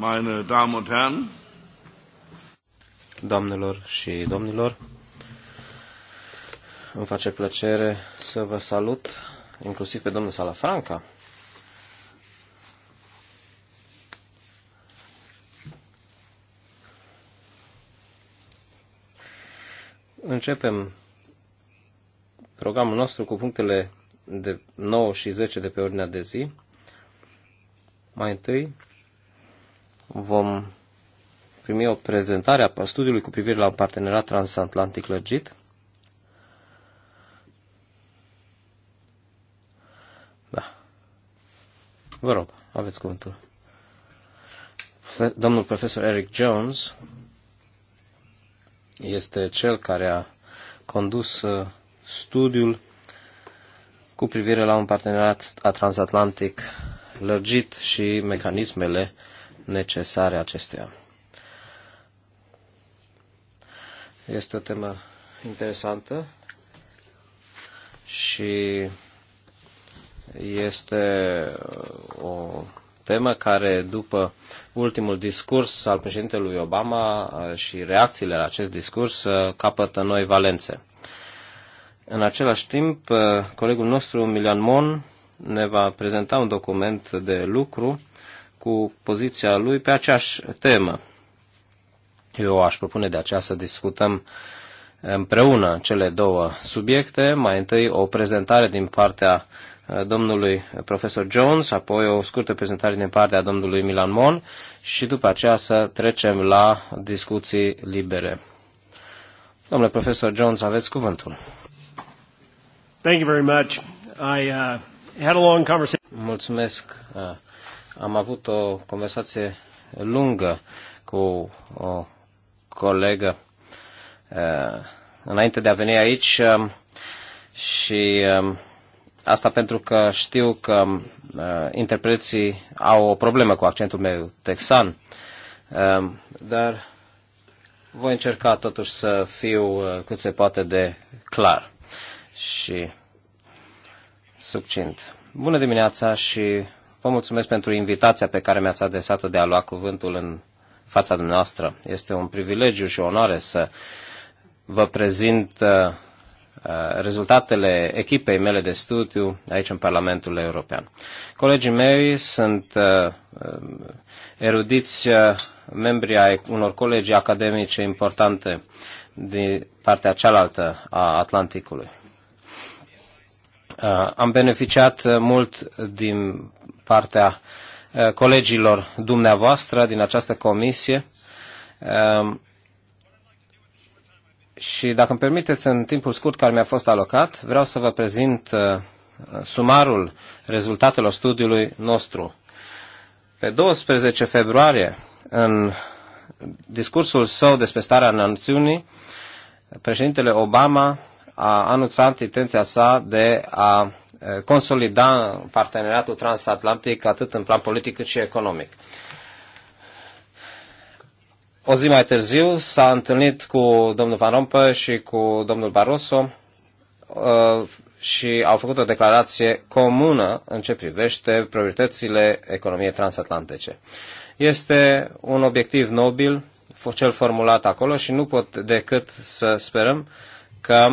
meine Damen und Herren. Doamnelor și domnilor, îmi face plăcere să vă salut, inclusiv pe domnul Salafranca. Începem programul nostru cu punctele de 9 și 10 de pe ordinea de zi. Mai întâi, vom primi o prezentare a studiului cu privire la un partenerat transatlantic legit. Da. Vă rog, aveți cuvântul. Domnul profesor Eric Jones este cel care a condus uh, studiul cu privire la un parteneriat transatlantic lărgit și mecanismele uh, necesare acestuia. Este o temă interesantă și este uh, o temă care, după ultimul discurs al președintelui Obama uh, și reacțiile la acest discurs, uh, capătă noi valențe. În același timp, colegul nostru, Milian Mon, ne va prezenta un document de lucru cu poziția lui pe aceeași temă. Eu aș propune de aceea să discutăm împreună cele două subiecte. Mai întâi o prezentare din partea uh, domnului profesor Jones, apoi o scurtă prezentare din partea domnului Milan Mon și după aceea să trecem la discuții libere. Domnule profesor Jones, aveți cuvântul. Thank you very much. I uh, had a long conversation. Mulțumesc. Uh, am avut o conversație lungă cu o colegă eh, înainte de a veni aici eh, și eh, asta pentru că știu că interpreții au o problemă cu accentul meu texan, dar voi încerca totuși să fiu cât se poate de clar și succint. Bună dimineața și Vă mulțumesc pentru invitația pe care mi-ați adresat-o de a lua cuvântul în fața dumneavoastră. Este un privilegiu și o onoare să vă prezint uh, uh, rezultatele echipei mele de studiu aici în Parlamentul European. Colegii mei sunt uh, erudiți membri ai unor colegii academice importante din partea cealaltă a Atlanticului. Uh, am beneficiat uh, mult din partea uh, colegilor dumneavoastră din această comisie um, și dacă îmi permiteți, în timpul scurt care mi-a fost alocat, vreau să vă prezint sumarul rezultatelor studiului nostru. Pe 12 februarie, în discursul său despre starea națiunii, președintele Obama a anunțat intenția sa de a consolida parteneriatul transatlantic atât în plan politic cât și economic. O zi mai târziu s-a întâlnit cu domnul Van Rompuy și cu domnul Barroso și au făcut o declarație comună în ce privește prioritățile economiei transatlantice. Este un obiectiv nobil, cel formulat acolo și nu pot decât să sperăm că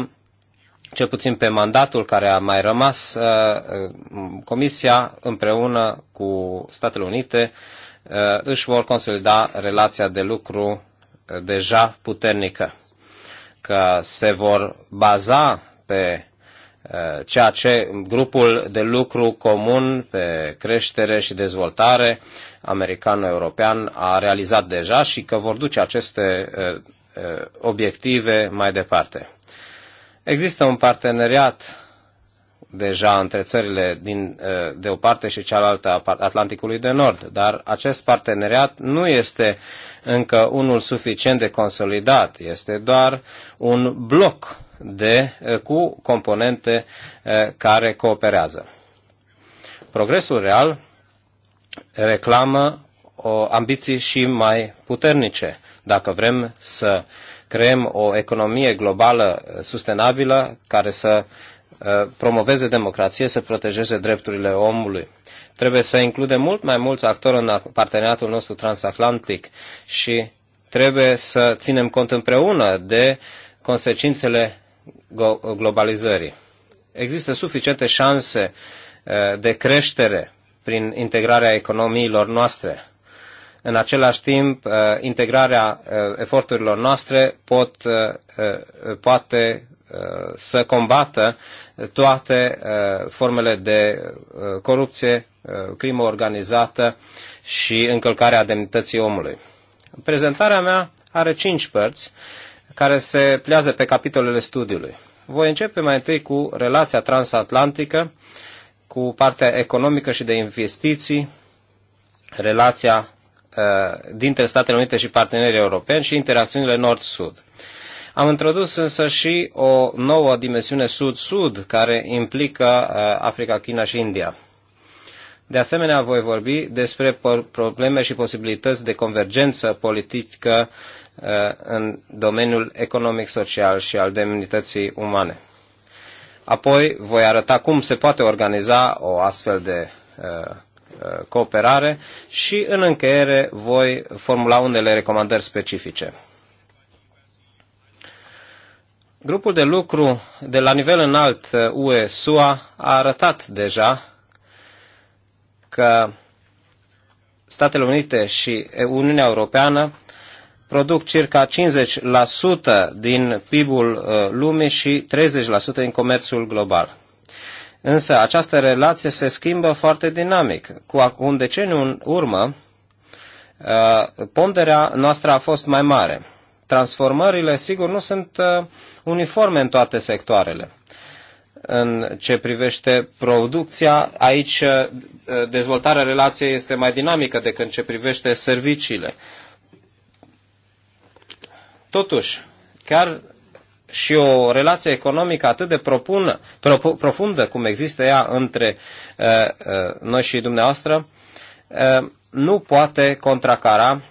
cel puțin pe mandatul care a mai rămas, uh, uh, Comisia împreună cu Statele Unite uh, își vor consolida relația de lucru deja puternică, că se vor baza pe ceea ce grupul de lucru comun pe creștere și dezvoltare americano-european a realizat deja și că vor duce aceste obiective mai departe. Există un parteneriat deja între țările din, ă, de o parte și cealaltă a Atlanticului de Nord, dar acest parteneriat nu este încă unul suficient de consolidat, este doar un bloc de, ă, cu componente ă, care cooperează. Progresul real reclamă o ambiții și mai puternice. Dacă vrem să creăm o economie globală uh, sustenabilă care să uh, promoveze democrație, să protejeze drepturile omului. Trebuie să includem mult mai mulți actori în parteneriatul nostru transatlantic și trebuie să ținem cont împreună de consecințele globalizării. Există suficiente șanse uh, de creștere prin integrarea economiilor noastre în același timp uh, integrarea uh, eforturilor noastre pot, uh, poate să combată toate formele de corupție, crimă organizată și încălcarea demnității omului. Prezentarea mea are cinci părți care se plează pe capitolele studiului. Voi începe mai întâi cu relația transatlantică, cu partea economică și de investiții, relația Uh, dintre Statele Unite și partenerii europeni și interacțiunile nord-sud. Am introdus însă și o nouă dimensiune sud-sud care implică uh, Africa, China și India. De asemenea, voi vorbi despre probleme și posibilități de convergență politică uh, în domeniul economic, social și al demnității umane. Apoi voi arăta cum se poate organiza o astfel de Uh, cooperare și în încheiere voi formula unele recomandări specifice. Grupul de lucru de la nivel înalt UE-SUA uh, a arătat deja că Statele Unite și Uniunea Europeană produc circa 50% din PIB-ul uh, lumii și 30% din comerțul global. Însă această relație se schimbă foarte dinamic. Cu un deceniu în urmă, uh, ponderea noastră a fost mai mare. Transformările, sigur, nu sunt uh, uniforme în toate sectoarele. În ce privește producția, aici uh, dezvoltarea relației este mai dinamică decât în ce privește serviciile. Totuși, chiar și o relație economică atât de propună, pro, profundă cum există ea între uh, uh, noi și dumneavoastră, uh, nu poate contracara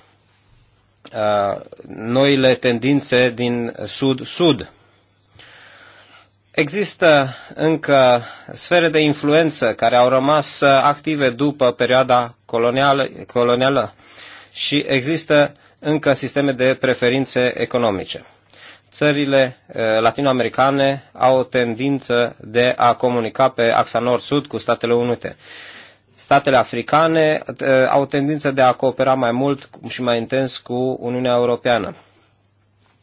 uh, noile tendințe din sud-sud. Există încă sfere de influență care au rămas active după perioada colonială, colonială și există încă sisteme de preferințe economice țările eh, latinoamericane au o tendință de a comunica pe axa nord-sud cu Statele Unite. Statele africane eh, au o tendință de a coopera mai mult și mai intens cu Uniunea Europeană.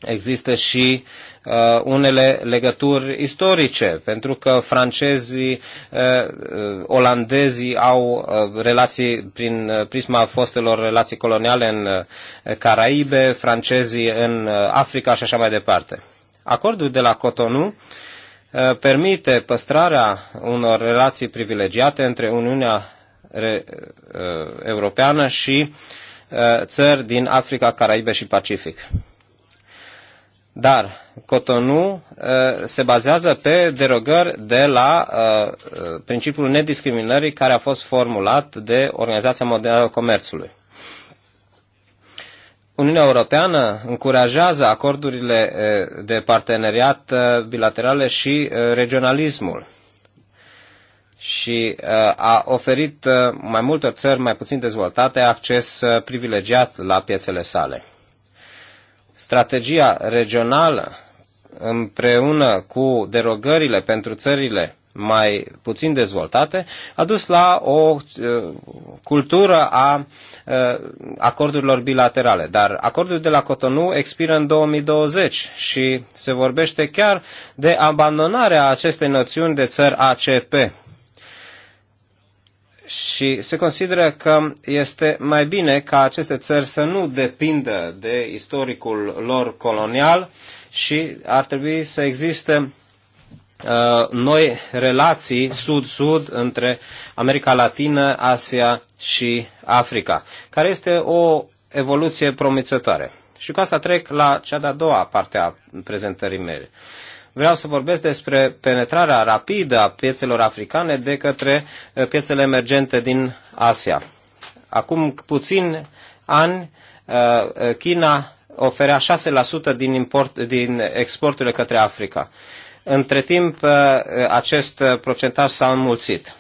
Există și uh, unele legături istorice, pentru că francezii, uh, uh olandezii au uh, relații prin uh, prisma fostelor relații coloniale în uh, Caraibe, francezii în uh, Africa și așa mai departe. Acordul de la Cotonou uh, permite păstrarea unor relații privilegiate între Uniunea Re, uh, Europeană și uh, țări din Africa, Caraibe și Pacific. Dar Cotonou uh, se bazează pe derogări de la uh, uh, principiul nediscriminării care a fost formulat de Organizația Mondială a Comerțului. Uniunea Europeană încurajează acordurile de parteneriat bilaterale și regionalismul și a oferit mai multor țări mai puțin dezvoltate acces privilegiat la piețele sale strategia regională împreună cu derogările pentru țările mai puțin dezvoltate, a dus la o uh, cultură a uh, acordurilor bilaterale. Dar acordul de la Cotonou expiră în 2020 și se vorbește chiar de abandonarea acestei noțiuni de țări ACP și se consideră că este mai bine ca aceste țări să nu depindă de istoricul lor colonial și ar trebui să existe uh, noi relații sud-sud între America Latină, Asia și Africa, care este o evoluție promițătoare. Și cu asta trec la cea de-a doua parte a prezentării mele. Uh, Vreau să vorbesc despre penetrarea rapidă a piețelor africane de către eh, piețele emergente din Asia. Acum puțin ani, eh, eh, China oferea 6% din, import, din exporturile către Africa. Între timp, acest procentaj s-a înmulțit.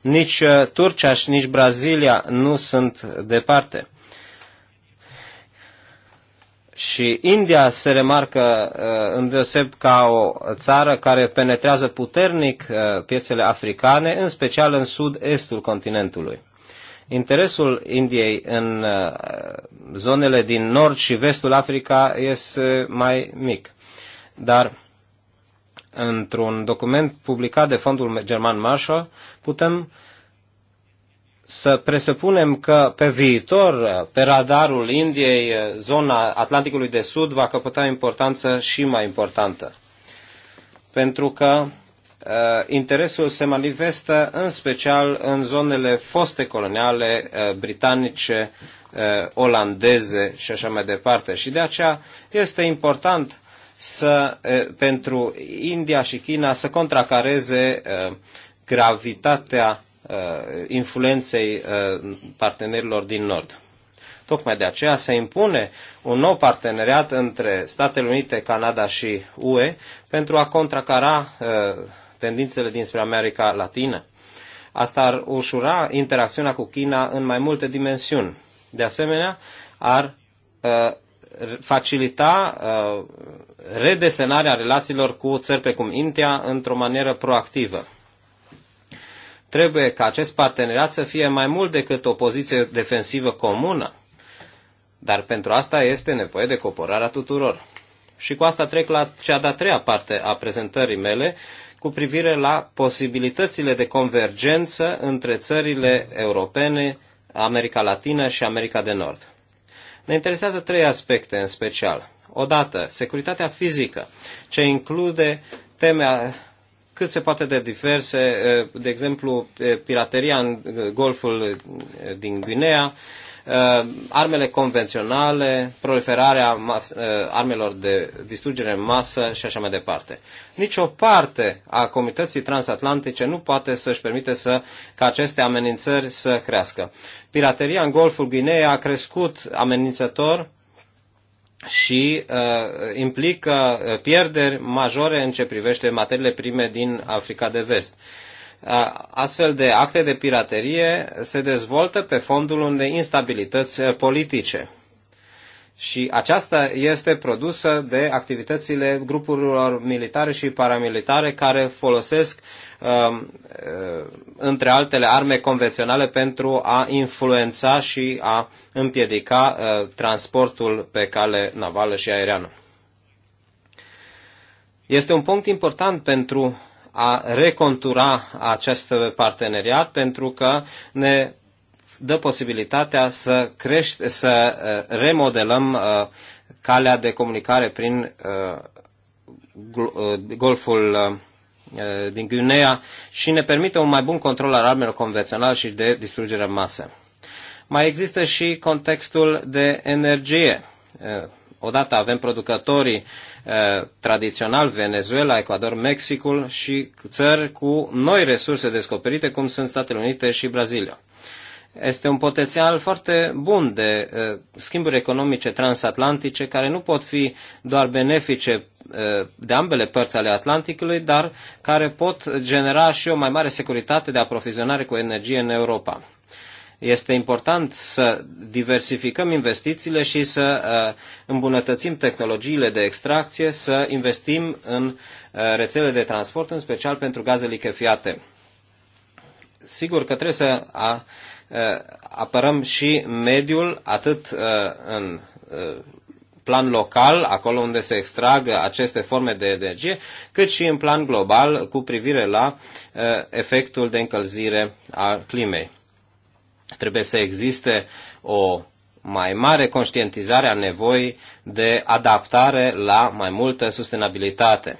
Nici Turcia și nici Brazilia nu sunt departe. Și India se remarcă uh, îndeoseb ca o țară care penetrează puternic uh, piețele africane, în special în sud-estul continentului. Interesul Indiei în uh, zonele din nord și vestul Africa este mai mic. Dar într-un document publicat de Fondul German Marshall putem să presupunem că pe viitor, pe radarul Indiei, zona Atlanticului de Sud va căpăta importanță și mai importantă. Pentru că uh, interesul se manifestă în special în zonele foste coloniale uh, britanice, uh, olandeze și așa mai departe. Și de aceea este important să, pentru India și China să contracareze gravitatea Uh, influenței uh, partenerilor din Nord. Tocmai de aceea se impune un nou parteneriat între Statele Unite, Canada și UE pentru a contracara uh, tendințele dinspre America Latină. Asta ar ușura interacțiunea cu China în mai multe dimensiuni. De asemenea, ar uh, facilita uh, redesenarea relațiilor cu țări precum India într-o manieră proactivă. Trebuie ca acest parteneriat să fie mai mult decât o poziție defensivă comună, dar pentru asta este nevoie de cooperarea tuturor. Și cu asta trec la cea de-a treia parte a prezentării mele, cu privire la posibilitățile de convergență între țările europene, America Latină și America de Nord. Ne interesează trei aspecte în special. Odată, securitatea fizică, ce include teme cât se poate de diverse, de exemplu, pirateria în golful din Guinea, armele convenționale, proliferarea armelor de distrugere în masă și așa mai departe. Nici o parte a comunității transatlantice nu poate să-și permite să, ca aceste amenințări să crească. Pirateria în Golful Guinei a crescut amenințător și uh, implică uh, pierderi majore în ce privește materiile prime din Africa de Vest. Uh, astfel de acte de piraterie se dezvoltă pe fondul unei instabilități uh, politice. Și aceasta este produsă de activitățile grupurilor militare și paramilitare care folosesc, um, uh, între altele, arme convenționale pentru a influența și a împiedica uh, transportul pe cale navală și aeriană. Este un punct important pentru a recontura acest parteneriat pentru că ne dă posibilitatea să, crește, să uh, remodelăm uh, calea de comunicare prin uh, golful din Guinea și ne permite un mai bun control al armelor convenționale și de distrugere în masă. Mai există și contextul de energie. Odată avem producătorii tradițional Venezuela, Ecuador, Mexicul și țări cu noi resurse descoperite, cum sunt Statele Unite și Brazilia este un potențial foarte bun de uh, schimburi economice transatlantice care nu pot fi doar benefice uh, de ambele părți ale Atlanticului, dar care pot genera și o mai mare securitate de aprovizionare cu energie în Europa. Este important să diversificăm investițiile și să uh, îmbunătățim tehnologiile de extracție, să investim în rețele de transport, în special pentru gaze lichefiate sigur că trebuie să Uh, apărăm și mediul atât uh, în uh, plan local, acolo unde se extrag aceste forme de energie, cât și în plan global cu privire la efectul de încălzire a climei. Trebuie să existe o mai mare conștientizare a nevoii de adaptare la mai multă sustenabilitate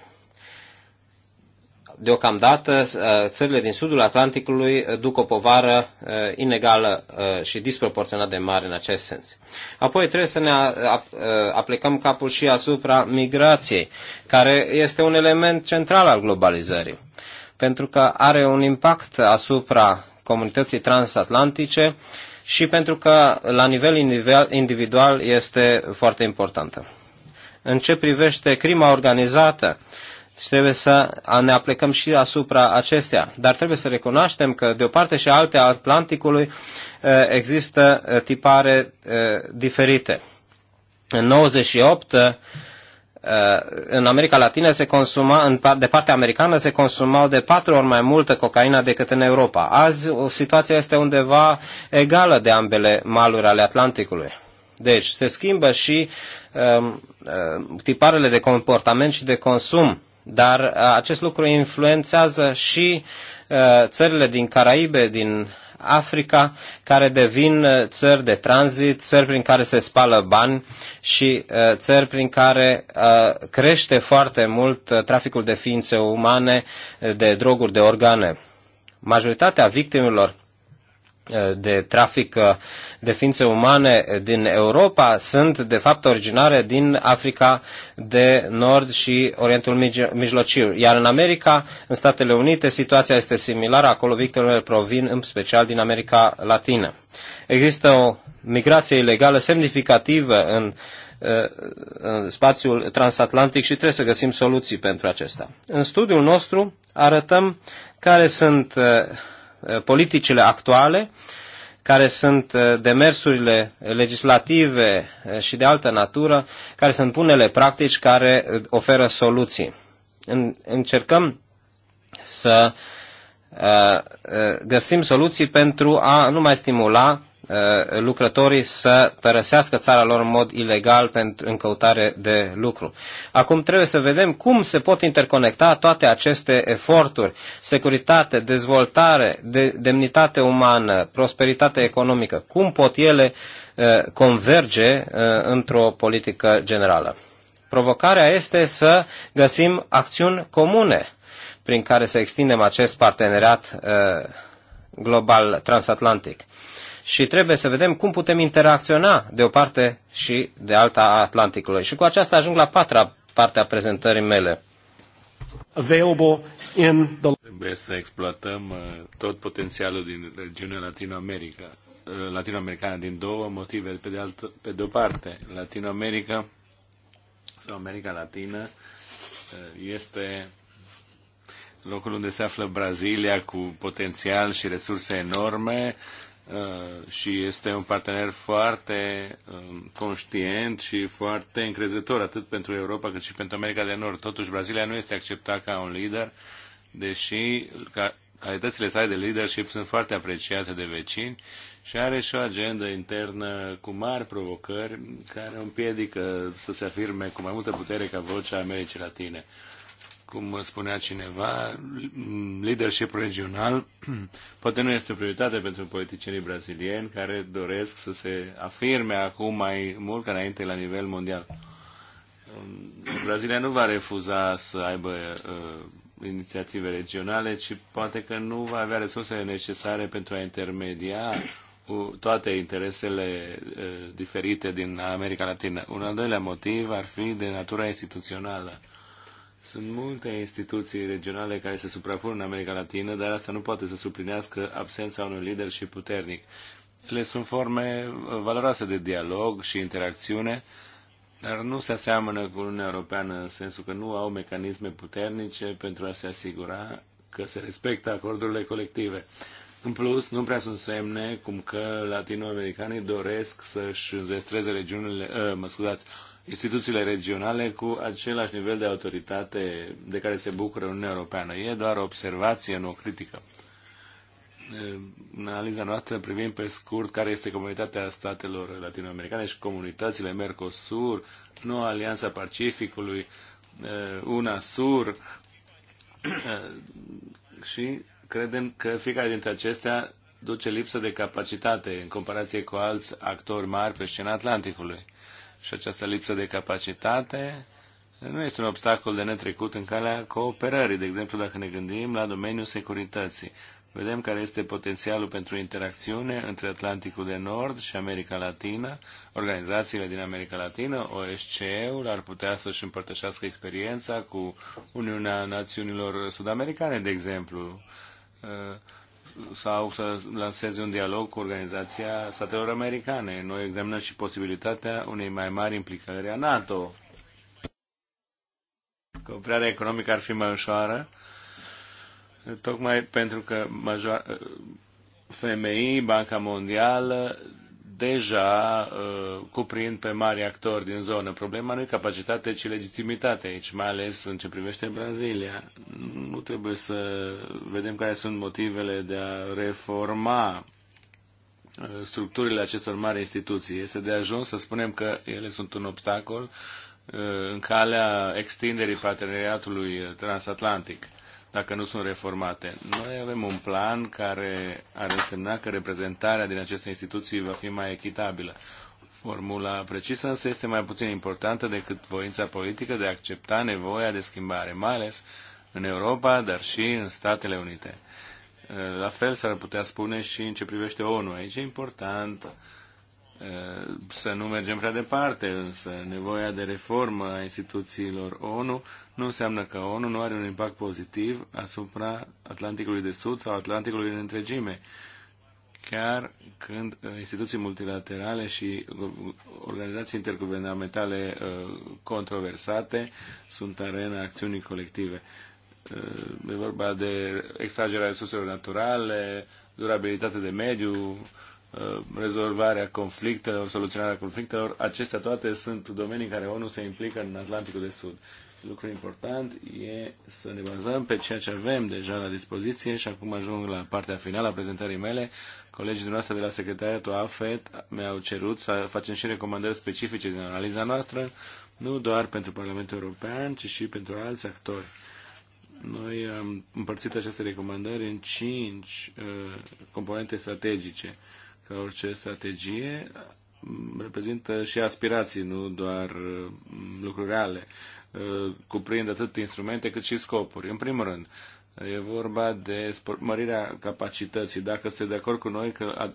deocamdată uh, țările din sudul Atlanticului uh, duc o povară uh, inegală și disproporționat de mare în acest sens. Apoi trebuie să ne aplicăm capul și asupra migrației, care este un element central al globalizării, pentru că are un impact asupra comunității transatlantice și pentru că la nivel individual este foarte importantă. În ce privește crima organizată, uh, și trebuie să ne aplicăm și asupra acestea. Dar trebuie să recunoaștem că de o parte și alte a Atlanticului există tipare diferite. În 98 în America Latină se consuma, de partea americană se consumau de patru ori mai multă cocaina decât în Europa. Azi situația este undeva egală de ambele maluri ale Atlanticului. Deci se schimbă și um, tiparele de comportament și de consum dar uh, acest lucru influențează și uh, țările din Caraibe, din Africa, care devin uh, țări de tranzit, țări prin care se spală bani și țări prin care crește foarte mult traficul de ființe umane, de droguri, de organe. Majoritatea victimelor de trafic uh, de ființe umane din Europa sunt de fapt originare din Africa de Nord și Orientul Mijlociu. Iar în America, în Statele Unite, situația este similară, acolo victimele provin în special din America Latină. Există o migrație ilegală semnificativă în, uh, în spațiul transatlantic și trebuie să găsim soluții pentru acesta. În studiul nostru arătăm care sunt uh, Eh, politicile actuale, care sunt eh, demersurile legislative eh, și de altă natură, care sunt punele practici care oferă soluții. Încercăm să găsim soluții pentru a nu mai stimula Uh, lucrătorii să părăsească țara lor în mod ilegal pentru în căutare de lucru. Acum trebuie să vedem cum se pot interconecta toate aceste eforturi, securitate, dezvoltare, de, demnitate umană, prosperitate economică, cum pot ele uh, converge uh, într-o politică generală. Provocarea este să găsim acțiuni comune prin care să extindem acest parteneriat global transatlantic și trebuie să vedem cum putem interacționa de o parte și de alta a Atlanticului. Și cu aceasta ajung la patra parte a prezentării mele. Trebuie să exploatăm uh, tot potențialul din regiunea Latinoamerica, uh, latinoamericană din două motive. Pe de, altă, pe de o parte, Latinoamerica sau America Latină uh, este locul unde se află Brazilia cu potențial și resurse enorme, Uh, și este un partener foarte um, conștient și foarte încrezător atât pentru Europa cât și pentru America de Nord. Totuși, Brazilia nu este acceptat ca un lider, deși calitățile sale de leadership sunt foarte apreciate de vecini și are și o agendă internă cu mari provocări care împiedică să se afirme cu mai multă putere ca vocea Americii Latine cum spunea cineva, leadership regional poate nu este o prioritate pentru politicienii brazilieni care doresc să se afirme acum mai mult ca înainte la nivel mondial. Um, Brazilia nu va refuza să aibă uh, inițiative regionale, ci poate că nu va avea resursele necesare pentru a intermedia toate interesele uh, diferite din America Latină. Un al doilea motiv ar fi de natura instituțională. Uh, sunt multe instituții regionale care se suprapun în America Latină, dar asta nu poate să suplinească absența unui lider și puternic. Le sunt forme uh, valoroase de dialog și interacțiune, dar nu se aseamănă cu Uniunea Europeană în sensul că nu au mecanisme puternice pentru a se asigura că se respectă acordurile colective. În plus, nu prea sunt semne cum că latinoamericanii doresc să-și înzestreze regiunile, uh, mă scuzați, instituțiile regionale cu același nivel de autoritate de care se bucură Uniunea Europeană. E doar o observație, nu o critică. În analiza noastră privim pe scurt care este comunitatea statelor latinoamericane și comunitățile Mercosur, noua Alianța Pacificului, eh, UNASUR eh, și credem că fiecare dintre acestea duce lipsă de capacitate în comparație cu alți actori mari pe scena Atlanticului și această lipsă de capacitate nu este un obstacol de netrecut în calea cooperării. De exemplu, dacă ne gândim la domeniul securității, vedem care este potențialul pentru interacțiune între Atlanticul de Nord și America Latină. Organizațiile din America Latină, OSCE-ul, ar putea să-și împărtășească experiența cu Uniunea Națiunilor Sud-Americane, de exemplu sau să lanseze un dialog cu Organizația Statelor Americane. Noi examinăm și posibilitatea unei mai mari implicări a NATO. Cooperarea economică ar fi mai ușoară, tocmai pentru că major... FMI, Banca Mondială deja uh, cuprind pe mari actori din zonă. Problema nu e capacitate, ci legitimitate aici, mai ales în ce privește Brazilia. Nu trebuie să vedem care sunt motivele de a reforma uh, structurile acestor mari instituții. Este de ajuns să spunem că ele sunt un obstacol uh, în calea extinderii parteneriatului transatlantic dacă nu sunt reformate. Noi avem un plan care ar însemna că reprezentarea din aceste instituții va fi mai echitabilă. Formula precisă însă este mai puțin importantă decât voința politică de a accepta nevoia de schimbare, mai ales în Europa, dar și în Statele Unite. La fel s-ar putea spune și în ce privește ONU. Aici e important uh, Eh, să nu mergem prea departe, însă nevoia de reformă a instituțiilor ONU nu înseamnă că ONU nu are un impact pozitiv asupra Atlanticului de Sud sau Atlanticului în întregime, chiar când eh, instituții multilaterale și organizații interguvernamentale eh, controversate sunt arena acțiunii colective. E vorba de extragerea resurselor naturale, durabilitate de mediu, Uh, rezolvarea conflictelor, soluționarea conflictelor, acestea toate sunt domenii în care ONU se implică în Atlanticul de Sud. Lucru important e să ne bazăm pe ceea ce avem deja la dispoziție și acum ajung la partea finală a prezentării mele. Colegii dumneavoastră de la Secretariatul AFET mi-au cerut să facem și recomandări specifice din analiza noastră, nu doar pentru Parlamentul European, ci și pentru alți actori. Noi am împărțit aceste recomandări în cinci uh, componente strategice. Uh, că orice strategie reprezintă și aspirații, nu doar mm, lucruri reale. Uh, Cuprinde atât instrumente cât și scopuri. În primul rând, E vorba de mărirea capacității. Dacă sunteți de acord cu noi că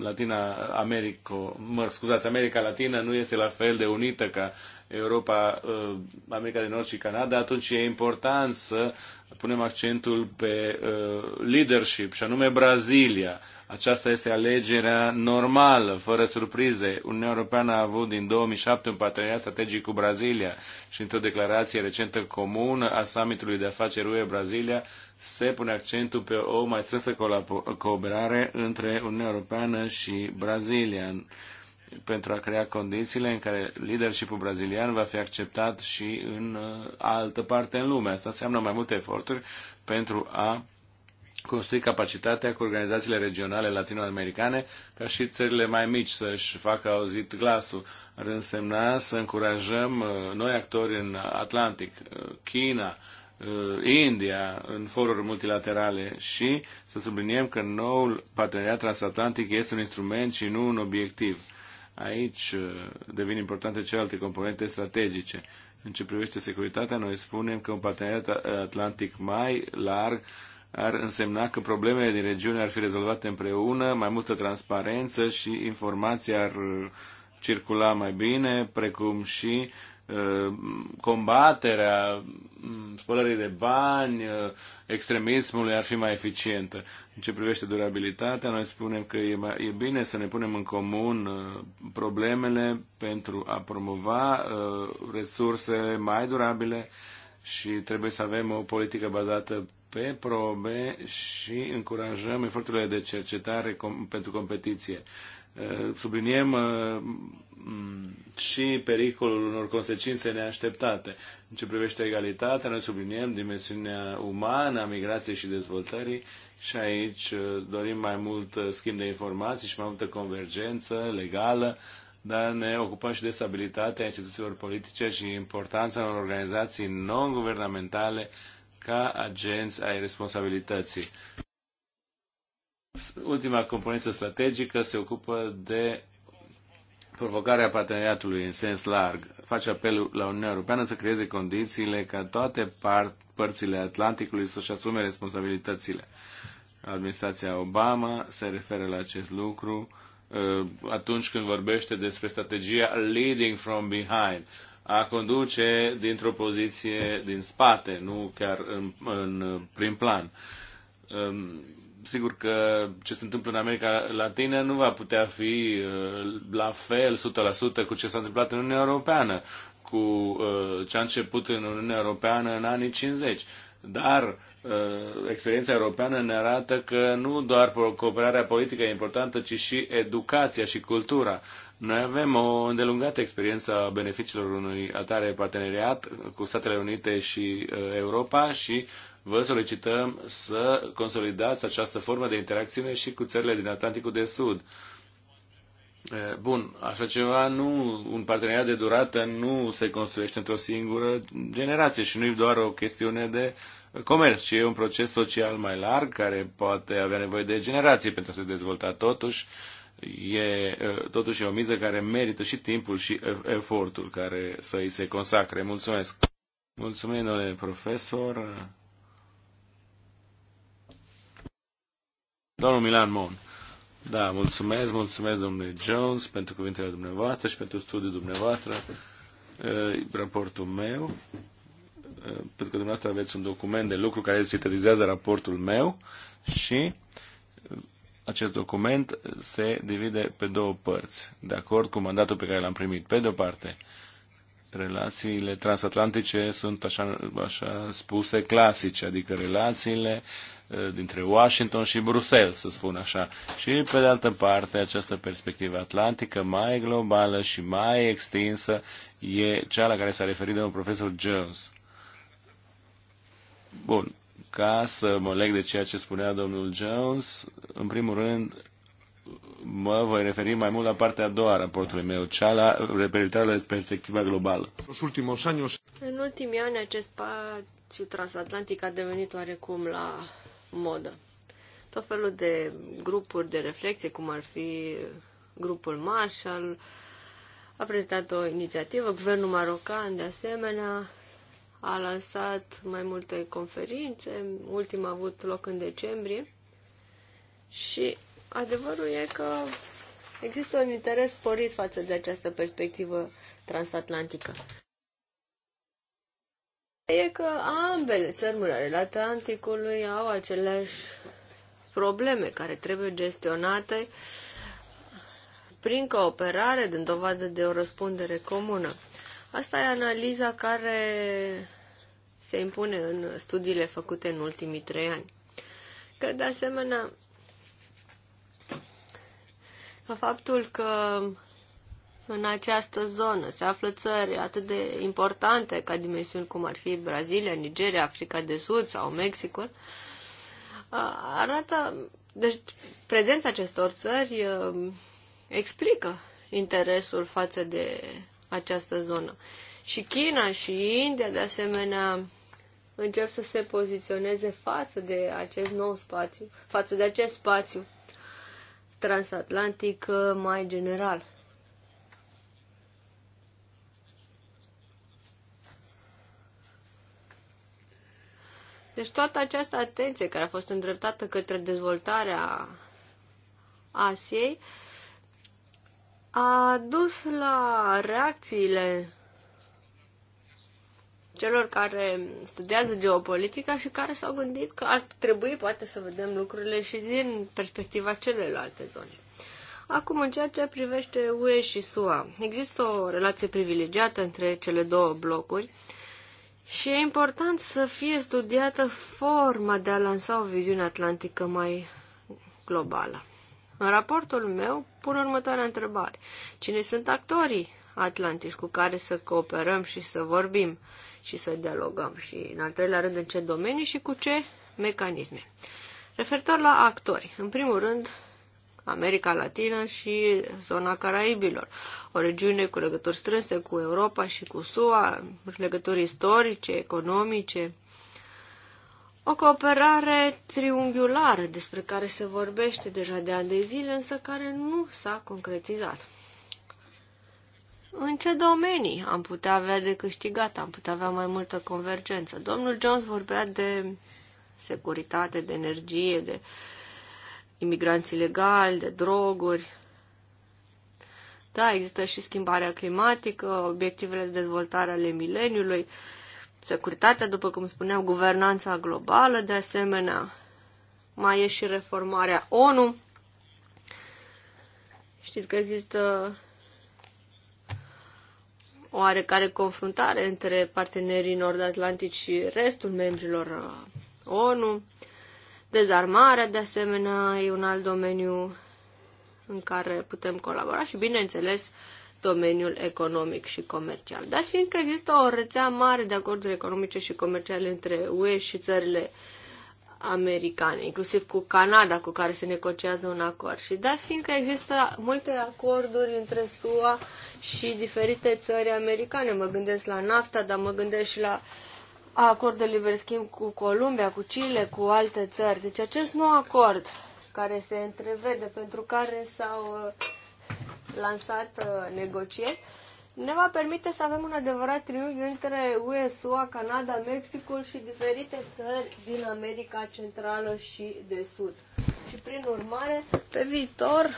Latina America, mă scuzați, America Latină nu este la fel de unită ca Europa, uh, America de Nord și Canada, atunci e important să punem accentul pe uh, leadership, și anume Brazilia. Aceasta este alegerea normală, fără surprize. Uniunea Europeană a avut din 2007 un parteneriat strategic cu Brazilia și într-o declarație recentă comună a summitului de afaceri UE-Brazilia se pune accentul pe o mai strânsă cooperare între Uniunea Europeană și Brazilia pentru a crea condițiile în care leadershipul brazilian va fi acceptat și în uh, altă parte în lume. Asta înseamnă mai multe eforturi pentru a construi capacitatea cu organizațiile regionale latinoamericane ca și țările mai mici să-și facă auzit glasul. Ar însemna să încurajăm uh, noi actori în Atlantic, uh, China, India în foruri multilaterale și să subliniem că noul parteneriat transatlantic este un instrument și nu un obiectiv. Aici uh, devin importante celelalte componente strategice. În ce privește securitatea, noi spunem că un parteneriat atlantic mai larg ar însemna că problemele din regiune ar fi rezolvate împreună, mai multă transparență și informația ar uh, circula mai bine, precum și Uh, combaterea mm, spălării de bani, uh, extremismului ar fi mai eficientă. În ce privește durabilitatea, noi spunem că e, mai, e bine să ne punem în comun uh, problemele pentru a promova resursele mai durabile și trebuie să avem o politică bazată pe probe și încurajăm eforturile de cercetare pentru competiție subliniem uh, mm, și pericolul unor consecințe neașteptate. În ce privește egalitatea, noi subliniem dimensiunea umană a migrației și dezvoltării și aici uh, dorim mai mult uh, schimb de informații și mai multă convergență legală, dar ne ocupăm și de stabilitatea instituțiilor politice și importanța unor organizații non-guvernamentale ca agenți ai responsabilității. Ultima componență strategică se ocupă de provocarea parteneriatului în sens larg. Face apel la Uniunea Europeană să creeze condițiile ca toate par- părțile Atlanticului să-și asume responsabilitățile. Administrația Obama se referă la acest lucru uh, atunci când vorbește despre strategia leading from behind, a conduce dintr-o poziție din spate, nu chiar în, în prim plan. Um, sigur că ce se întâmplă în America Latină nu va putea fi uh, la fel 100% cu ce s-a întâmplat în Uniunea Europeană, cu uh, ce a început în Uniunea Europeană în anii 50. Dar uh, experiența europeană ne arată că nu doar cooperarea politică e importantă, ci și educația și cultura. Noi avem o îndelungată experiență a beneficiilor unui atare parteneriat cu Statele Unite și Europa și uh, vă solicităm să consolidați această formă de interacțiune și cu țările din Atlanticul de Sud. Bun, așa ceva nu, un parteneriat de durată nu se construiește într-o singură generație și nu e doar o chestiune de comerț, ci e un proces social mai larg care poate avea nevoie de generații pentru a se dezvolta. Totuși, e, totuși e o miză care merită și timpul și efortul care să îi se consacre. Mulțumesc! Mulțumim, domnule profesor! Domnul Milan Mon. Da, mulțumesc, mulțumesc domnule Jones pentru cuvintele dumneavoastră și pentru studiul dumneavoastră, raportul meu, pentru că dumneavoastră aveți un document de lucru care sintetizează raportul meu și acest document se divide pe două părți, de acord cu mandatul pe care l-am primit. Pe de o parte, relațiile transatlantice sunt așa, așa spuse clasice, adică relațiile eh, dintre Washington și Bruxelles, să spun așa. Și, pe de altă parte, această perspectivă atlantică mai globală și mai extinsă e cea la care s-a referit domnul profesor Jones. Bun, ca să mă leg de ceea ce spunea domnul Jones, în primul rând, mă voi referi mai mult la partea a doua a raportului meu, cea la reperitarea de perspectiva globală. În ultimii ani acest spațiu transatlantic a devenit oarecum la modă. Tot felul de grupuri de reflexie, cum ar fi grupul Marshall, a prezentat o inițiativă, guvernul marocan de asemenea a lansat mai multe conferințe, ultima a avut loc în decembrie și Adevărul e că există un interes sporit față de această perspectivă transatlantică. E că ambele țărmuri ale Atlanticului au aceleași probleme care trebuie gestionate prin cooperare, din dovadă de o răspundere comună. Asta e analiza care se impune în studiile făcute în ultimii trei ani. Că, de asemenea, faptul că în această zonă se află țări atât de importante ca dimensiuni cum ar fi Brazilia, Nigeria, Africa de Sud sau Mexicul, arată, deci prezența acestor țări explică interesul față de această zonă. Și China și India, de asemenea, încep să se poziționeze față de acest nou spațiu, față de acest spațiu transatlantic uh, mai general. Deci toată această atenție care a fost îndreptată către dezvoltarea Asiei a dus la reacțiile celor care studiază geopolitica și care s-au gândit că ar trebui poate să vedem lucrurile și din perspectiva celelalte zone. Acum, în ceea ce privește UE și SUA, există o relație privilegiată între cele două blocuri și e important să fie studiată forma de a lansa o viziune atlantică mai globală. În raportul meu pun următoarea întrebare. Cine sunt actorii Atlantic cu care să cooperăm și să vorbim și să dialogăm și, în al treilea rând, în ce domenii și cu ce mecanisme. Referitor la actori, în primul rând, America Latină și zona Caraibilor, o regiune cu legături strânse cu Europa și cu SUA, legături istorice, economice, o cooperare triunghiulară despre care se vorbește deja de ani de zile, însă care nu s-a concretizat în ce domenii am putea avea de câștigat, am putea avea mai multă convergență. Domnul Jones vorbea de securitate, de energie, de imigranți ilegali, de droguri. Da, există și schimbarea climatică, obiectivele de dezvoltare ale mileniului, securitatea, după cum spuneam, guvernanța globală, de asemenea, mai e și reformarea ONU. Știți că există oarecare confruntare între partenerii nord-atlantici și restul membrilor uh, ONU. Dezarmarea, de asemenea, e un alt domeniu în care putem colabora și, bineînțeles, domeniul economic și comercial. Dar fiindcă există o rețea mare de acorduri economice și comerciale între UE și țările americane, inclusiv cu Canada, cu care se negociază un acord. Și dați fiindcă există multe acorduri între SUA și diferite țări americane. Mă gândesc la NAFTA, dar mă gândesc și la acord de liber schimb cu Columbia, cu Chile, cu alte țări. Deci acest nou acord care se întrevede, pentru care s-au uh, lansat uh, negocieri, ne va permite să avem un adevărat triunghi între U.S.A., Canada, Mexicul și diferite țări din America Centrală și de Sud. Și prin urmare, pe viitor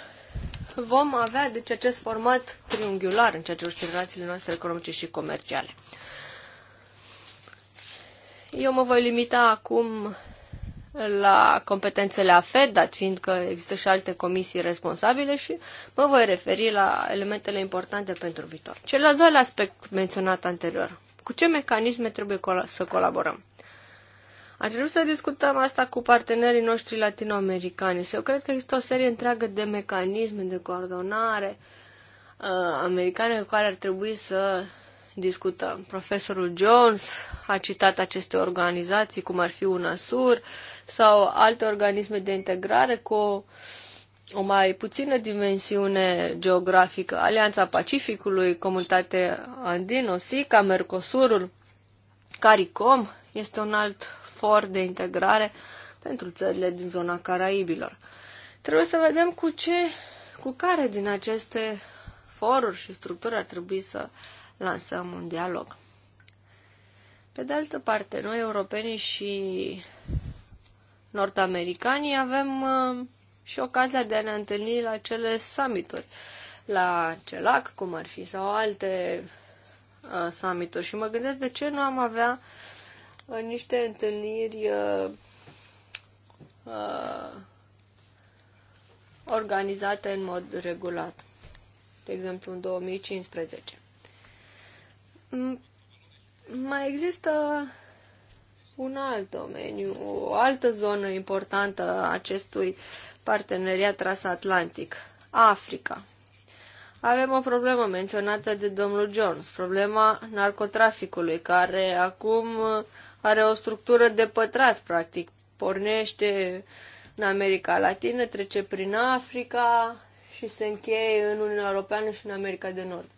vom avea deci acest format triunghiular în ceea ce privește relațiile noastre economice și comerciale. Eu mă voi limita acum la competențele AFED, dat fiind că există și alte comisii responsabile și mă voi referi la elementele importante pentru viitor. Cel al doilea aspect menționat anterior. Cu ce mecanisme trebuie col- să colaborăm? Ar trebui să discutăm asta cu partenerii noștri latinoamericani. Eu cred că există o serie întreagă de mecanisme de coordonare uh, americane cu care ar trebui să discutăm. Profesorul Jones a citat aceste organizații, cum ar fi UNASUR sau alte organisme de integrare cu o, o mai puțină dimensiune geografică. Alianța Pacificului, Comunitate Andino, SICA, Mercosurul, CARICOM este un alt efort de integrare pentru țările din zona Caraibilor. Trebuie să vedem cu ce, cu care din aceste foruri și structuri ar trebui să lansăm un dialog. Pe de altă parte, noi europenii și nordamericanii avem uh, și ocazia de a ne întâlni la cele summituri, la CELAC, cum ar fi, sau alte uh, summituri. Și mă gândesc de ce nu am avea uh, în niște întâlniri uh, uh, organizate în mod regulat, de exemplu în 2015. Mai există un alt domeniu, o altă zonă importantă a acestui parteneriat transatlantic, Africa. Avem o problemă menționată de domnul Jones, problema narcotraficului, care acum are o structură de pătrat, practic. Pornește în America Latină, trece prin Africa și se încheie în Uniunea Europeană și în America de Nord.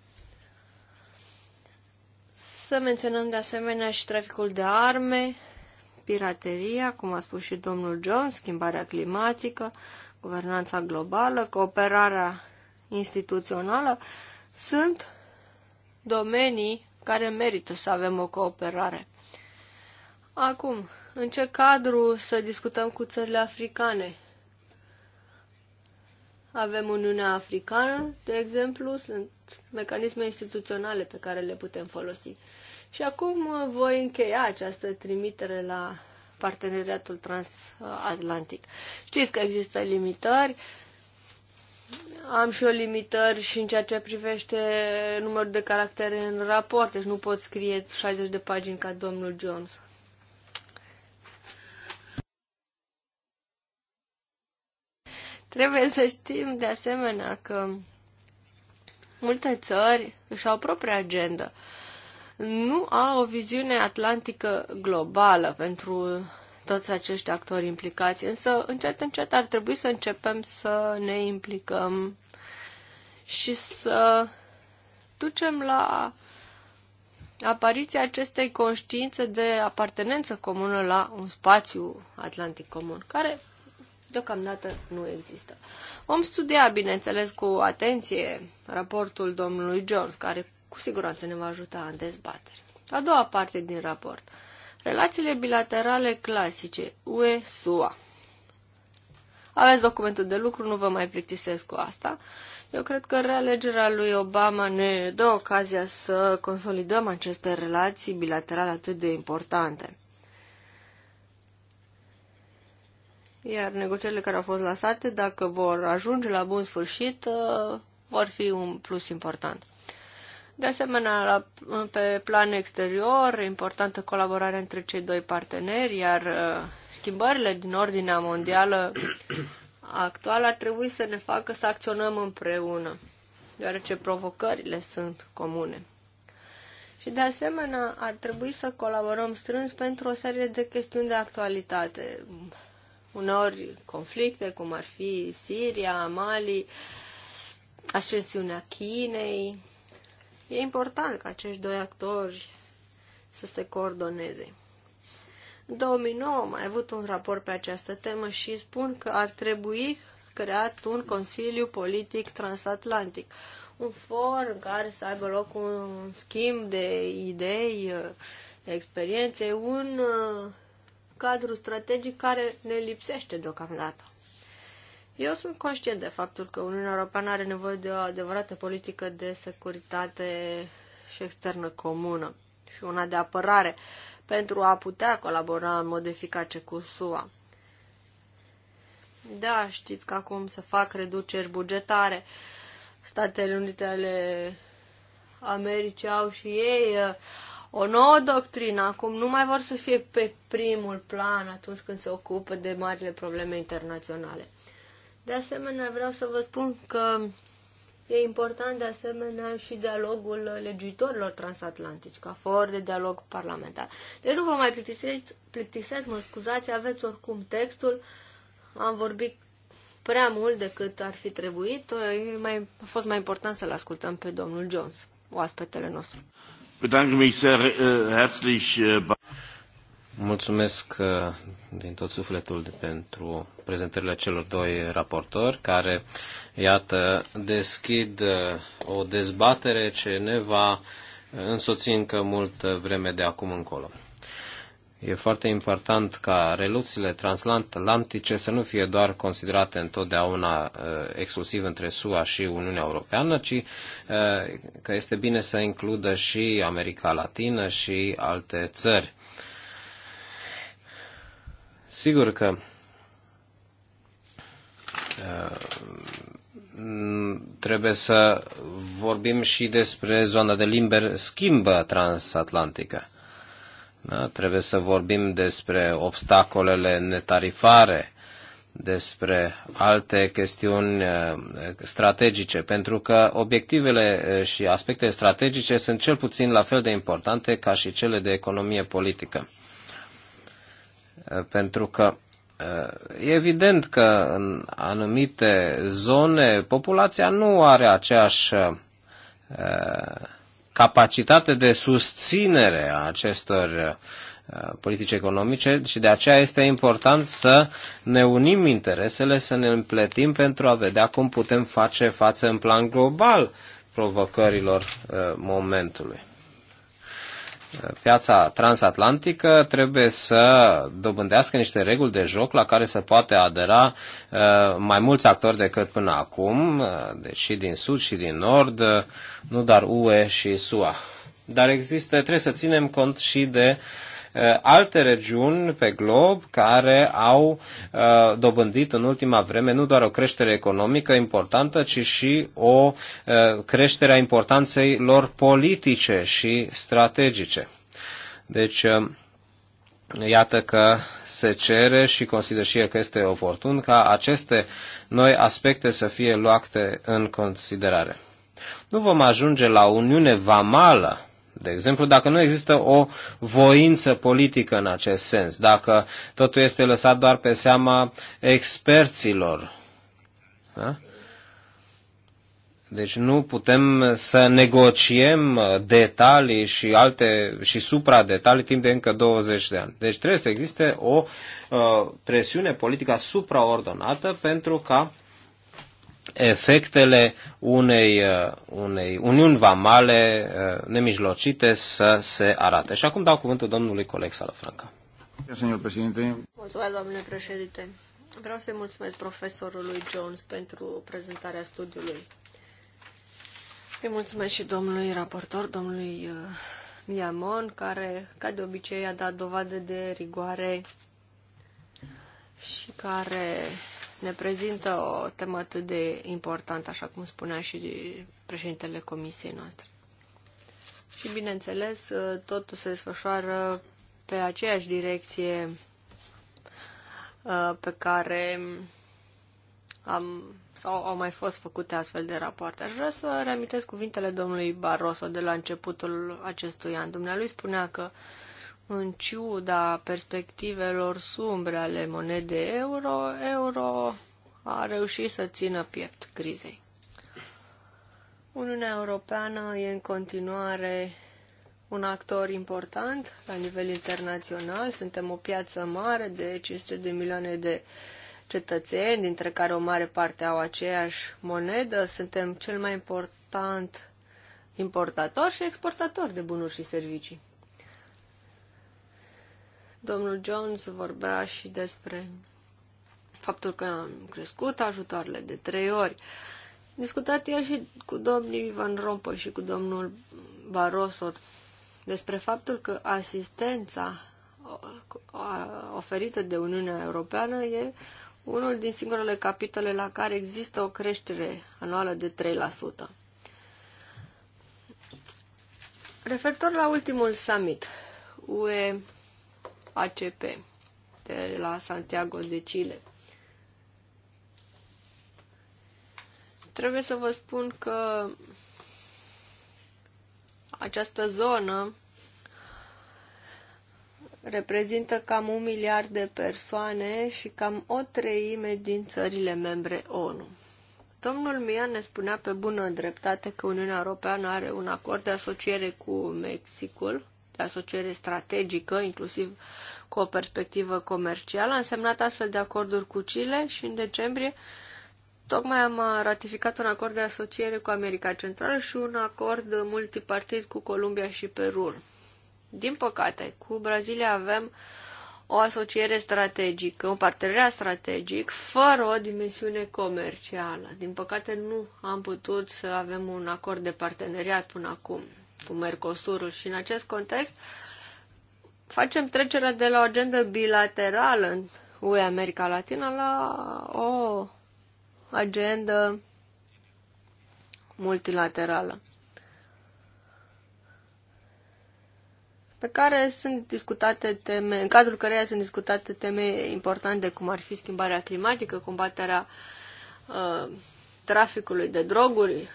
Să menționăm de asemenea și traficul de arme, pirateria, cum a spus și domnul John, schimbarea climatică, guvernanța globală, cooperarea instituțională, sunt domenii care merită să avem o cooperare. Acum, în ce cadru să discutăm cu țările africane? Avem Uniunea Africană, de exemplu, sunt mecanisme instituționale pe care le putem folosi. Și acum uh, voi încheia această trimitere la parteneriatul transatlantic. Știți că există limitări. Am și o limitări și în ceea ce privește numărul de caractere în raport, deci nu pot scrie 60 de pagini ca domnul Jones. Trebuie să știm de asemenea că multe țări își au propria agenda. Nu au o viziune atlantică globală pentru toți acești actori implicați, însă încet, încet ar trebui să începem să ne implicăm și să ducem la apariția acestei conștiințe de apartenență comună la un spațiu atlantic comun, care deocamdată nu există. Vom studia, bineînțeles, cu atenție raportul domnului Jones, care cu siguranță ne va ajuta în dezbateri. A doua parte din raport. Relațiile bilaterale clasice UE-SUA. Aveți documentul de lucru, nu vă mai plictisesc cu asta. Eu cred că realegerea lui Obama ne dă ocazia să consolidăm aceste relații bilaterale atât de importante. Iar negocierile care au fost lăsate, dacă vor ajunge la bun sfârșit, uh, vor fi un plus important. De asemenea, la, pe plan exterior, importantă colaborarea între cei doi parteneri, iar uh, schimbările din ordinea mondială actuală ar trebui să ne facă să acționăm împreună, deoarece provocările sunt comune. Și de asemenea, ar trebui să colaborăm strâns pentru o serie de chestiuni de actualitate, Uneori conflicte, cum ar fi Siria, Mali, ascensiunea Chinei. E important ca acești doi actori să se coordoneze. În 2009 am mai avut un raport pe această temă și spun că ar trebui creat un Consiliu Politic Transatlantic, un for în care să aibă loc un schimb de idei, de experiențe, un cadru strategic care ne lipsește deocamdată. Eu sunt conștient de faptul că Uniunea Europeană are nevoie de o adevărată politică de securitate și externă comună și una de apărare pentru a putea colabora în mod eficace cu SUA. Da, știți că acum se fac reduceri bugetare. Statele Unite ale Americii au și ei uh, o nouă doctrină. Acum nu mai vor să fie pe primul plan atunci când se ocupă de marile probleme internaționale. De asemenea, vreau să vă spun că e important de asemenea și dialogul legiuitorilor transatlantici, ca for de dialog parlamentar. Deci nu vă mai plictisesc, plictisesc mă scuzați, aveți oricum textul. Am vorbit prea mult decât ar fi trebuit. mai, a fost mai important să-l ascultăm pe domnul Jones, oaspetele nostru bedanke mich sehr äh, herzlich äh, Mulțumesc uh, din tot sufletul pentru prezentările celor doi raportori care, iată, deschid uh, o dezbatere ce ne va însoți încă mult uh, vreme de acum încolo. E foarte important ca reluțiile transatlantice să nu fie doar considerate întotdeauna uh, exclusiv între SUA și Uniunea Europeană, ci uh, că este bine să includă și America Latină și alte țări. Sigur că uh, trebuie să vorbim și despre zona de liber schimb transatlantică da? Trebuie să vorbim despre obstacolele netarifare, despre alte chestiuni eh, strategice, pentru că obiectivele eh, și aspectele strategice sunt cel puțin la fel de importante ca și cele de economie politică. Eh, pentru că E evident că în anumite zone populația nu are aceeași capacitate de susținere a acestor uh, politici economice și de aceea este important să ne unim interesele, să ne împletim pentru a vedea cum putem face față în plan global provocărilor uh, momentului piața transatlantică trebuie să dobândească niște reguli de joc la care se poate adera uh, mai mulți actori decât până acum, uh, deci și din sud și din nord, uh, nu doar UE și SUA. Dar există, trebuie să ținem cont și de uh, Eh, alte regiuni pe glob care au eh, dobândit în ultima vreme nu doar o creștere economică importantă, ci și o eh, creștere a importanței lor politice și strategice. Deci, iată că se cere și consider și el că este oportun ca aceste noi aspecte să fie luate în considerare. Nu vom ajunge la Uniune Vamală de exemplu, dacă nu există o voință politică în acest sens, dacă totul este lăsat doar pe seama experților. Da? Deci nu putem să negociem detalii și alte și supra-detalii timp de încă 20 de ani. Deci trebuie să existe o uh, presiune politică supraordonată pentru ca efectele unei, uh, unei uniuni vamale uh, nemijlocite să se arate. Și acum dau cuvântul domnului coleg Salafranca. Mulțumesc, domnule președinte. Vreau să-i mulțumesc profesorului Jones pentru prezentarea studiului. Îi mulțumesc și domnului raportor, domnului uh, Miamon, care, ca de obicei, a dat dovadă de rigoare și care ne prezintă o temă atât de importantă, așa cum spunea și președintele comisiei noastre. Și, bineînțeles, totul se desfășoară pe aceeași direcție uh, pe care am, sau au mai fost făcute astfel de rapoarte. Aș vrea să reamintesc cuvintele domnului Barroso de la începutul acestui an. Dumnealui spunea că uh, în ciuda perspectivelor sumbre ale monedei euro, euro a reușit să țină piept crizei. Uniunea Europeană e în continuare un actor important la nivel internațional. Suntem o piață mare de 500 de milioane de cetățeni, dintre care o mare parte au aceeași monedă. Suntem cel mai important importator și exportator de bunuri și servicii. Domnul Jones vorbea și despre faptul că am crescut ajutoarele de trei ori. Discutat el și cu domnul Ivan Rompă și cu domnul Barroso despre faptul că asistența oferită de Uniunea Europeană e unul din singurele capitole la care există o creștere anuală de 3%. Referitor la ultimul summit, UE ACP de la Santiago de Chile. Trebuie să vă spun că această zonă reprezintă cam un miliard de persoane și cam o treime din țările membre ONU. Domnul Mian ne spunea pe bună dreptate că Uniunea Europeană are un acord de asociere cu Mexicul de asociere strategică, inclusiv cu o perspectivă comercială. Am semnat astfel de acorduri cu Chile și în decembrie tocmai am ratificat un acord de asociere cu America Centrală și un acord multipartit cu Columbia și Peru. Din păcate, cu Brazilia avem o asociere strategică, un parteneriat strategic, fără o dimensiune comercială. Din păcate, nu am putut să avem un acord de parteneriat până acum cu Mercosurul și în acest context facem trecerea de la o agendă bilaterală în UE America Latina la o agendă multilaterală. pe care sunt discutate teme, în cadrul căreia sunt discutate teme importante, cum ar fi schimbarea climatică, combaterea uh, traficului de droguri,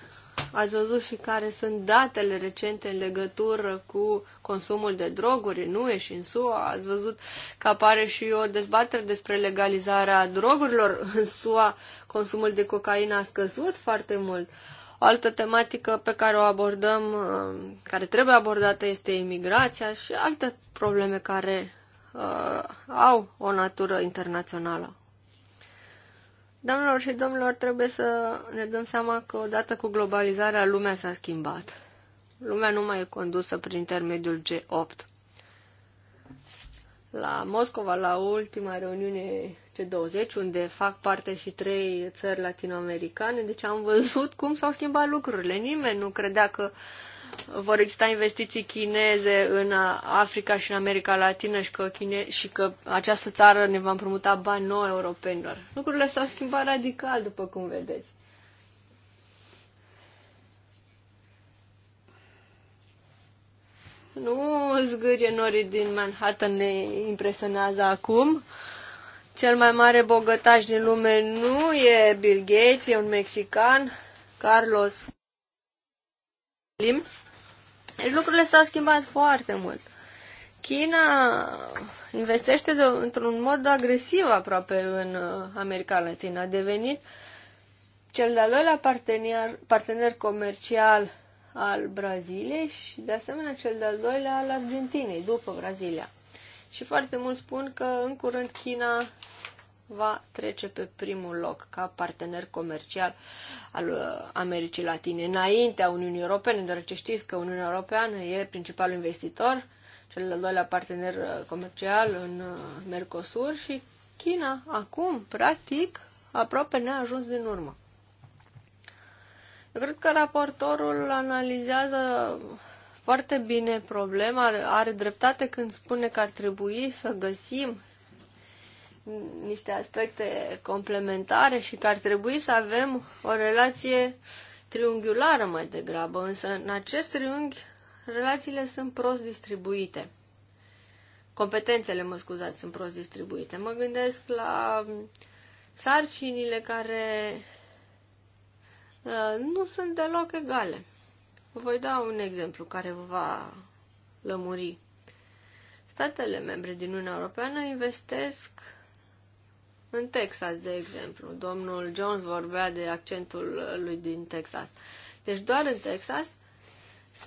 Ați văzut și care sunt datele recente în legătură cu consumul de droguri în UE și în SUA. Ați văzut că apare și o dezbatere despre legalizarea drogurilor în SUA. Consumul de cocaină a scăzut foarte mult. O altă tematică pe care o abordăm, um, care trebuie abordată, este imigrația și alte probleme care uh, au o natură internațională. Doamnelor și domnilor, trebuie să ne dăm seama că odată cu globalizarea lumea s-a schimbat. Lumea nu mai e condusă prin intermediul G8. La Moscova, la ultima reuniune G20, unde fac parte și trei țări latinoamericane, deci am văzut cum s-au schimbat lucrurile. Nimeni nu credea că vor exista investiții chineze în Africa și în America Latină și că, chine- și că această țară ne va împrumuta bani noi europenilor. Lucrurile s-au schimbat radical, după cum vedeți. Nu zgârie norii din Manhattan ne impresionează acum. Cel mai mare bogătaș din lume nu e Bill Gates, e un mexican, Carlos Lim. Deci lucrurile s-au schimbat foarte mult. China investește de, într-un mod agresiv aproape în uh, America Latină. A devenit cel de-al doilea partener, partener comercial al Braziliei și de asemenea cel de-al doilea al Argentinei, după Brazilia. Și foarte mulți spun că în curând China va trece pe primul loc ca partener comercial al uh, Americii Latine, înaintea Uniunii Europene, deoarece știți că Uniunea Europeană e principalul investitor, cel de-al doilea partener uh, comercial în uh, Mercosur și China acum, practic, aproape ne-a ajuns din urmă. Eu cred că raportorul analizează foarte bine problema, are dreptate când spune că ar trebui să găsim niște aspecte complementare și că ar trebui să avem o relație triunghiulară mai degrabă, însă în acest triunghi relațiile sunt prost distribuite. Competențele, mă scuzați, sunt prost distribuite. Mă gândesc la sarcinile care uh, nu sunt deloc egale. Voi da un exemplu care vă va lămuri. Statele membre din Uniunea Europeană investesc în Texas, de exemplu, domnul Jones vorbea de accentul lui din Texas. Deci doar în Texas,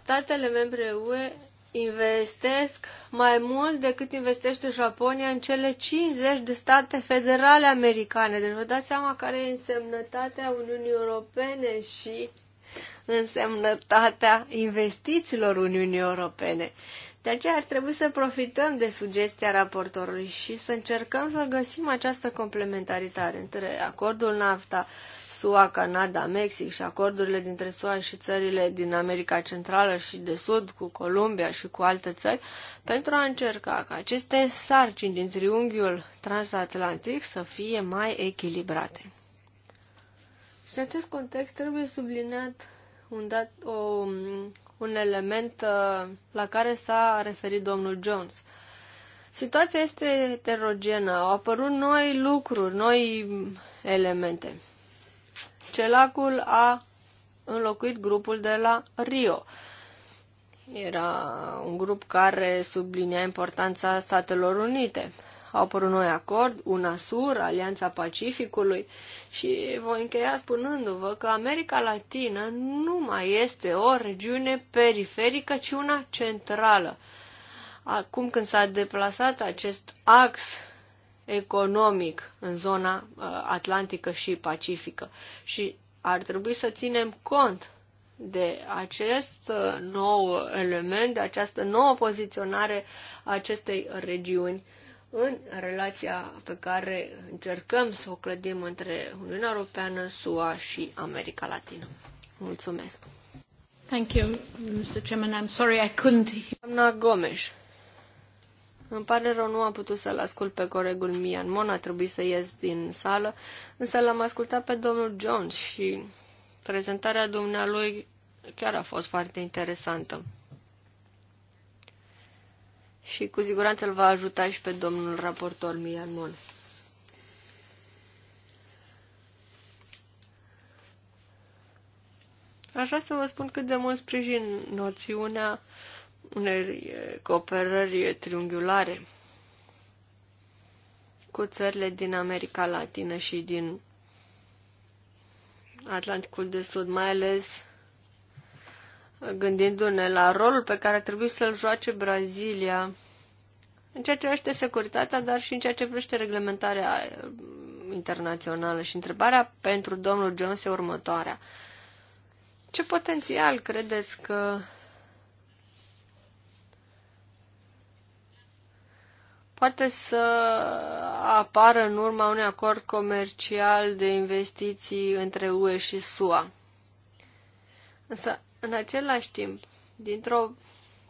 statele membre UE investesc mai mult decât investește Japonia în cele 50 de state federale americane. Deci vă dați seama care e însemnătatea Uniunii Europene și însemnătatea investițiilor Uniunii Europene. De aceea ar trebui să profităm de sugestia raportorului și să încercăm să găsim această complementaritate între acordul NAFTA, SUA, Canada, Mexic și acordurile dintre SUA și țările din America Centrală și de Sud, cu Columbia și cu alte țări, pentru a încerca ca aceste sarcini din triunghiul transatlantic să fie mai echilibrate. Și în acest context trebuie subliniat un, dat, o, un element uh, la care s-a referit domnul Jones. Situația este heterogenă, au apărut noi lucruri, noi elemente. Celacul a înlocuit grupul de la Rio. Era un grup care sublinea importanța Statelor Unite au apărut noi acord, UNASUR, Alianța Pacificului și voi încheia spunându-vă că America Latină nu mai este o regiune periferică, ci una centrală. Acum când s-a deplasat acest ax economic în zona uh, atlantică și pacifică și ar trebui să ținem cont de acest uh, nou element, de această nouă poziționare a acestei regiuni în relația pe care încercăm să o clădim între Uniunea Europeană, SUA și America Latină. Mulțumesc! Thank you, Mr. Chairman. I'm sorry I couldn't... Doamna Gomes, îmi pare rău, nu am putut să-l ascult pe colegul Mian Mon, a trebuit să ies din sală, însă l-am ascultat pe domnul Jones și prezentarea dumnealui chiar a fost foarte interesantă și cu siguranță îl va ajuta și pe domnul raportor Mian Mon. Aș vrea să vă spun cât de mult sprijin noțiunea unei cooperări triunghiulare cu țările din America Latină și din Atlanticul de Sud, mai ales gândindu-ne la rolul pe care ar trebui să-l joace Brazilia în ceea ce privește securitatea, dar și în ceea ce privește reglementarea uh, internațională. Și întrebarea pentru domnul Jones e următoarea. Ce potențial credeți că poate să apară în urma unui acord comercial de investiții între UE și SUA? Însă, în același timp, dintr-o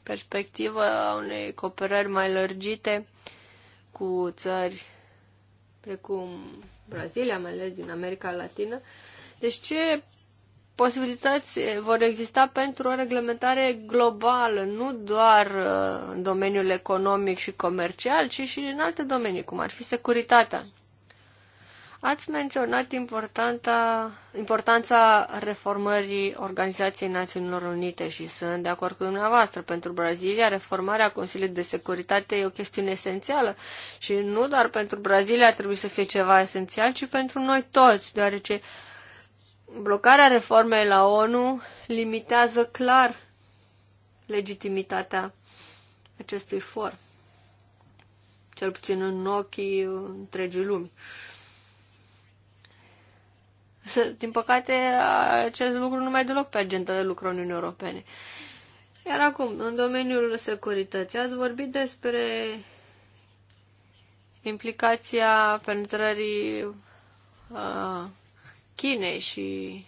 perspectivă a unei cooperări mai lărgite cu țări precum Brazilia, mai ales din America Latină, deci ce posibilități eh, vor exista pentru o reglementare globală, nu doar eh, în domeniul economic și comercial, ci și în alte domenii, cum ar fi securitatea Ați menționat importanta, importanța reformării Organizației Națiunilor Unite și sunt de acord cu dumneavoastră. Pentru Brazilia, reformarea Consiliului de Securitate e o chestiune esențială și nu doar pentru Brazilia ar trebui să fie ceva esențial, ci pentru noi toți, deoarece blocarea reformei la ONU limitează clar legitimitatea acestui for, cel puțin în ochii întregii lumii. Din păcate, acest lucru nu mai deloc pe agenda de lucru în Uniunea Europene. Iar acum, în domeniul securității, ați vorbit despre implicația penetrării uh, Chinei și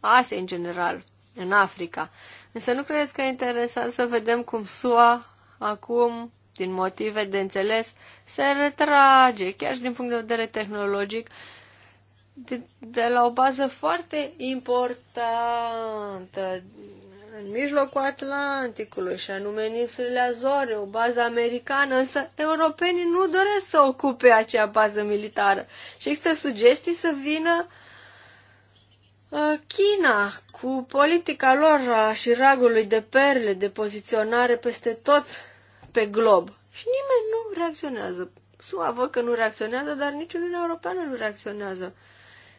Asiei în general, în Africa. Însă nu credeți că e interesant să vedem cum SUA acum, din motive de înțeles, se retrage, chiar și din punct de vedere tehnologic, uh, de, de la o bază foarte importantă în mijlocul Atlanticului și anume în insulele Azore, o bază americană, însă europenii nu doresc să ocupe acea bază militară. Și există sugestii să vină ă, China cu politica lor și ragului de perle de poziționare peste tot pe glob. Și nimeni nu reacționează. SUA văd că nu reacționează, dar nici Uniunea Europeană nu reacționează.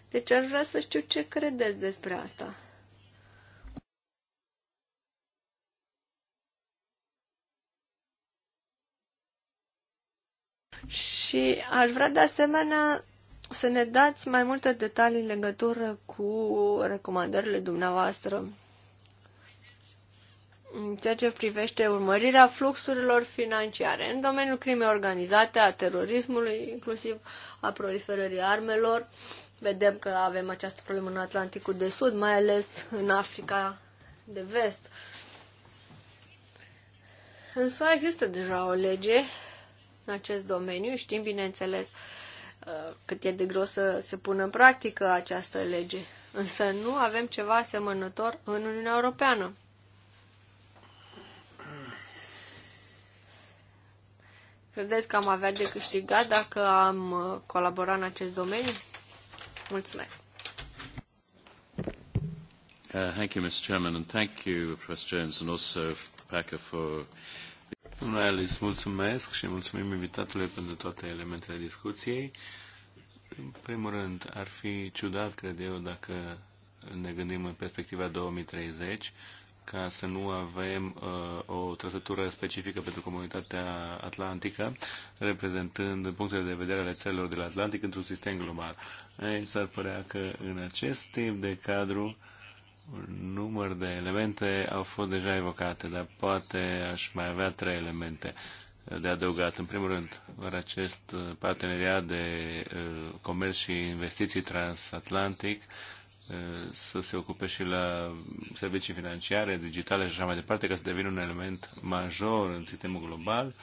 Deci aș vrea să știu ce credeți despre asta. Și aș vrea de asemenea să ne dați mai multe detalii în legătură cu recomandările dumneavoastră în ceea ce privește urmărirea fluxurilor financiare în domeniul crimei organizate, a terorismului, inclusiv a proliferării armelor. Uh, Vedem că avem această problemă în Atlanticul de Sud, mai ales în Africa de Vest. În SUA există deja o lege în acest domeniu. Știm, bineînțeles, uh, cât e de greu să se pună în practică această lege. Însă nu avem ceva asemănător în Uniunea Europeană. Credeți că am avea de câștigat dacă am uh, colaborat în acest domeniu? Mulțumesc! Uh, thank you, Mr. Chairman, and thank you, Professor Jones, and also for... Domnule mulțumesc și mulțumim invitatului pentru toate elementele discuției. În primul rând, ar fi ciudat, cred eu, dacă ne gândim în perspectiva 2030, ca să nu avem uh, o trăsătură specifică pentru comunitatea atlantică, reprezentând punctele de vedere ale țărilor de la Atlantic într-un sistem global. Aici s-ar părea că în acest tip de cadru un număr de elemente au fost deja evocate, dar poate aș mai avea trei elemente de adăugat. În primul rând, acest uh, parteneriat de uh, comerț și investiții transatlantic să se ocupe și la servicii financiare, digitale și așa mai departe, ca să devină un element major în sistemul global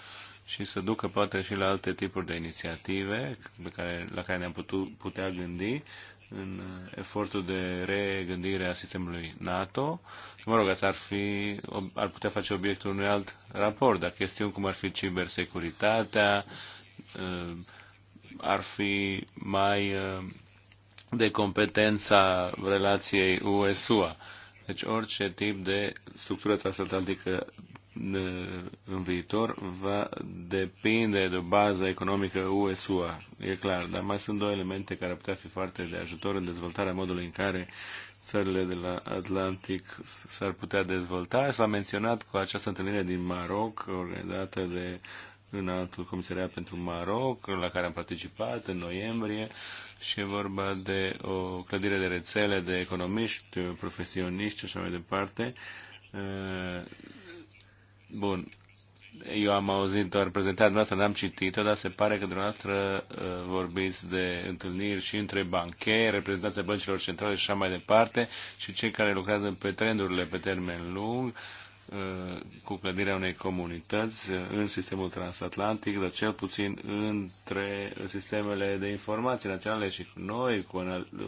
și să ducă poate și la alte tipuri de inițiative pe care, la care ne-am putut, putea gândi în efortul de regândire a sistemului NATO. Mă rog, asta ar, fi, ar putea face obiectul unui alt raport, dar chestiuni cum ar fi cibersecuritatea, ar fi mai de competența relației UE-SUA. Deci orice tip de structură transatlantică în viitor va depinde de o bază economică UE-SUA, e clar, dar mai sunt două elemente care ar putea fi foarte de ajutor în dezvoltarea modului în care țările de la Atlantic s-ar putea dezvolta. S-a menționat cu această întâlnire din Maroc, organizată de înaltul comisariat pentru Maroc, la care am participat în noiembrie, uh, și e vorba de o clădire de rețele de economiști, profesioniști și așa mai departe. Eh, bun, eu am auzit doar prezentarea noastră, n-am citit-o, dar se pare că dumneavoastră eh, vorbiți de întâlniri și între bancheri, reprezentanții băncilor centrale și așa mai departe și cei care lucrează pe trendurile pe termen lung. Uh, cu clădirea unei comunități uh, în sistemul transatlantic, dar cel puțin între sistemele de informații naționale și cu noi, cu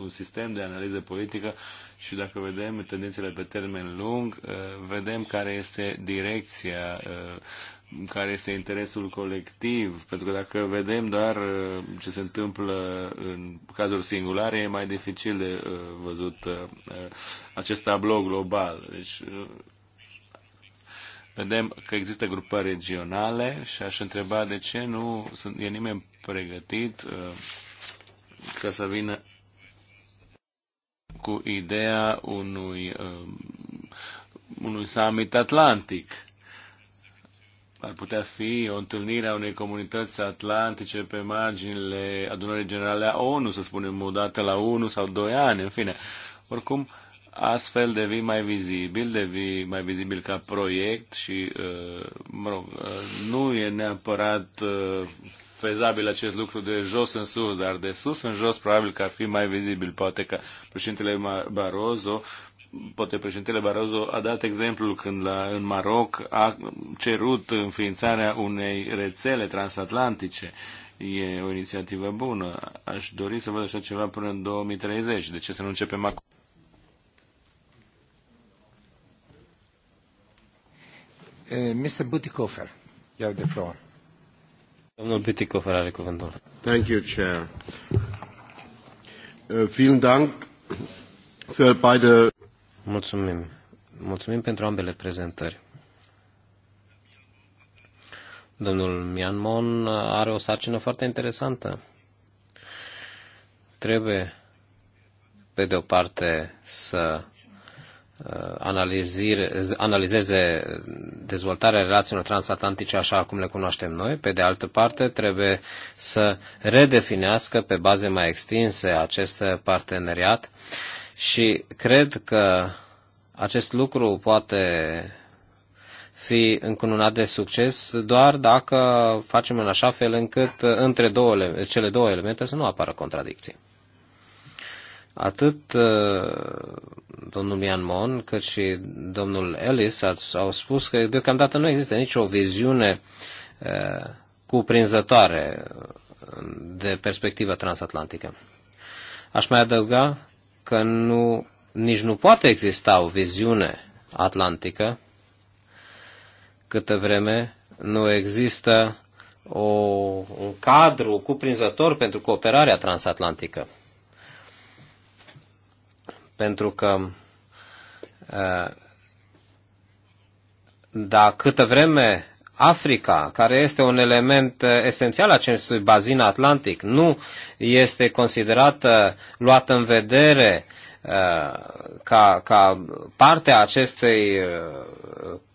un sistem de analiză politică și dacă vedem tendințele pe termen lung, uh, vedem care este direcția care este interesul colectiv, pentru că dacă vedem doar ce se întâmplă în cazuri singulare, e mai dificil de văzut acest tablou global. Deci Vedem că există grupări regionale și aș întreba de ce nu e nimeni pregătit uh, ca să vină cu ideea unui, uh, unui summit atlantic ar putea fi o întâlnire a unei comunități atlantice pe marginile adunării generale a ONU, să spunem, o dată la 1 sau 2 ani, în fine. Oricum, astfel devii mai vizibil, devii mai vizibil ca proiect și, uh, mă rog, uh, nu e neapărat uh, fezabil acest lucru de jos în sus, dar de sus în jos probabil că ar fi mai vizibil. Poate că președintele Barroso poate președintele Barroso a dat exemplul când la, în Maroc a cerut înființarea unei rețele transatlantice. E o inițiativă bună. Aș dori să văd așa ceva până în 2030. De ce să nu începem acum? Eh, Mr. Butikofer, you have the floor. Domnul Butikofer are cuvântul. Thank you, Chair. Eh, vielen Dank für beide... Mulțumim. Mulțumim pentru ambele prezentări. Domnul Mianmon are o sarcină foarte interesantă. Trebuie, pe de o parte, să Uh, analizeze dezvoltarea relațiilor transatlantice așa cum le cunoaștem noi. Pe de altă parte, trebuie să redefinească pe baze mai extinse acest parteneriat și cred că acest lucru poate fi încununat de succes doar dacă facem în așa fel încât între două, cele două elemente să nu apară contradicții. Atât uh, domnul Mianmon cât și domnul Ellis au spus că deocamdată nu există nicio viziune uh, cuprinzătoare uh, de perspectivă transatlantică. Aș mai adăuga că nu, nici nu poate exista o viziune atlantică câtă vreme nu există o, un cadru cuprinzător pentru cooperarea transatlantică. Pentru că da, câtă vreme Africa, care este un element esențial acestui bazin atlantic, nu este considerată, luată în vedere ca, ca parte a acestei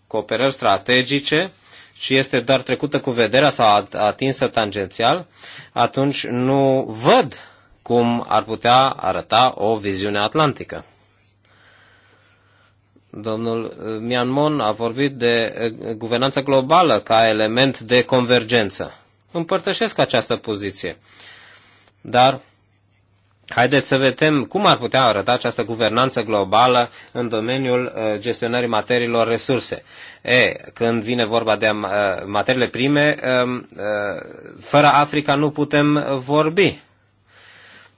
cooperări strategice și este doar trecută cu vederea sau atinsă tangențial, atunci nu văd cum ar putea arăta o viziune atlantică. Domnul uh, Mianmon a vorbit de uh, guvernanță globală ca element de convergență. Împărtășesc această poziție. Dar haideți să vedem cum ar putea arăta această guvernanță globală în domeniul uh, gestionării materiilor resurse. E, când vine vorba de materiile prime, um, fără Africa nu putem vorbi.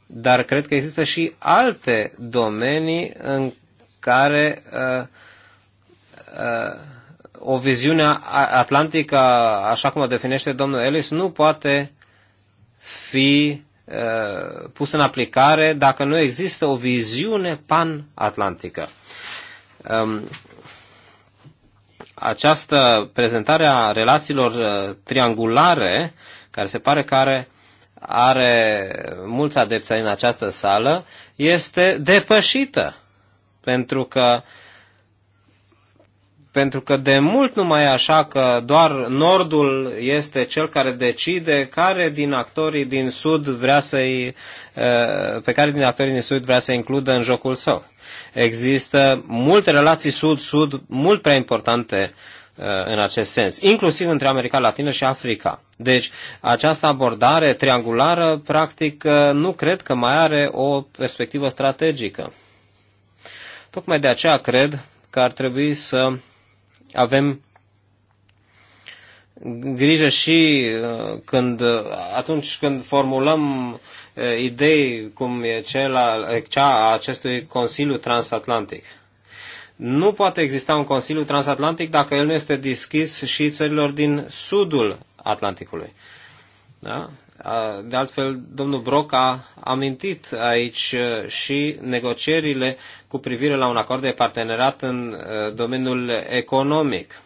Dar cred că există și alte domenii în care uh, uh, o viziune atlantică, așa cum o definește domnul Ellis, nu poate fi uh, pus în aplicare dacă nu există o viziune pan-atlantică. Um, această prezentare a relațiilor uh, triangulare, care se pare că are are mulți adepți în această sală este depășită. Pentru că pentru că de mult nu mai e așa că doar Nordul este cel care decide care din actorii din Sud vrea să eh, pe care din actorii din Sud vrea să includă în jocul său. Există multe relații Sud-Sud mult prea importante Uh, în acest sens, inclusiv între America Latină și Africa. Deci, această abordare triangulară, practic, uh, nu cred că mai are o perspectivă strategică. Tocmai de aceea cred că ar trebui să avem grijă și uh, când, atunci când formulăm idei cum e cea, cea a acestui Consiliu Transatlantic. Nu poate exista un Consiliu Transatlantic dacă el nu este deschis și țărilor din sudul Atlanticului. Da? De altfel, domnul Broca a amintit aici uh, și negocierile cu privire la un acord de partenerat în uh, domeniul economic.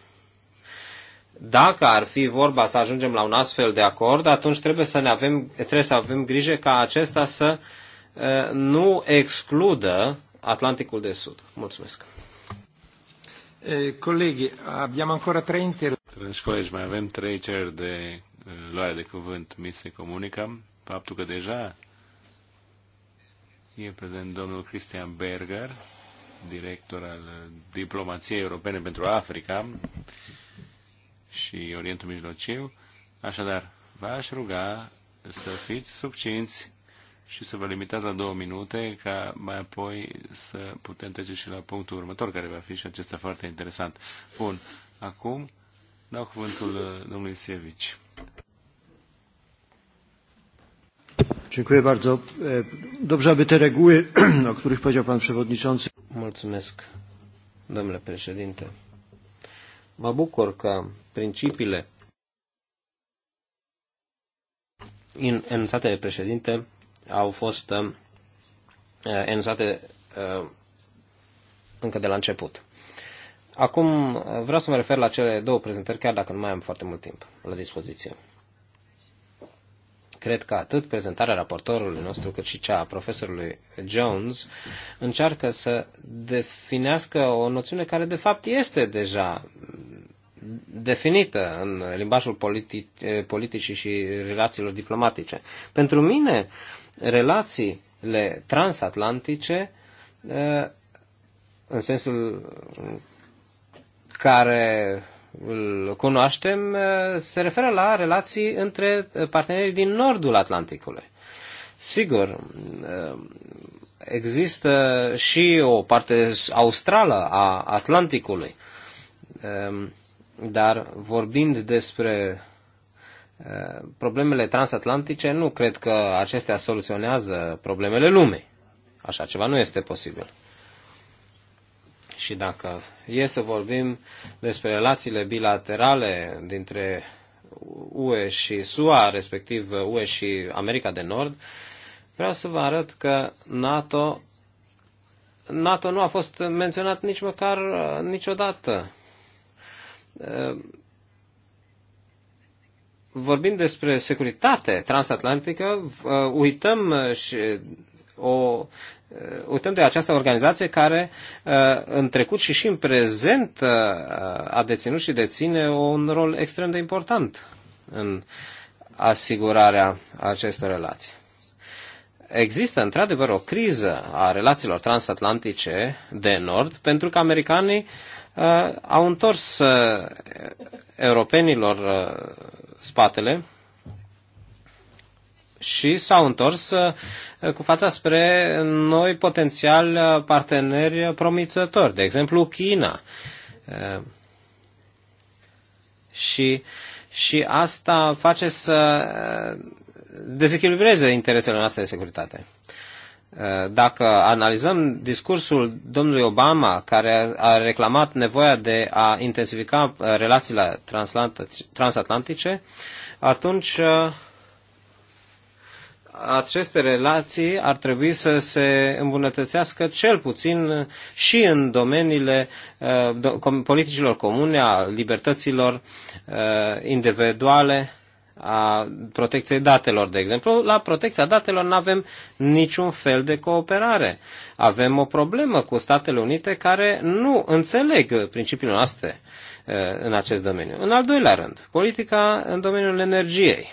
Dacă ar fi vorba să ajungem la un astfel de acord, atunci trebuie să, ne avem, trebuie să avem grijă ca acesta să uh, nu excludă Atlanticul de Sud. Mulțumesc! Eh, abbiamo ancora tre colegi, mai avem trei cereri de eh, luare de cuvânt. Mi se comunică faptul că deja e prezent domnul Christian Berger, director al Diplomației Europene pentru Africa și Orientul Mijlociu. Așadar, v-aș ruga să fiți subcinți și să vă limitați la două minute, ca mai apoi să putem trece și la punctul următor, care va fi și acesta foarte interesant. Bun, acum dau cuvântul uh, domnului Sievici. Dziękuję bardzo. Dobrze, aby te reguły, o których powiedział Pan Przewodniczący. Mulțumesc, domnule președinte. Mă bucur că principiile În de președinte au fost uh, uh, uh, încă de la început. Acum uh, vreau să mă refer la cele două prezentări, chiar dacă nu mai am foarte mult timp la dispoziție. Cred că atât prezentarea raportorului nostru, cât și cea a profesorului Jones încearcă să definească o noțiune care de fapt este deja definită în limbajul politi- politicii și relațiilor diplomatice. Pentru mine, uh, relațiile transatlantice eh, în sensul care îl cunoaștem eh, se referă la relații între partenerii din nordul Atlanticului. Sigur, eh, există și o parte australă a Atlanticului, dar vorbind despre problemele transatlantice, nu cred că acestea soluționează problemele lumei. Așa ceva nu este posibil. Și dacă e să vorbim despre relațiile bilaterale dintre UE și SUA, respectiv UE și America de Nord, vreau să vă arăt că NATO, NATO nu a fost menționat nici măcar uh, niciodată uh, vorbim despre securitate transatlantică, uh, uităm uh, și uh, o uităm de această organizație care în trecut și și în prezent a deținut și deține un rol extrem de important în asigurarea acestor relații. Există într-adevăr o criză a relațiilor transatlantice de nord pentru că americanii au întors europenilor spatele și s-au întors eh, cu fața spre noi potențial parteneri promițători, de exemplu China. Eh, și, și asta face să eh, dezechilibreze interesele noastre de securitate. Eh, dacă analizăm discursul domnului Obama, care a reclamat nevoia de a intensifica eh, relațiile transatlantice, atunci eh, aceste relații ar trebui să se îmbunătățească cel puțin și în domeniile politicilor comune, a libertăților individuale a protecției datelor, de exemplu, la protecția datelor nu avem niciun fel de cooperare. Avem o problemă cu Statele Unite care nu înțeleg principiile noastre în acest domeniu. În al doilea rând, politica în domeniul energiei.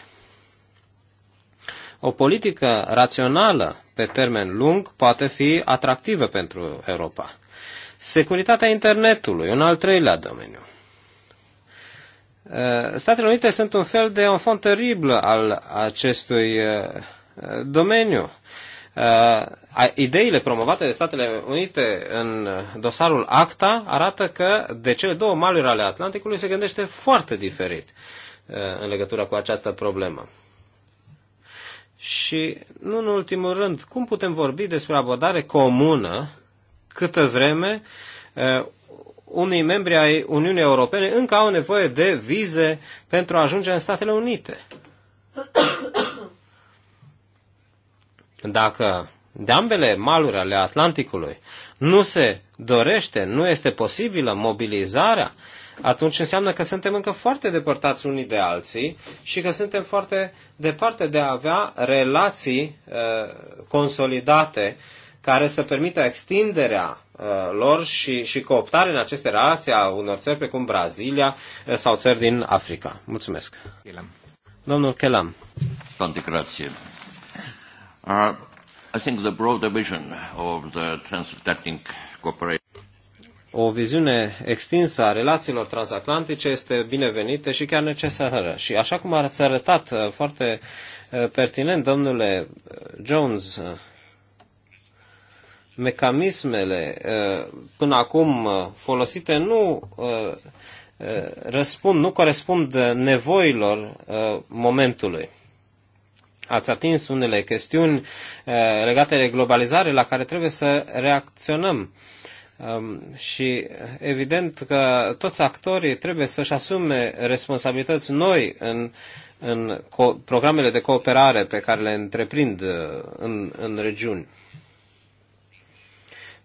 O politică rațională pe termen lung poate fi atractivă pentru Europa. Securitatea internetului, un al treilea domeniu Uh, Statele Unite sunt un fel de un fond teribil al acestui uh, domeniu. Uh, ideile promovate de Statele Unite în dosarul ACTA arată că de cele două maluri ale Atlanticului se gândește foarte diferit în legătură cu această problemă. Și, nu în ultimul rând, cum putem vorbi despre abordare comună câtă vreme unii membri ai Uniunii Europene încă au nevoie de vize pentru a ajunge în Statele Unite. Dacă de ambele maluri ale Atlanticului nu se dorește, nu este posibilă mobilizarea, atunci înseamnă că suntem încă foarte depărtați unii de alții și că suntem foarte departe de a avea relații uh, consolidate uh, care să permită extinderea uh, lor și, și cooptare în aceste relații a unor țări precum Brazilia uh, sau țări din Africa. Mulțumesc. Chelam. Domnul Kelam. Tante grație. Uh, I think the broader vision of the transatlantic cooperation o viziune extinsă a relațiilor transatlantice este binevenită și chiar necesară. Și așa cum ați arătat uh, foarte pertinent, domnule Jones, mecanismele uh, până acum uh, folosite nu uh, răspund, nu corespund nevoilor momentului. Ați atins unele chestiuni legate de globalizare la care trebuie să reacționăm. Um, și evident că toți actorii trebuie să-și asume responsabilități noi în, în programele de cooperare pe care le întreprind în, în regiuni.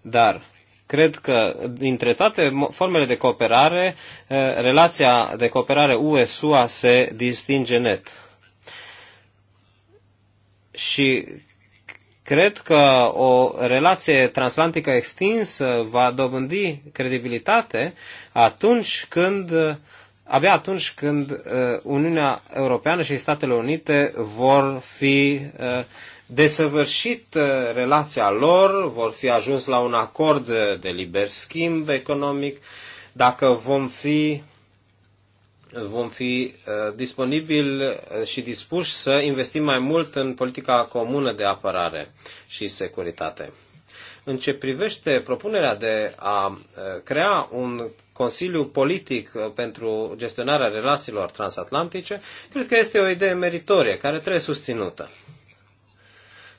Dar cred că dintre toate formele de cooperare, eh, relația de cooperare UE-SUA se distinge net. Și cred că o relație transatlantică extinsă va dobândi credibilitate atunci când abia atunci când eh, Uniunea Europeană și Statele Unite vor fi uh, desăvârșit uh, relația lor, vor fi ajuns la un acord de liber schimb economic, dacă vom fi vom fi uh, disponibili uh, și dispuși să investim mai mult în politica comună de apărare și securitate. În ce privește propunerea de a crea un Consiliu Politic pentru gestionarea relațiilor transatlantice, cred că este o idee meritorie care trebuie susținută.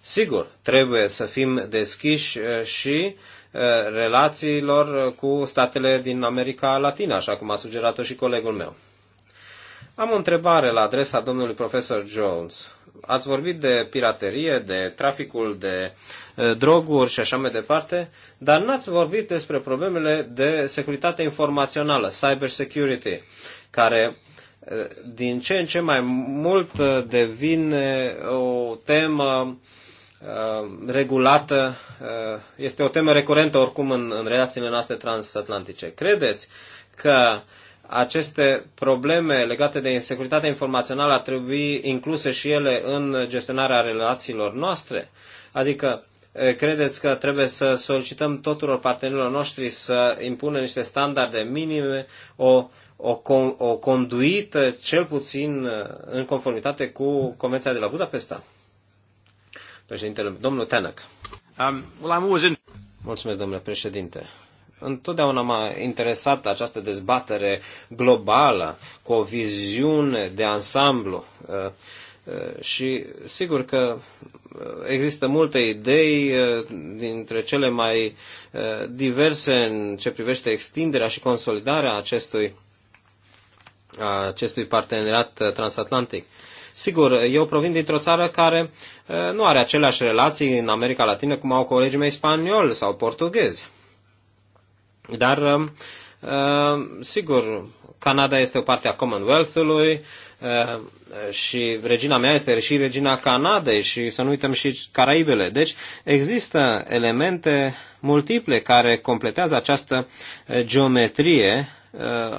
Sigur, trebuie să fim deschiși uh, și uh, relațiilor uh, cu statele din America Latina, așa cum a sugerat-o și colegul meu. Am o întrebare la adresa domnului profesor Jones. Ați vorbit de piraterie, de traficul de droguri și așa mai departe, dar n-ați vorbit despre problemele de securitate informațională, cyber security, care din ce în ce mai mult devine o temă uh, Uh, regulată uh, este o temă recurentă oricum în, în relațiile noastre transatlantice. Credeți că aceste probleme legate de securitatea informațională ar trebui incluse și ele în gestionarea relațiilor noastre? Adică uh, credeți că trebuie să solicităm tuturor partenerilor noștri să impună niște standarde minime, o, o, o conduită cel puțin în conformitate cu Convenția de la Budapesta? Președintele, domnul Um, well, I'm always in... Mulțumesc, domnule președinte. Întotdeauna m-a interesat această dezbatere globală, cu o viziune de ansamblu. Uh, uh, și sigur că uh, există multe idei dintre cele mai diverse în ce privește extinderea și consolidarea acestui, acestui parteneriat transatlantic. Sigur, eu provin dintr-o țară care nu are aceleași relații în America Latină cum au colegii mei spanioli sau portughezi. Dar, sigur, Canada este o parte a Commonwealth-ului și regina mea este și regina Canadei și să nu uităm și Caraibele. Deci există elemente multiple care completează această geometrie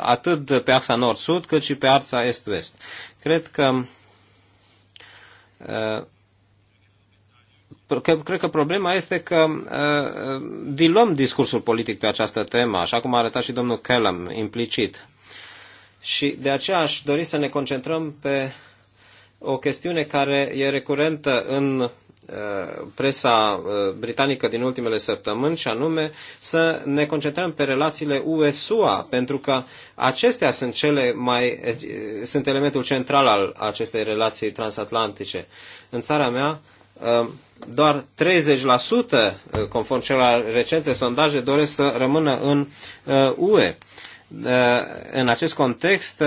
atât pe axa nord-sud cât și pe axa est-vest. Cred că Uh, că, cred că problema este că uh, uh, diluăm discursul politic pe această temă, așa cum a arătat și domnul Kellam implicit. Și de aceea aș dori să ne concentrăm pe o chestiune care e recurentă în Uh, presa uh, britanică din ultimele săptămâni și anume să ne concentrăm pe relațiile U.S.U.A. pentru că acestea sunt cele mai uh, sunt elementul central al acestei relații transatlantice. În țara mea doar 30% conform celor recente sondaje doresc să rămână în UE. Eh, în acest context, eh,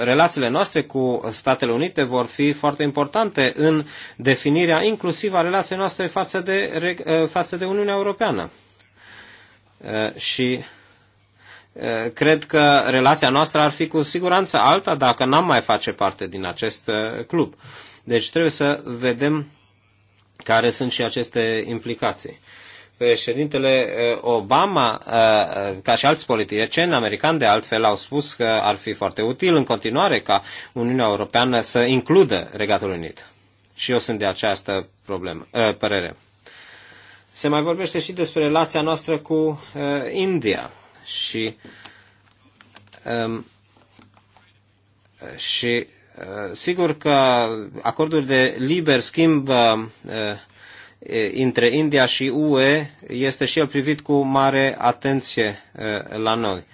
relațiile noastre cu Statele Unite vor fi foarte importante în definirea inclusiv a relației noastre față de, eh, față de Uniunea Europeană. Și cred că relația noastră ar fi cu siguranță alta dacă n-am mai face parte din acest club. Deci trebuie să vedem care sunt și aceste implicații președintele eh, Obama, eh, ca și alți politicieni americani de altfel, au spus că ar fi foarte util în continuare ca Uniunea Europeană să includă Regatul Unit. Și eu sunt de această problemă, eh, părere. Se mai vorbește și despre relația noastră cu India și ehm, și sigur că acordul de liber schimb între India și UE este și el privit cu mare atenție la noi.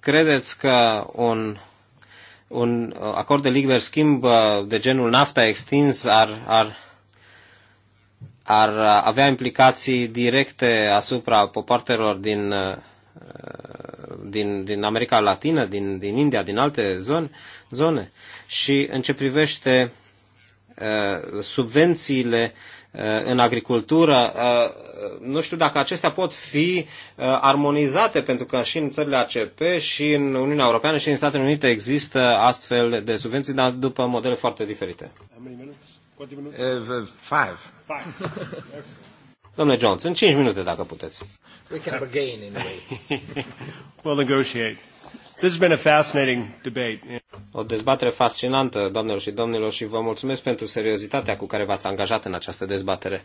Credeți că un, un acord de liber schimb de genul NAFTA extins ar, ar, ar avea implicații directe asupra popoartelor din, din, din America Latină, din, din India, din alte zone, zone? Și în ce privește uh, Uh, subvențiile uh, în agricultură, uh, nu știu dacă acestea pot fi armonizate, pentru că și în țările ACP, și în Uniunea Europeană, și în Statele Unite există astfel de subvenții, dar după modele foarte diferite. Five. Domnule Jones, în 5 minute, dacă puteți. We can bargain in a way. we'll negotiate. This has been a fascinating debate. O dezbatere fascinantă, doamnelor și domnilor, și vă mulțumesc pentru seriozitatea cu care v-ați angajat în această dezbatere.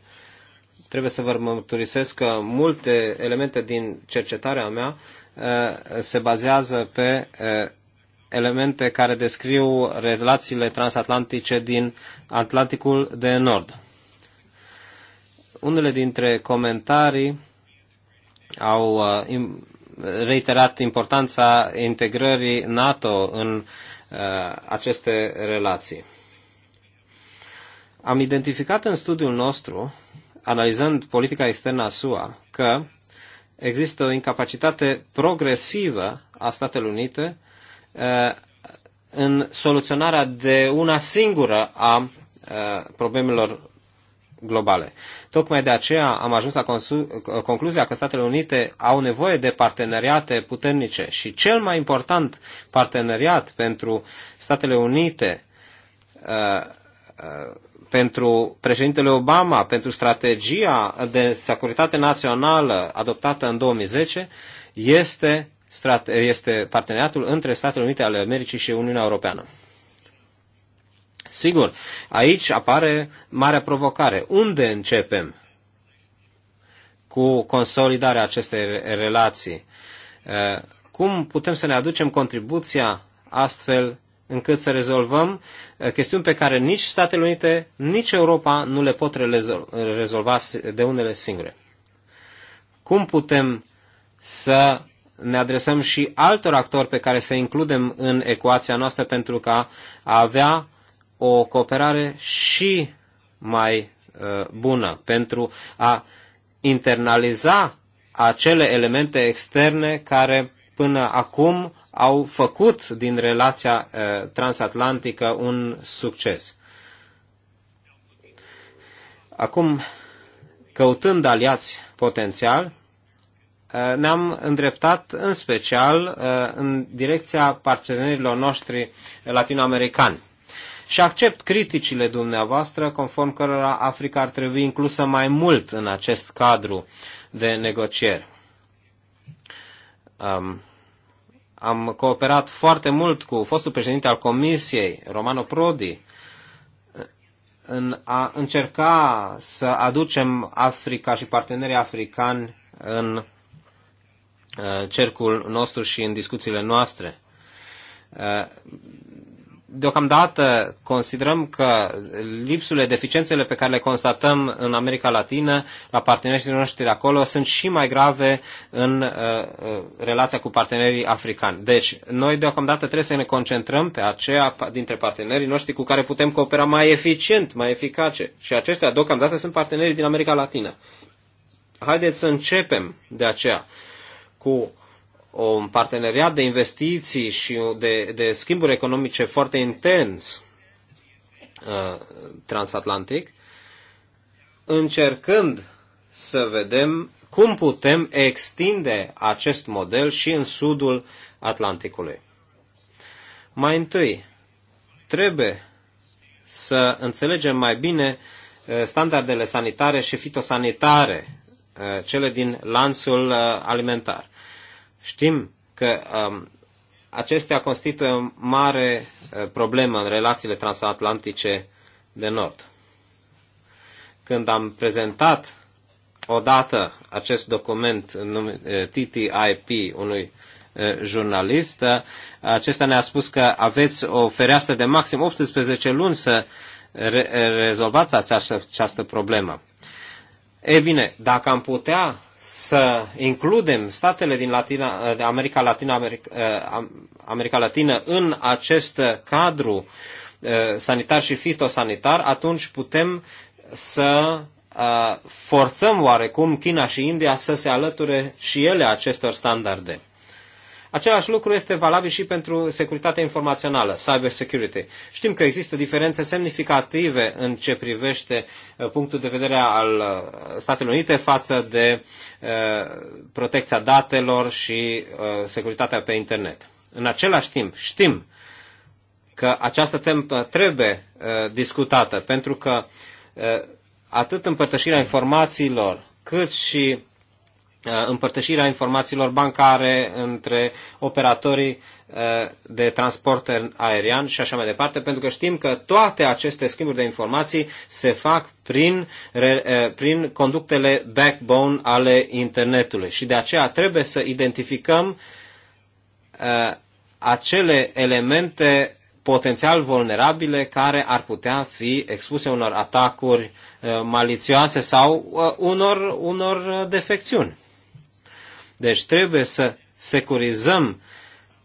Trebuie să vă mărturisesc că multe elemente din cercetarea mea eh, se bazează pe eh, elemente care descriu relațiile transatlantice din Atlanticul de Nord. Unele dintre comentarii au eh, reiterat importanța integrării NATO în uh, aceste relații. Am identificat în studiul nostru, analizând politica externă a SUA, că există o incapacitate progresivă a Statelor Unite uh, în soluționarea de una singură a uh, problemelor globale. Tocmai de aceea am ajuns la concluzia că Statele Unite au nevoie de parteneriate puternice și cel mai important parteneriat pentru Statele Unite, uh, uh, pentru președintele Obama, pentru strategia de securitate națională adoptată în 2010, este, este parteneriatul între Statele Unite ale Americii și Uniunea Europeană. Sigur, aici apare marea provocare. Unde începem cu consolidarea acestei relații? Uh, cum putem să ne aducem contribuția astfel încât să rezolvăm uh, chestiuni pe care nici Statele Unite, nici Europa nu le pot rezolva de unele singure? Cum putem să ne adresăm și altor actori pe care să includem în ecuația noastră pentru ca a avea o cooperare și mai uh, bună pentru a internaliza acele elemente externe care până acum au făcut din relația uh, transatlantică un succes. Acum, căutând aliați potențial, uh, ne-am îndreptat în special în direcția partenerilor noștri latinoamericani și accept criticile dumneavoastră conform cărora Africa ar trebui inclusă mai mult în acest cadru de negocieri. Um, am cooperat foarte mult cu fostul președinte al Comisiei, Romano Prodi, în a încerca să aducem Africa și partenerii africani în uh, cercul nostru și în discuțiile noastre. Uh, deocamdată considerăm că lipsurile, deficiențele pe care le constatăm în America Latină, la partenerii noștri de acolo, sunt și mai grave în uh, uh relația cu partenerii africani. Deci, noi deocamdată trebuie să ne concentrăm pe aceea dintre partenerii noștri cu care putem coopera mai eficient, mai eficace. Și aceștia deocamdată sunt partenerii din America Latină. Haideți să începem de aceea cu un parteneriat de investiții și de, de schimburi economice foarte intens uh, transatlantic, încercând să vedem cum putem extinde acest model și în sudul Atlanticului. Mai întâi, trebuie să înțelegem mai bine uh, standardele sanitare și fitosanitare, uh, cele din lanțul alimentar. Știm că um, acestea constituie o mare uh, problemă în relațiile transatlantice de nord. Când am prezentat odată acest document uh, TTIP unui uh, jurnalist, uh, acesta ne-a spus că aveți o fereastră de maxim 18 luni să re rezolvați această, această problemă. E bine, dacă am putea să includem statele din Latina, America, Latina, America, eh, America Latină în acest cadru eh, sanitar și fitosanitar, atunci putem să eh, forțăm oarecum China și India să se alăture și ele acestor standarde. Același lucru este valabil și pentru securitatea informațională, cyber security. Știm că există diferențe semnificative în ce privește uh, punctul de vedere al uh, Statelor Unite față de uh, protecția datelor și securitatea pe internet. În același timp, știm că această temă trebuie discutată, pentru că atât împărtășirea informațiilor, cât și Uh, împărtășirea informațiilor bancare între operatorii uh, de transport aerian și așa mai departe, pentru că știm că toate aceste schimburi de informații se fac prin, uh, prin conductele backbone ale internetului și de aceea trebuie să identificăm acele elemente potențial vulnerabile care ar putea fi expuse unor atacuri malițioase sau unor, unor defecțiuni. Deci trebuie să securizăm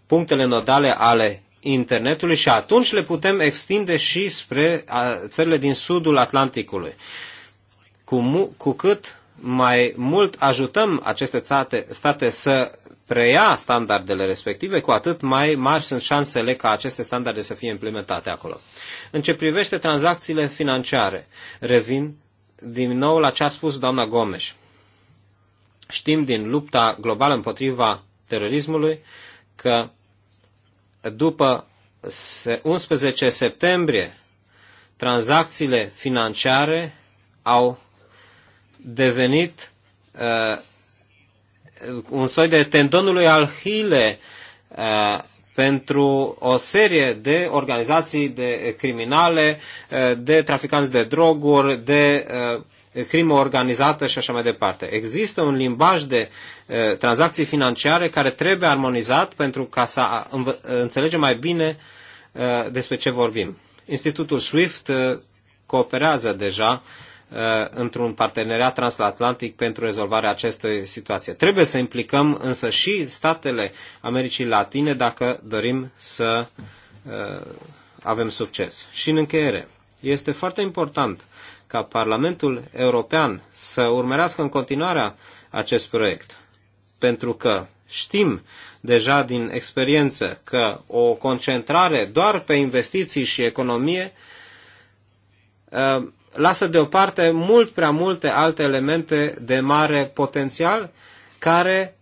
punctele nodale ale internetului și atunci le putem extinde și spre țările din sudul Atlanticului. Cu, cu cât mai mult ajutăm aceste state, state să preia standardele respective, cu atât mai mari sunt șansele ca aceste standarde să fie implementate acolo. În ce privește tranzacțiile financiare, revin din nou la ce a spus doamna Gomes. Știm din lupta globală împotriva terorismului că după 11 septembrie tranzacțiile financiare au devenit uh, un soi de tendonul al Alhile uh, pentru o serie de organizații de criminale, uh, de traficanți de droguri, de uh, crimă organizată și așa mai departe. Există un limbaj de uh, tranzacții financiare care trebuie armonizat pentru ca să înțelegem mai bine uh, despre ce vorbim. Institutul SWIFT uh, cooperează deja într-un parteneriat transatlantic pentru rezolvarea acestei situații. Trebuie să implicăm însă și statele Americii Latine dacă dorim să avem succes. Și în încheiere, este foarte important ca Parlamentul European să urmărească în continuare acest proiect, pentru că știm deja din experiență că o concentrare doar pe investiții și economie uh, lasă deoparte mult prea multe alte elemente de mare potențial care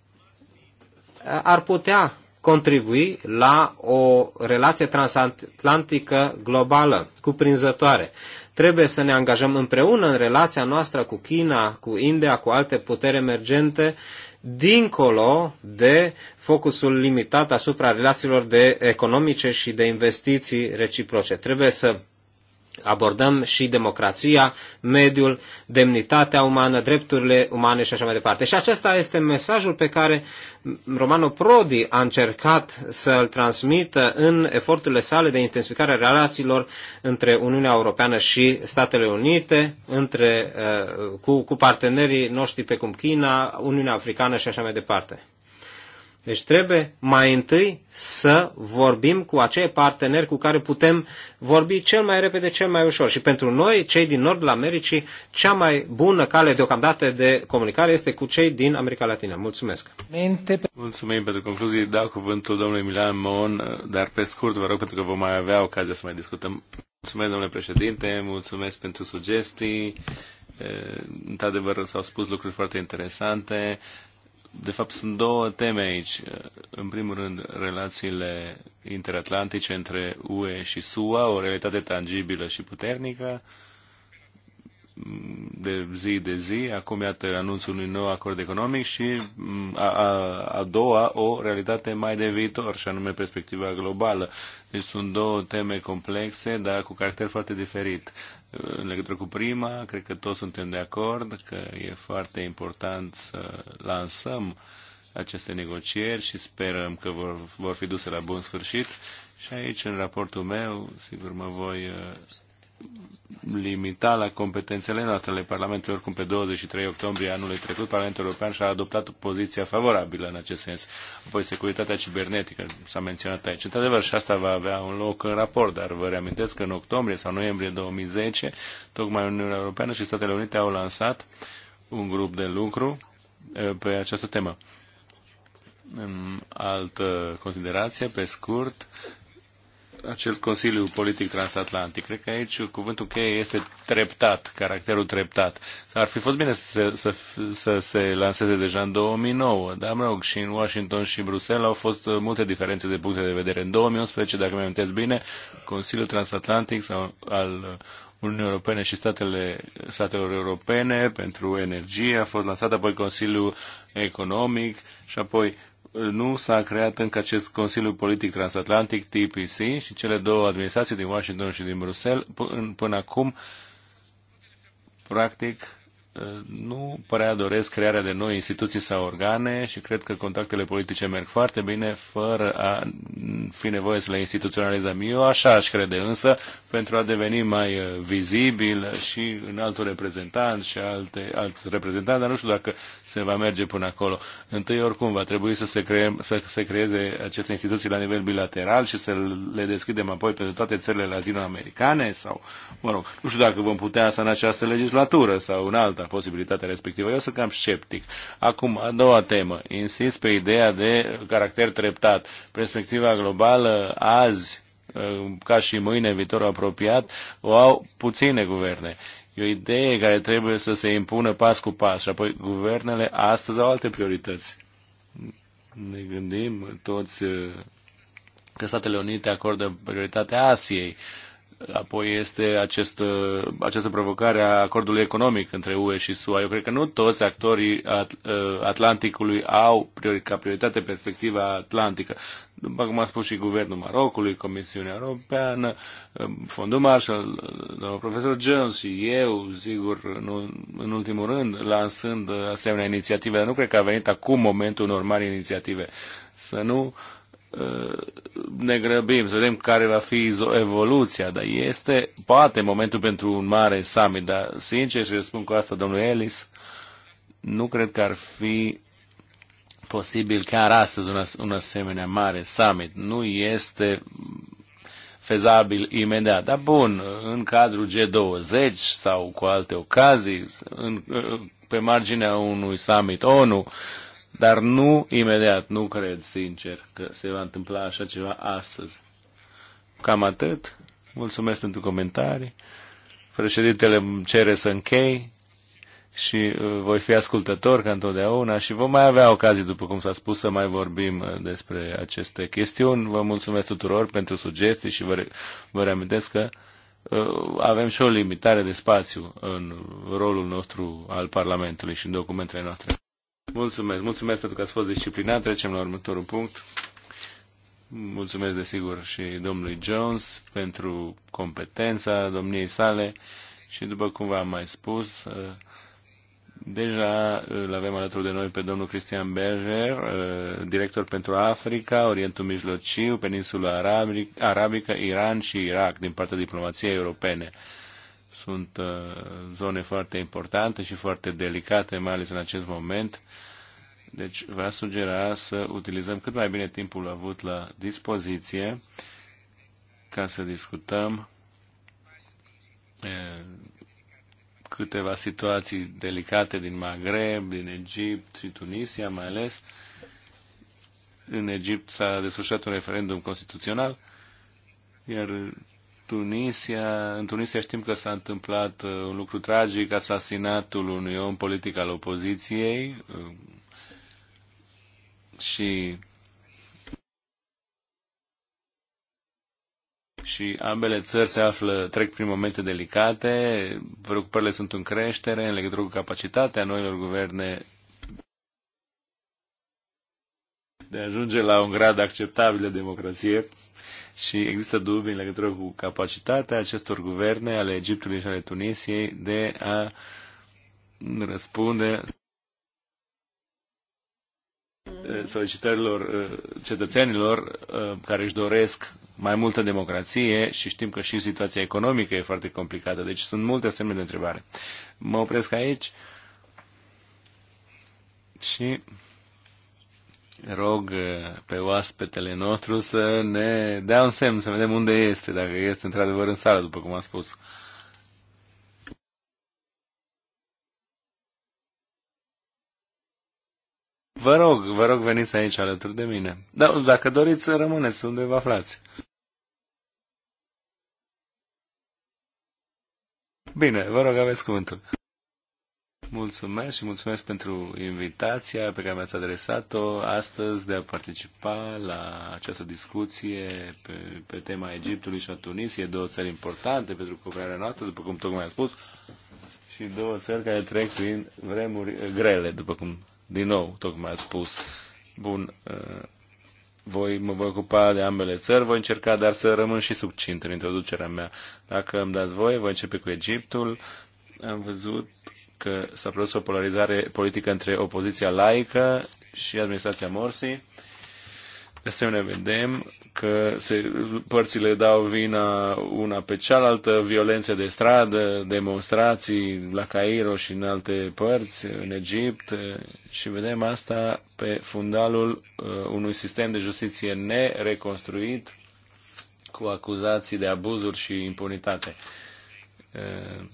uh, ar putea contribui la o relație transatlantică globală, cuprinzătoare. Trebuie să ne angajăm împreună în relația noastră cu China, cu India, cu alte puteri emergente, dincolo de focusul limitat asupra relațiilor de economice și de investiții reciproce. Trebuie să abordăm și democrația, mediul, demnitatea umană, drepturile umane și așa mai departe. Și acesta este mesajul pe care Romano Prodi a încercat să-l transmită în eforturile sale de intensificare a relațiilor între Uniunea Europeană și Statele Unite, între, uh, cu, cu partenerii noștri pe cum China, Uniunea Africană și așa mai departe. Deci trebuie mai întâi să vorbim cu acei parteneri cu care putem vorbi cel mai repede, cel mai ușor. Și pentru noi, cei din Nordul Americii, cea mai bună cale deocamdată de comunicare este cu cei din America Latină. Mulțumesc! Mulțumim pentru concluzii. Dau cuvântul domnului Milan Mon, dar pe scurt vă rog pentru că vom mai avea ocazia să mai discutăm. Mulțumesc, domnule președinte, mulțumesc pentru sugestii. Într-adevăr, s-au spus lucruri foarte interesante de fapt, sunt două teme aici. În primul rând, relațiile interatlantice între UE și SUA, o realitate tangibilă și puternică de zi de zi. Acum, iată, anunțul unui nou acord economic și a, a, a doua, o realitate mai de viitor, și anume perspectiva globală. Deci sunt două teme complexe, dar cu caracter foarte diferit. În legătură cu prima, cred că toți suntem de acord că e foarte important să lansăm aceste negocieri și sperăm că vor, vor fi duse la bun sfârșit. Și aici, în raportul meu, sigur, mă voi uh, limita la competențele noastre ale Parlamentului. Oricum, pe 23 octombrie anului trecut, Parlamentul European și-a adoptat o poziție favorabilă în acest sens. Apoi, securitatea cibernetică s-a menționat aici. Într-adevăr, și asta va avea un loc în raport, dar vă reamintesc că în octombrie sau noiembrie 2010, tocmai Uniunea Europeană și Statele Unite au lansat un grup de lucru eh, pe această temă. Altă considerație, pe scurt, acel Consiliu Politic Transatlantic. Cred că aici cuvântul cheie este treptat, caracterul treptat. Ar fi fost bine să, să, să se lanseze deja în 2009, dar mă rog, și în Washington și în Bruxelles au fost multe diferențe de puncte de vedere. În 2011, dacă mi-am bine, Consiliul Transatlantic sau al Uniunii Europene și statele, statelor europene pentru energie, a fost lansat apoi Consiliul Economic și apoi nu s-a creat încă acest Consiliu Politic Transatlantic, TPC, și cele două administrații din Washington și din Bruxelles, până acum, practic, nu părea doresc crearea de noi instituții sau organe și cred că contactele politice merg foarte bine fără a fi nevoie să le instituționalizăm. Eu așa aș crede, însă pentru a deveni mai uh, vizibil și în altul reprezentant și alte, alt reprezentant, dar nu știu dacă se va merge până acolo. Întâi oricum va trebui să se, creem, să se creeze aceste instituții la nivel bilateral și să le deschidem apoi pentru toate țările latinoamericane sau, mă rog, nu știu dacă vom putea asta în această legislatură sau în alta posibilitatea respectivă. Eu sunt cam sceptic. Acum, a doua temă. Insist pe ideea de caracter treptat. Perspectiva globală azi uh, ca și mâine, viitorul apropiat, o au puține guverne. E o idee care trebuie să se impună pas cu pas și apoi guvernele astăzi au alte priorități. Ne gândim toți uh, că Statele Unite acordă prioritatea Asiei Apoi este acest, uh, această provocare a acordului economic între UE și SUA. Eu cred că nu toți actorii at, uh, Atlanticului au priori, ca prioritate perspectiva atlantică. După cum a spus și Guvernul Marocului, Comisiunea Europeană, uh, Fondul Marshall, domnul profesor Jones și eu, sigur, în, în ultimul rând, lansând asemenea inițiative. Dar nu cred că a venit acum momentul unor mari inițiative. Să nu uh, Eh, ne grăbim să vedem care va fi evoluția, dar este poate momentul pentru un mare summit, dar sincer și răspund cu asta domnul Ellis, nu cred că ar fi posibil chiar astăzi un, un asemenea mare summit. Nu este fezabil imediat. Dar bun, în cadrul G20 sau cu alte ocazii, în, pe marginea unui summit ONU, dar nu imediat, nu cred sincer că se va întâmpla așa ceva astăzi. Cam atât. Mulțumesc pentru comentarii. Președintele îmi cere să închei și uh, voi fi ascultător ca întotdeauna și vom mai avea ocazii, după cum s-a spus, să mai vorbim uh, despre aceste chestiuni. Vă mulțumesc tuturor pentru sugestii și vă, re- vă reamintesc că uh, avem și o limitare de spațiu în rolul nostru al Parlamentului și în documentele noastre. Mulțumesc, mulțumesc pentru că ați fost disciplinat. Trecem la următorul punct. Mulțumesc, desigur, și domnului Jones pentru competența domniei sale și, după cum v-am mai spus, deja îl avem alături de noi pe domnul Cristian Berger, director pentru Africa, Orientul Mijlociu, Peninsula Arabică, Iran și Irak din partea diplomației europene sunt uh, zone foarte importante și foarte delicate, mai ales în acest moment. Deci vă sugera să utilizăm cât mai bine timpul avut la dispoziție ca să discutăm uh, câteva situații delicate din Maghreb, din Egipt și Tunisia mai ales. În Egipt s-a desfășurat un referendum constituțional, iar Tunisia, în Tunisia știm că s-a întâmplat uh, un lucru tragic, asasinatul unui om politic al opoziției uh, și și ambele țări se află, trec prin momente delicate, preocupările sunt în creștere în legătură cu capacitatea noilor guverne de a ajunge la un grad acceptabil de democrație și există dubii în legătură cu capacitatea acestor guverne ale Egiptului și ale Tunisiei de a răspunde solicitărilor uh, cetățenilor uh, care își doresc mai multă democrație și știm că și situația economică e foarte complicată. Deci sunt multe semne de întrebare. Mă opresc aici și rog eh, pe oaspetele nostru să ne dea un semn, să vedem unde este, dacă este într-adevăr în sală, după cum am spus. Vă rog, vă rog, veniți aici alături de mine. Da, dacă doriți, rămâneți unde vă aflați. Bine, vă rog, aveți cuvântul. Mulțumesc și mulțumesc pentru invitația pe care mi-ați adresat-o astăzi de a participa la această discuție pe, pe tema Egiptului și a Tunisiei, două țări importante pentru cooperarea noastră, după cum tocmai am spus, și două țări care trec prin vremuri grele, după cum din nou tocmai ați spus. Bun, uh, voi mă voi ocupa de ambele țări, voi încerca dar să rămân și succint în introducerea mea. Dacă îmi dați voie, voi începe cu Egiptul. Am văzut că s-a produs o polarizare politică între opoziția laică și administrația Morsi. De asemenea, vedem că se, părțile dau vina una pe cealaltă, violențe de stradă, demonstrații la Cairo și în alte părți, în Egipt, și vedem asta pe fundalul uh, unui sistem de justiție nereconstruit, cu acuzații de abuzuri și impunitate. Uh,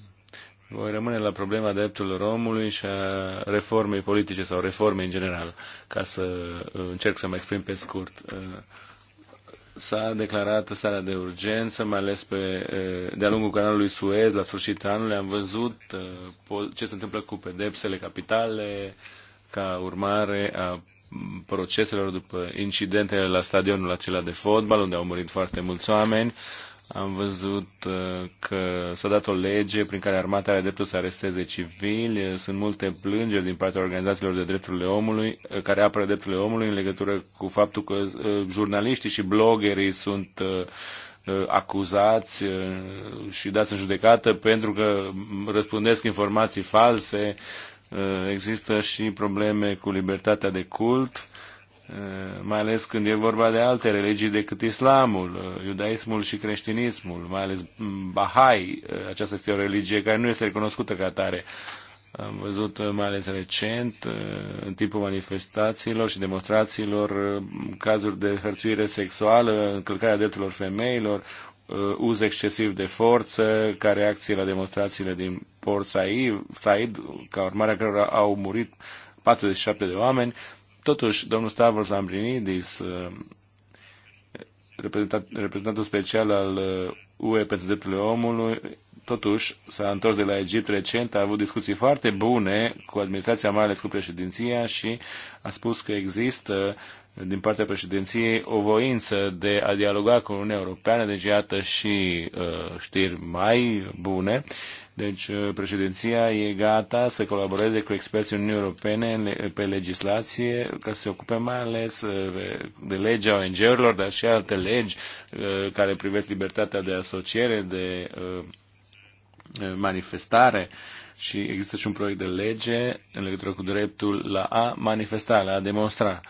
voi rămâne la problema drepturilor omului și a reformei politice sau reformei în general, ca să uh, încerc să mă exprim pe scurt. Uh, S-a declarat starea de urgență, mai ales pe, uh, de-a lungul canalului Suez, la sfârșitul anului, am văzut ce se întâmplă cu pedepsele capitale ca urmare a proceselor după incidentele la stadionul acela de fotbal, unde au murit foarte mulți oameni. Am văzut uh, că s-a dat o lege prin care armata are dreptul să aresteze civili. Sunt multe plângeri din partea organizațiilor de drepturile omului uh, care apără drepturile omului în legătură cu faptul că uh, jurnaliștii și bloggerii sunt acuzați și dați în judecată pentru că răspundesc informații false. Există și probleme cu libertatea de cult Eh, mai ales când e vorba de alte religii decât islamul, eh, iudaismul și creștinismul, mai ales mm, Bahai, eh, aceasta este o religie care nu este recunoscută ca atare. Am văzut mai ales recent, în timpul manifestațiilor și demonstrațiilor, cazuri de hărțuire sexuală, încălcarea drepturilor femeilor, uz excesiv de forță, ca reacție la demonstrațiile din Port Said, ca urmare a cărora au murit 47 de oameni. Totuși, domnul Stavros Lambrinidis, uh, reprezentant, reprezentantul special al UE uh, pentru drepturile omului, totuși s-a întors de la Egipt recent, a avut discuții foarte bune cu administrația, mai ales cu președinția și a spus că există din partea președinției o voință de a dialoga cu Uniunea Europeană, deci iată și uh, știri mai bune. Deci uh, președinția e gata să colaboreze cu experții Uniunii Europene pe legislație ca să se ocupe mai ales uh, de legea ONG-urilor, dar și alte legi uh, care privesc libertatea de asociere, de manifestare și există și un proiect de lege în legătură cu dreptul la a manifesta, la a demonstra.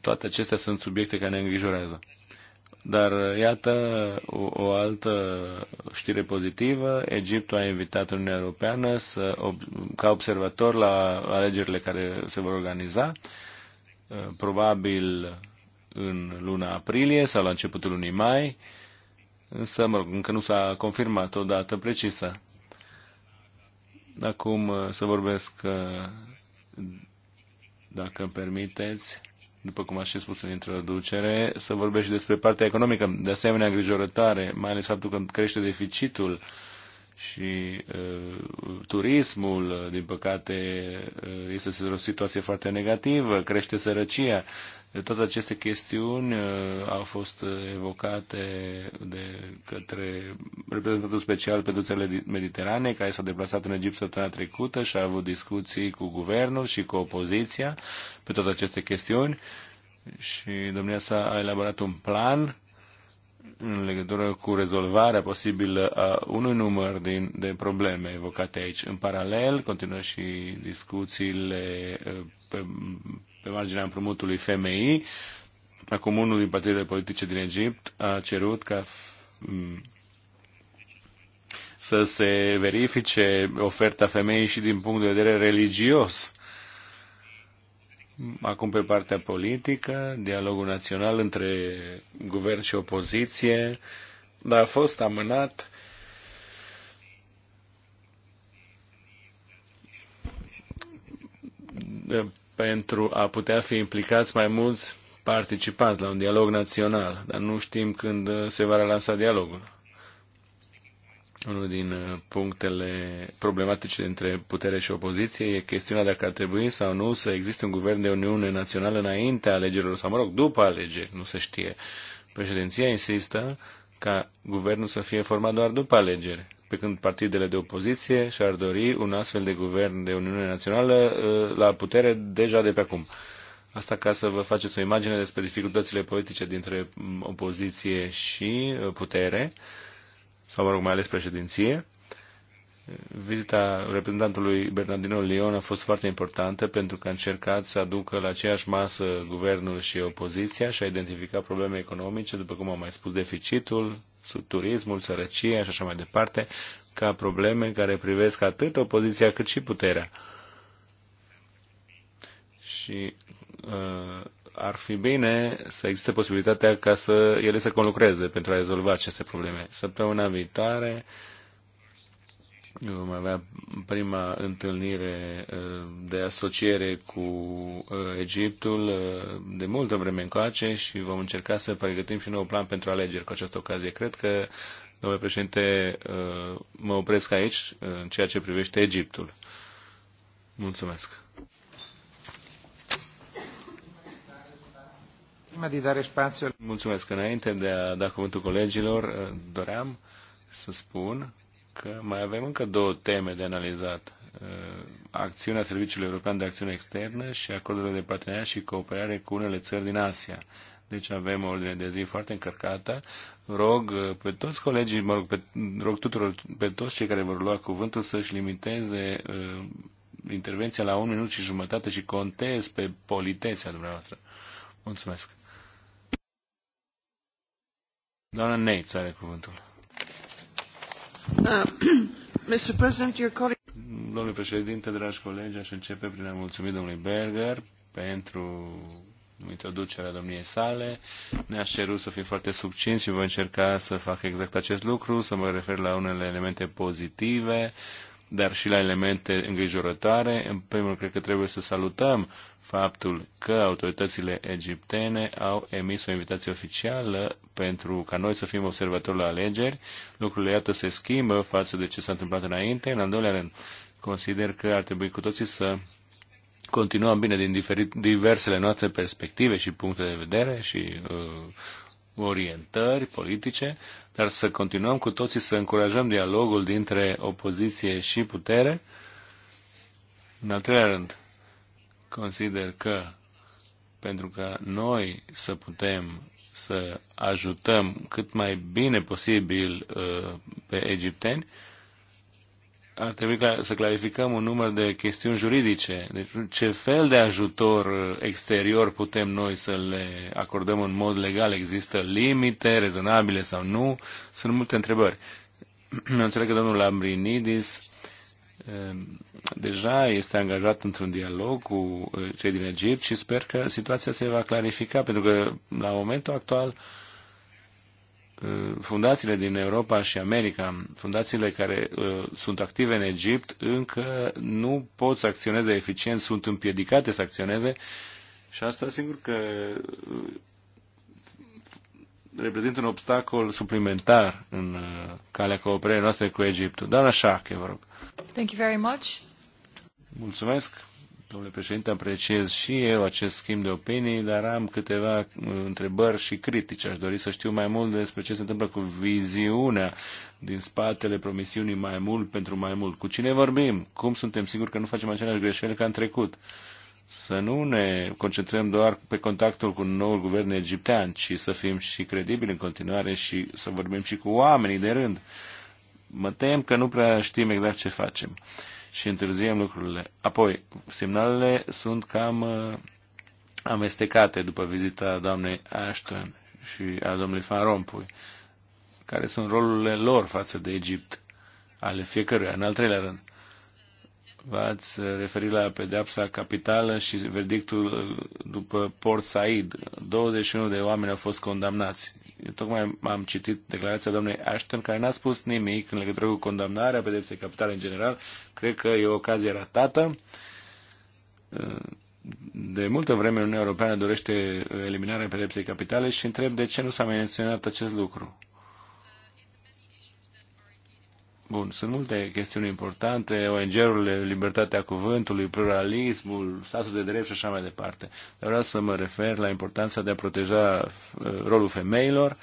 Toate acestea sunt subiecte care ne îngrijorează. Dar uh, iată o, o altă știre pozitivă. Egiptul a invitat Uniunea Europeană să, ca observator la alegerile care se vor organiza, uh, probabil în luna aprilie sau la începutul lunii mai, însă, mă rog, încă nu s-a confirmat o dată precisă. Acum uh, să vorbesc, dacă îmi permiteți, după cum aș și spus în introducere, să vorbești despre partea economică. De asemenea, îngrijorătoare, mai ales faptul că crește deficitul și uh, turismul, din păcate, uh, este o situație foarte negativă, crește sărăcia. Toate aceste chestiuni uh, au fost uh, evocate de către reprezentantul special pentru țările mediterane, care s-a deplasat în Egipt săptămâna trecută și a avut discuții cu guvernul și cu opoziția pe toate aceste chestiuni și domnia sa a elaborat un plan în legătură cu rezolvarea posibilă a unui număr din, de probleme evocate aici. În paralel, continuă și discuțiile uh, pe pe marginea împrumutului FMI. Acum unul din partidele politice din Egipt a cerut ca să se verifice oferta femeii și din punct de vedere religios. Acum pe partea politică, dialogul național între guvern și opoziție, dar a fost amânat pentru a putea fi implicați mai mulți participanți la un dialog național, dar nu știm când uh, se va relansa dialogul. Unul din uh, punctele problematice dintre putere și opoziție e chestiunea dacă ar trebui sau nu să existe un guvern de Uniune Națională înainte alegerilor sau, mă rog, după alegeri, nu se știe. Președinția insistă ca guvernul să fie format doar după alegeri pe când partidele de opoziție și-ar dori un astfel de guvern de Uniune Națională uh, la putere deja de pe acum. Asta ca să vă faceți o imagine despre dificultățile politice dintre mm, opoziție și uh, putere, sau mă rog, mai ales președinție. Vizita reprezentantului Bernardino Leon a fost foarte importantă pentru că a încercat să aducă la aceeași masă guvernul și opoziția și a identificat probleme economice, după cum am mai spus, deficitul, turismul, sărăcia și așa mai departe, ca probleme care privesc atât opoziția cât și puterea. Și uh, ar fi bine să existe posibilitatea ca să ele să conlucreze pentru a rezolva aceste probleme. Săptămâna viitoare uh, vom avea prima întâlnire uh, de asociere cu uh, Egiptul uh, de multă vreme încoace și vom încerca să pregătim și nou plan pentru alegeri cu această ocazie. Cred că, domnule președinte, mă opresc aici în ceea ce privește Egiptul. Mulțumesc. Mulțumesc. Înainte de a da cuvântul colegilor, doream să spun că mai avem încă două teme de analizat. Uh, acțiunea Serviciului European de Acțiune Externă și acordurile de parteneriat și cooperare cu unele țări din Asia. Deci avem o ordine de zi foarte încărcată. Rog uh, pe toți colegii, mă rog, pe, rog tuturor, pe toți cei care vor lua cuvântul să-și limiteze uh, intervenția la un minut și jumătate și contez pe politețea dumneavoastră. Mulțumesc. Doamna Neitz are cuvântul. Uh, Domnule președinte, dragi colegi, aș începe prin a mulțumi domnului Berger pentru introducerea domniei sale. Ne-aș cerut să fim foarte succinți și voi încerca să fac exact acest lucru, să mă refer la unele elemente pozitive, dar și la elemente îngrijorătoare. În primul rând, cred că trebuie să salutăm faptul că autoritățile egiptene au emis o invitație oficială pentru ca noi să fim observatori la alegeri. Lucrurile, iată, se schimbă față de ce s-a întâmplat înainte. În al doilea rând, consider că ar trebui cu toții să continuăm bine din diferit, diversele noastre perspective și puncte de vedere și uh, orientări politice, dar să continuăm cu toții să încurajăm dialogul dintre opoziție și putere. În al treilea rând, Consider că pentru că noi să putem să ajutăm cât mai bine posibil uh, pe egipteni, ar trebui să clarificăm un număr de chestiuni juridice. Deci ce fel de ajutor uh, exterior putem noi să le acordăm în mod legal? Există limite rezonabile sau nu? Sunt multe întrebări. Înțeleg că domnul Lambrinidis Ehm, deja este angajat într-un dialog cu eh, cei din Egipt și sper că situația se va clarifica, pentru că la momentul actual eh, fundațiile din Europa și America, fundațiile care eh, sunt active în Egipt, încă nu pot să acționeze eficient, sunt împiedicate să acționeze și asta sigur că reprezintă un obstacol suplimentar în calea cooperării noastre cu Egiptul. Doamna Șache, vă rog. Thank you very much. Mulțumesc. Domnule președinte, apreciez și eu acest schimb de opinii, dar am câteva uh, întrebări și critici. Aș dori să știu mai mult despre ce se întâmplă cu viziunea din spatele promisiunii mai mult pentru mai mult. Cu cine vorbim? Cum suntem siguri că nu facem aceleași greșeli ca în trecut? Să nu ne concentrăm doar pe contactul cu noul guvern egiptean, ci să fim și credibili în continuare și să vorbim și cu oamenii de rând mă tem că nu prea știm exact ce facem și întârziem lucrurile. Apoi, semnalele sunt cam uh, amestecate după vizita doamnei Ashton și a domnului Van Rompuy, care sunt rolurile lor față de Egipt, ale fiecăruia. În al treilea rând, v-ați referit la pedeapsa capitală și verdictul după Port Said. 21 de oameni au fost condamnați tocmai am citit declarația doamnei Ashton, care n-a spus nimic în legătură cu condamnarea pedepsei capitale în general. Cred că e o ocazie ratată. De multă vreme Uniunea Europeană dorește eliminarea pedepsei capitale și întreb de ce nu s-a menționat acest lucru. Bun, sunt multe chestiuni importante, ONG-urile, libertatea cuvântului, pluralismul, statul de drept și așa mai departe. Dar vreau să mă refer la importanța de a proteja uh, rolul femeilor.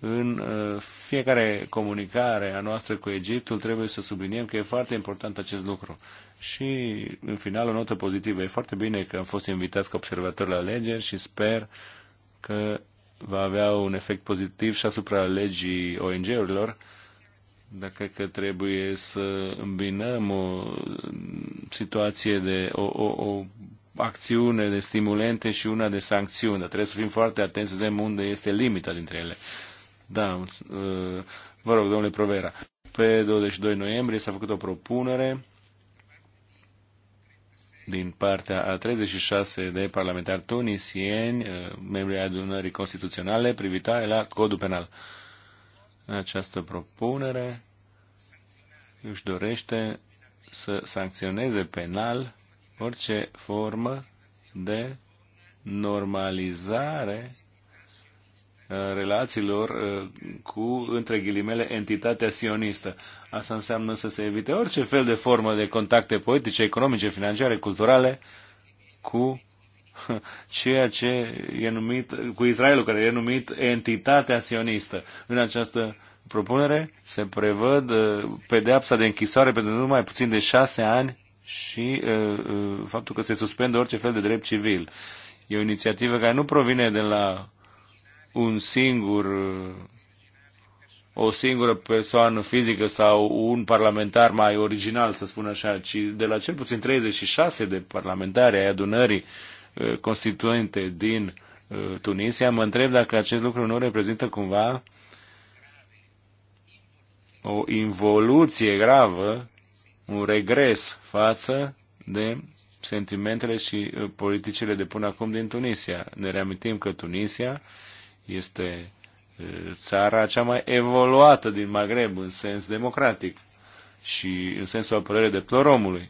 În uh, fiecare comunicare a noastră cu Egiptul trebuie să subliniem că e foarte important acest lucru. Și, în final, o notă pozitivă. E foarte bine că am fost invitați ca observator la alegeri și sper că va avea un efect pozitiv și asupra legii ONG-urilor dar cred că trebuie să îmbinăm o situație de o, o, o acțiune de stimulente și una de sancțiune. Trebuie să fim foarte atenți să vedem unde este limita dintre ele. Da, uh, vă rog, domnule Provera. Pe 22 noiembrie s-a făcut o propunere din partea a 36 de parlamentari tunisieni, uh, membri ai adunării constituționale, privitoare la codul penal. Această propunere își dorește să sancționeze penal orice formă de normalizare uh, relațiilor uh, cu, între ghilimele, entitatea sionistă. Asta înseamnă să se evite orice fel de formă de contacte politice, economice, financiare, culturale cu ceea ce e numit, cu Israelul, care e numit entitatea sionistă. În această propunere se prevăd uh, pedeapsa de închisoare pentru numai puțin de șase ani și uh, uh, faptul că se suspendă orice fel de drept civil. E o inițiativă care nu provine de la un singur o singură persoană fizică sau un parlamentar mai original, să spun așa, ci de la cel puțin 36 de parlamentari ai adunării uh, Uh, constituente din uh, Tunisia, mă întreb dacă acest lucru nu reprezintă cumva o involuție gravă, un regres față de sentimentele și uh, politicile de până acum din Tunisia. Ne reamintim că Tunisia este țara cea mai evoluată din Maghreb în sens democratic și în sensul apărării de omului.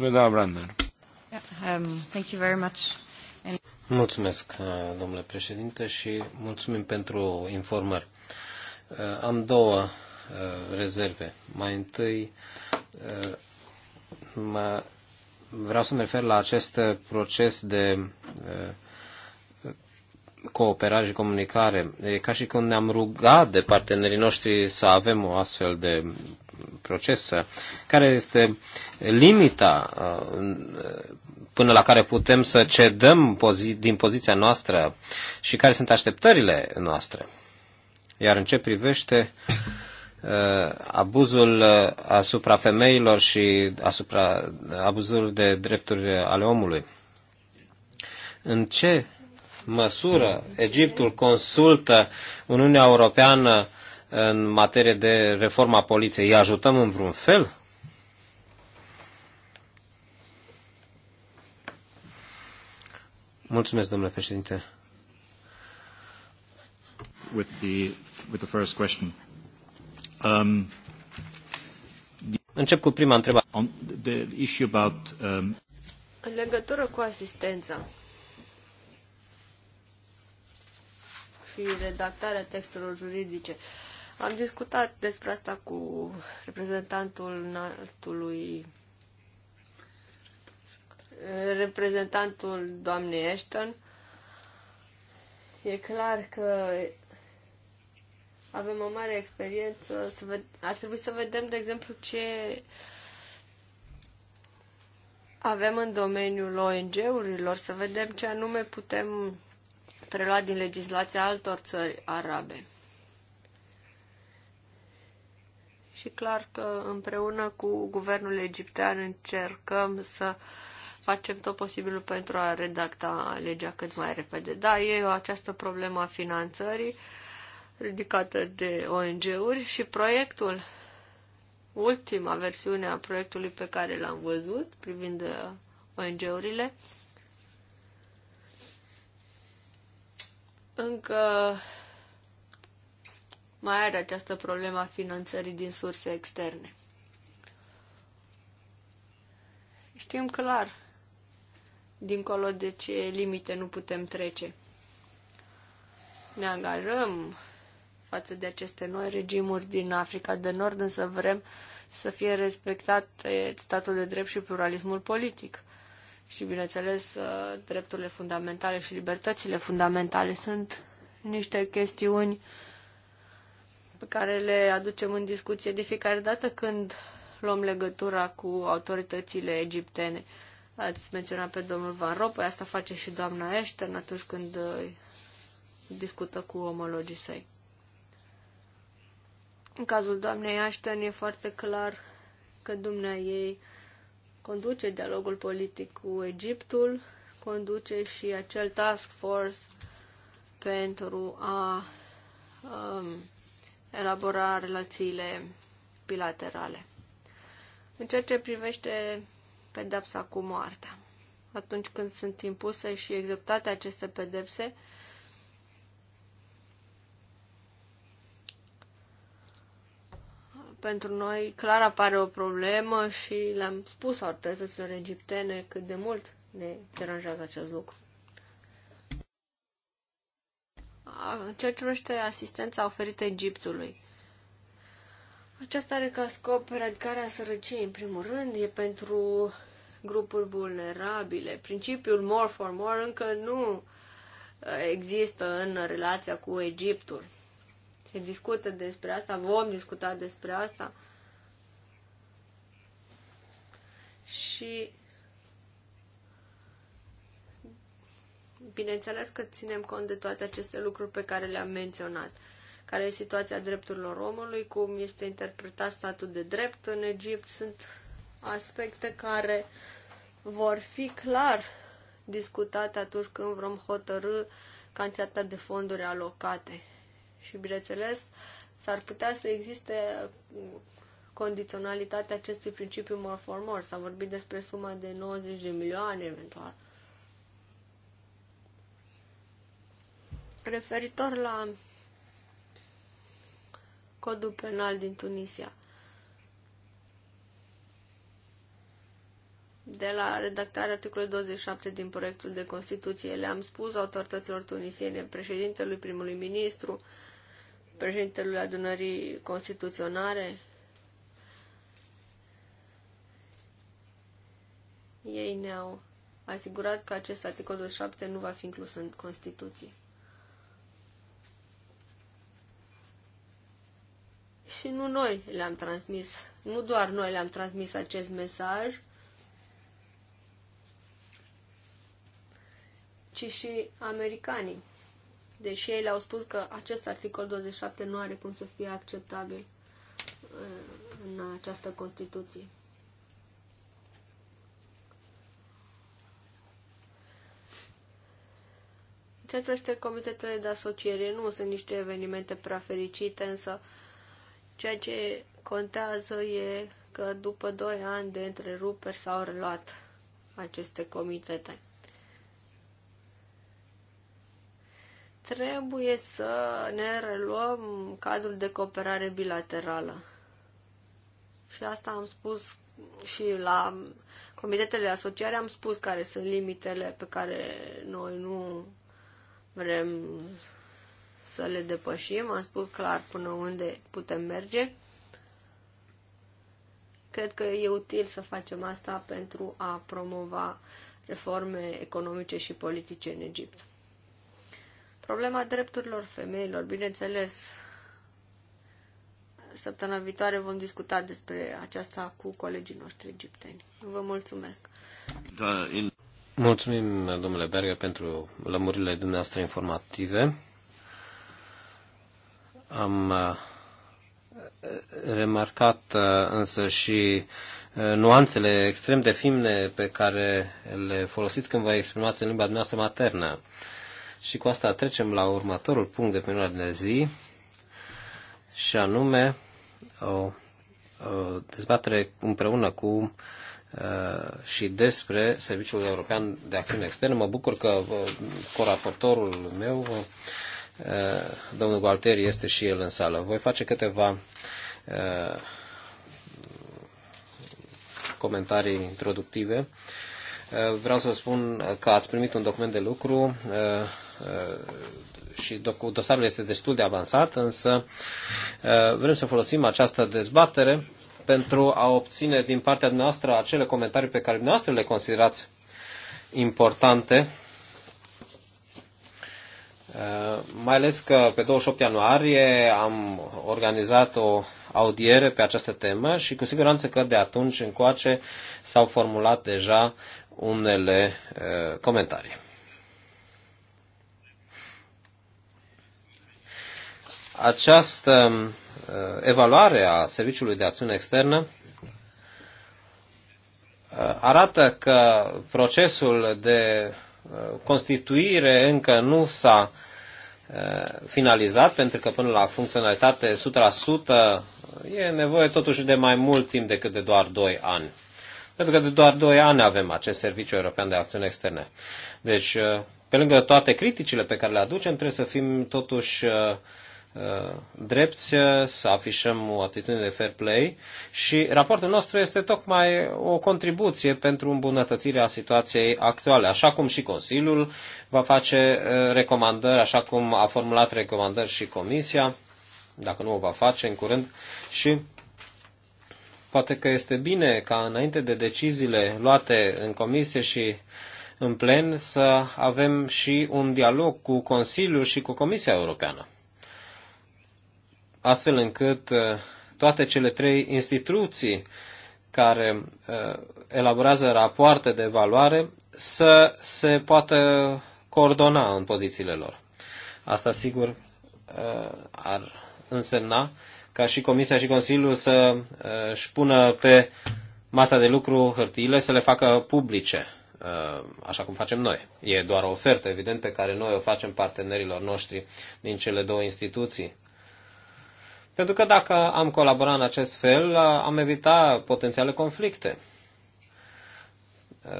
Mulțumesc, doamna um, Mulțumesc, uh, domnule președinte, și mulțumim pentru informări. Uh, am două uh, rezerve. Mai întâi, vreau să mă refer la acest proces de cooperare și comunicare. E ca și când ne-am rugat de partenerii noștri să avem o astfel de proces. Care este limita uh, uh, până la care putem să cedăm pozi- din poziția noastră și care sunt așteptările noastre? Iar în ce privește uh, abuzul asupra femeilor și asupra abuzul de drepturi ale omului. În ce măsură Egiptul consultă Uniunea Europeană în materie de reforma poliției, îi ajutăm în vreun fel? Mulțumesc, domnule președinte. With the, with the first question. Um, the... Încep cu prima întrebare. On the issue about, um... În legătură cu asistența, fi redactarea textelor juridice. Am discutat despre asta cu reprezentantul înaltului reprezentantul doamnei Ashton. E clar că avem o mare experiență. Să ved- ar trebui să vedem, de exemplu, ce avem în domeniul ONG-urilor, să vedem ce anume putem preluat din legislația altor țări arabe. Și clar că împreună cu guvernul egiptean încercăm să facem tot posibilul pentru a redacta legea cât mai repede. Da, e această problemă a finanțării ridicată de ONG-uri și proiectul, ultima versiune a proiectului pe care l-am văzut privind uh, ONG-urile, încă mai are această problemă a finanțării din surse externe. Știm clar dincolo de ce limite nu putem trece. Ne angajăm față de aceste noi regimuri din Africa de Nord, însă vrem să fie respectat statul de drept și pluralismul politic și, bineînțeles, uh, drepturile fundamentale și libertățile fundamentale sunt niște chestiuni pe care le aducem în discuție de fiecare dată când luăm legătura cu autoritățile egiptene. Ați menționat pe domnul Van Rompuy, asta face și doamna Ashton atunci când uh, discută cu omologii săi. În cazul doamnei Ashton e foarte clar că dumnea ei conduce dialogul politic cu Egiptul, conduce și acel task force pentru a um, elabora relațiile bilaterale. În ceea ce privește pedepsa cu moartea, atunci când sunt impuse și executate aceste pedepse, pentru noi clar apare o problemă și le-am spus autorităților egiptene cât de mult ne deranjează acest lucru. În ceea ce privește asistența oferită Egiptului, aceasta are ca scop eradicarea sărăciei, în primul rând, e pentru grupuri vulnerabile. Principiul more for more încă nu eh, există în relația cu Egiptul. Se discută despre asta, vom discuta despre asta. Și bineînțeles că ținem cont de toate aceste lucruri pe care le-am menționat. Care e situația drepturilor omului, cum este interpretat statul de drept în Egipt, sunt aspecte care vor fi clar discutate atunci când vom hotărâ cantitatea de fonduri alocate. Și, bineînțeles, s-ar putea să existe uh, condiționalitatea acestui principiu more for more. S-a vorbit despre suma de 90 de milioane, eventual. Referitor la codul penal din Tunisia. De la redactarea articolului 27 din proiectul de Constituție le-am spus autorităților tunisiene, președintelui, primului ministru, uh, președintelui adunării constituționare. Ei ne-au asigurat că acest articol 27 nu va fi inclus în Constituție. Și nu noi le-am transmis, nu doar noi le-am transmis acest mesaj, ci și americanii deși ei le-au spus că acest articol 27 nu are cum să fie acceptabil uh, în această Constituție. În ce privește comitetele de asociere, nu sunt niște evenimente prea fericite, însă ceea ce contează e că după 2 ani de întreruperi s-au reluat aceste comitete. trebuie să ne reluăm cadrul de cooperare bilaterală. Și asta am spus și la comitetele de asociare am spus care sunt limitele pe care noi nu vrem să le depășim. Am spus clar până unde putem merge. Cred că e util să facem asta pentru a promova reforme economice și politice în Egipt. Problema drepturilor femeilor, bineînțeles, săptămâna viitoare vom discuta despre aceasta cu colegii noștri egipteni. Vă mulțumesc! Da, in... Mulțumim, domnule Berger, pentru lămurile dumneavoastră informative. Am uh, remarcat uh, însă și uh, nuanțele extrem de fine pe care le folosiți când vă exprimați în limba dumneavoastră maternă. Și cu asta trecem la următorul punct de pe de zi, și anume o, o dezbatere împreună cu uh, și despre Serviciul European de Acțiune Externă. Mă bucur că uh, coraportorul meu, uh, domnul Gualteri, este și el în sală. Voi face câteva comentarii introductive. Vreau să spun că ați primit un document de lucru Uh, și dosarul este destul de avansat, însă uh, vrem să folosim această dezbatere pentru a obține din partea noastră acele comentarii pe care dumneavoastră le considerați importante, uh, mai ales că pe 28 ianuarie am organizat o audiere pe această temă și cu siguranță că de atunci încoace s-au formulat deja unele comentarii. această uh, evaluare a Serviciului de Acțiune Externă uh, arată că procesul de uh, constituire încă nu s-a finalizat, pentru că până la funcționalitate 100% e nevoie totuși de mai mult timp decât de doar 2 ani. Pentru că de doar 2 ani avem acest Serviciu European de Acțiune Externe. Deci, pe lângă toate criticile pe care le aducem, trebuie să fim totuși Uh, drepți, uh, să afișăm o atitudine de fair play și raportul nostru este tocmai o contribuție pentru îmbunătățirea situației actuale, așa cum și Consiliul va face uh, recomandări, așa cum a formulat recomandări și Comisia, dacă nu o va face în curând și poate că este bine ca înainte de deciziile luate în comisie și în plen să avem și un dialog cu Consiliul și cu Comisia Europeană astfel încât uh, toate cele trei instituții care uh, elaborează rapoarte de evaluare să se poată coordona în pozițiile lor. Asta, sigur, uh, ar însemna ca și Comisia și Consiliul să își pună pe masa de lucru hârtiile, să le facă publice, așa cum facem noi. E doar o ofertă, evident, pe care noi o facem partenerilor noștri din cele două instituții. Pentru că dacă am colaborat în acest fel, am evita potențiale conflicte.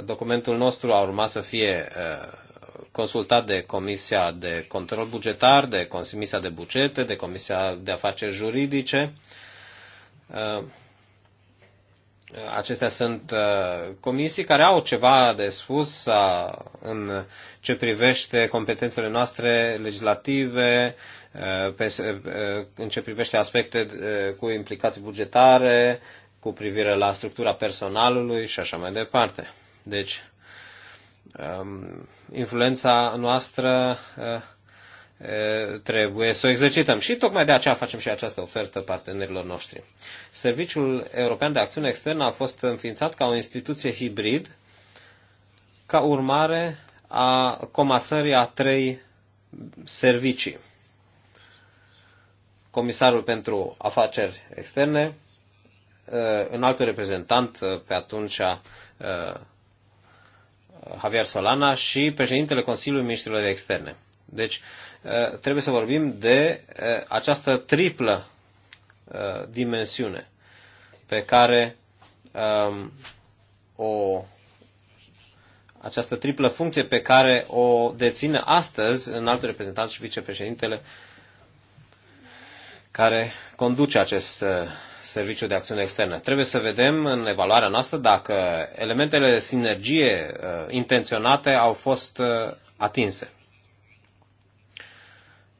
Documentul nostru a urmat să fie uh, consultat de Comisia de Control Bugetar, de Comisia de Bugete, de Comisia de Afaceri Juridice uh, Acestea sunt uh, comisii care au ceva de spus uh, în ce privește competențele noastre legislative, uh, în ce privește aspecte cu implicații bugetare, cu privire la structura personalului și așa mai departe. Deci, um, influența noastră trebuie să o exercităm. Și tocmai de aceea facem și această ofertă partenerilor noștri. Serviciul European de Acțiune Externă a fost înființat ca o instituție hibrid, ca urmare a comasării a trei servicii. Comisarul pentru afaceri externe, în altul reprezentant pe atunci Javier Solana și președintele Consiliului Ministrilor de Externe. Deci uh, trebuie să vorbim de uh, această triplă uh, dimensiune pe care um, o această triplă funcție pe care o deține astăzi în altul reprezentant și vicepreședintele care conduce acest serviciu de acțiune externă. Trebuie să vedem în evaluarea noastră dacă elementele de sinergie intenționate au fost atinse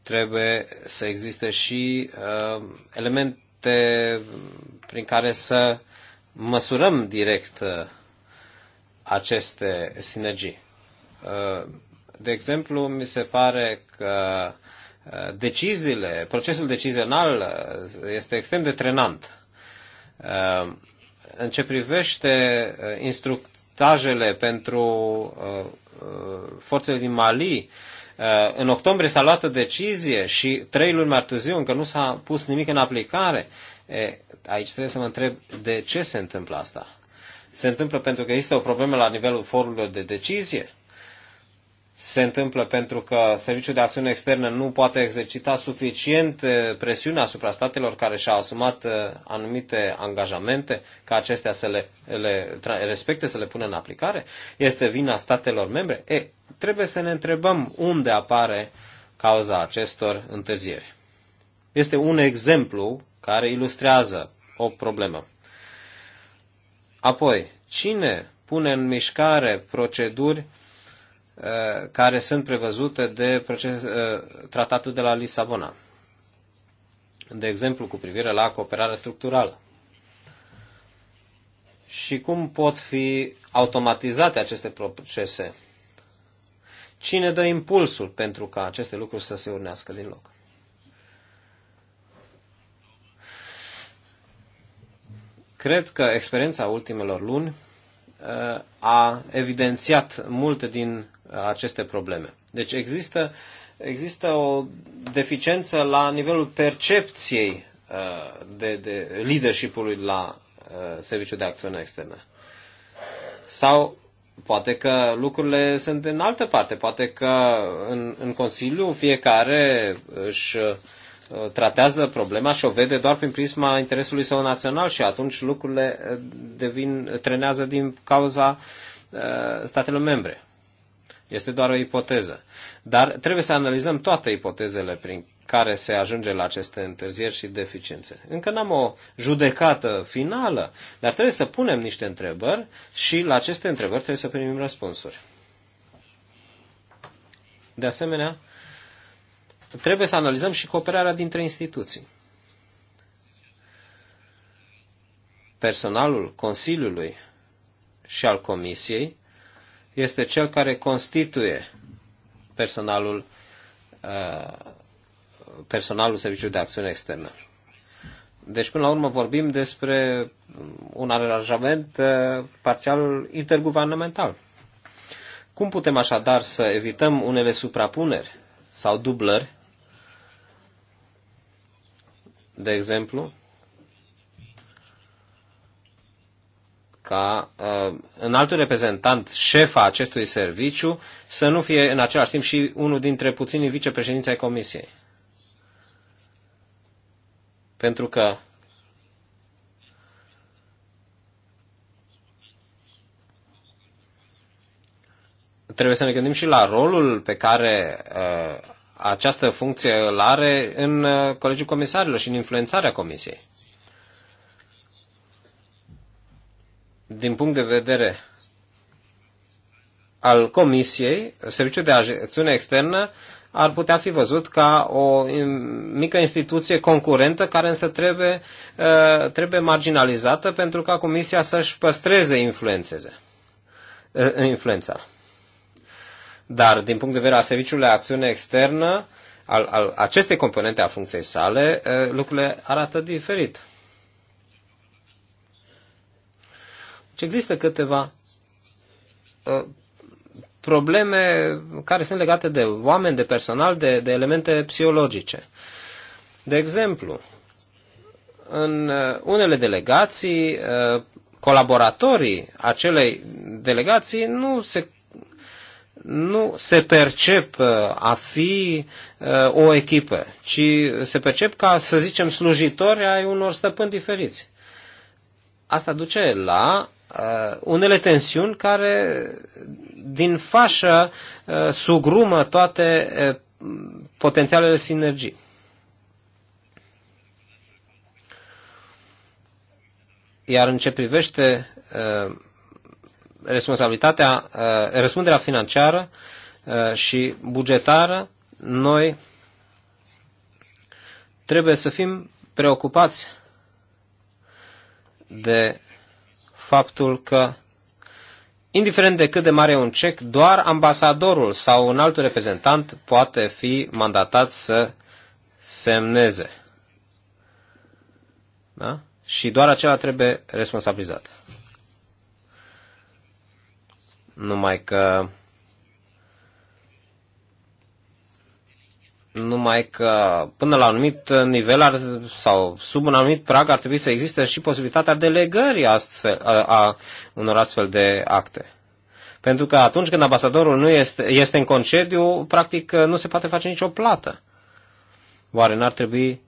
trebuie să existe și uh, elemente prin care să măsurăm direct uh, aceste sinergii. Uh, de exemplu, mi se pare că uh, deciziile, procesul decizional uh, este extrem de trenant. Uh, în ce privește instructajele pentru forțele din Mali, Eh, în octombrie s-a luat o decizie și trei luni mai târziu încă nu s-a pus nimic în aplicare. E, aici trebuie să mă întreb de ce se întâmplă asta. Se întâmplă pentru că există o problemă la nivelul forurilor de decizie? se întâmplă pentru că Serviciul de Acțiune Externă nu poate exercita suficient eh, presiune asupra statelor care și-au asumat eh, anumite angajamente, ca acestea să le, le respecte, să le pună în aplicare? Este vina statelor membre? E, trebuie să ne întrebăm unde apare cauza acestor întârzieri. Este un exemplu care ilustrează o problemă. Apoi, cine pune în mișcare proceduri Uh, care sunt prevăzute de proces, uh, tratatul de la Lisabona. De exemplu, cu privire la cooperarea structurală. Și cum pot fi automatizate aceste procese? Cine dă impulsul pentru ca aceste lucruri să se urnească din loc? Cred că experiența ultimelor luni uh, a evidențiat multe din aceste probleme. Deci există, există o deficiență la nivelul percepției uh, de, de leadership-ului la uh, Serviciul de Acțiune Externă. Sau poate că lucrurile sunt în altă parte, poate că în, în Consiliu fiecare își uh, tratează problema și o vede doar prin prisma interesului său național și atunci lucrurile devin, trenează din cauza statelor membre. Este doar o ipoteză. Dar trebuie să analizăm toate ipotezele prin care se ajunge la aceste întârzieri și deficiențe. Încă n-am o judecată finală, dar trebuie să punem niște întrebări și la aceste întrebări trebuie să primim răspunsuri. De asemenea, trebuie să analizăm și cooperarea dintre instituții. Personalul Consiliului și al Comisiei este cel care constituie personalul, uh, personalul Serviciului de Acțiune Externă. Deci, până la urmă, vorbim despre un aranjament uh, parțial interguvernamental. Cum putem așadar să evităm unele suprapuneri sau dublări, de exemplu, ca uh, în altul reprezentant, șefa acestui serviciu, să nu fie în același timp și unul dintre puținii vicepreședinți ai Comisiei. Pentru că trebuie să ne gândim și la rolul pe care uh, această funcție îl are în uh, Colegiul Comisarilor și în influențarea Comisiei. din punct de vedere al Comisiei, Serviciul de Acțiune Externă ar putea fi văzut ca o mică instituție concurentă care însă trebuie, uh, trebuie marginalizată pentru ca Comisia să-și păstreze influențeze, uh, influența. Dar din punct de vedere al Serviciului de Acțiune Externă, al, al acestei componente a funcției sale, uh, lucrurile arată diferit. Și deci există câteva uh, probleme care sunt legate de oameni, de personal, de, de elemente psihologice. De exemplu, în uh, unele delegații, uh, colaboratorii acelei delegații nu se, nu se percep a fi o echipă, ci se percep ca, să zicem, slujitori ai unor stăpâni diferiți. Asta duce la Uh, unele tensiuni care din fașă uh, sugrumă toate uh, potențialele sinergii. Iar în ce privește responsabilitatea, răspunderea financiară și bugetară, noi trebuie să fim preocupați de faptul că, indiferent de cât de mare e un cec, doar ambasadorul sau un alt reprezentant poate fi mandatat să semneze. Da? Și doar acela trebuie responsabilizat. Numai că numai că până la un anumit nivel ar, sau sub un anumit prag ar trebui să existe și posibilitatea delegării astfel, a, a unor astfel de acte. Pentru că atunci când ambasadorul nu este, este în concediu, practic nu se poate face nicio plată. Oare n-ar trebui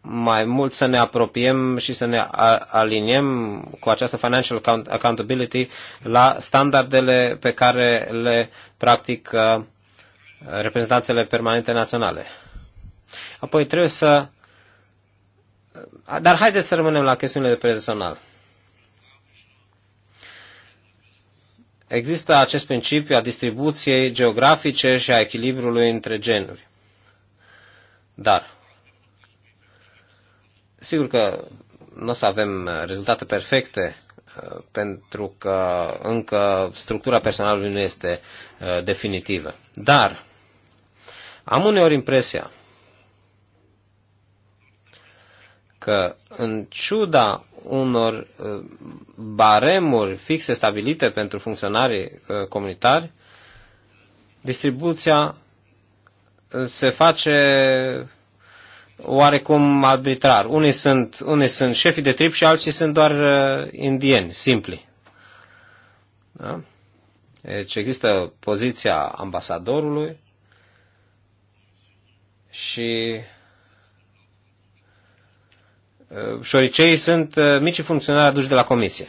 mai mult să ne apropiem și să ne aliniem cu această financial accountability la standardele pe care le uh, reprezentanțele permanente naționale. Apoi trebuie să... Dar haideți să rămânem la chestiunile de personal. Există acest principiu a distribuției geografice și a echilibrului între genuri. Dar, sigur că nu o să avem rezultate perfecte, uh, pentru că încă structura personalului nu este uh, definitivă. Dar, am uneori impresia că în ciuda unor uh, baremuri fixe stabilite pentru funcționarii uh, comunitari, distribuția uh, se face oarecum arbitrar. Unii sunt, unii sunt șefii de trip și alții sunt doar indieni, simpli. Da? Deci există poziția ambasadorului, și uh, șoricei sunt uh, mici funcționari aduși de la comisie.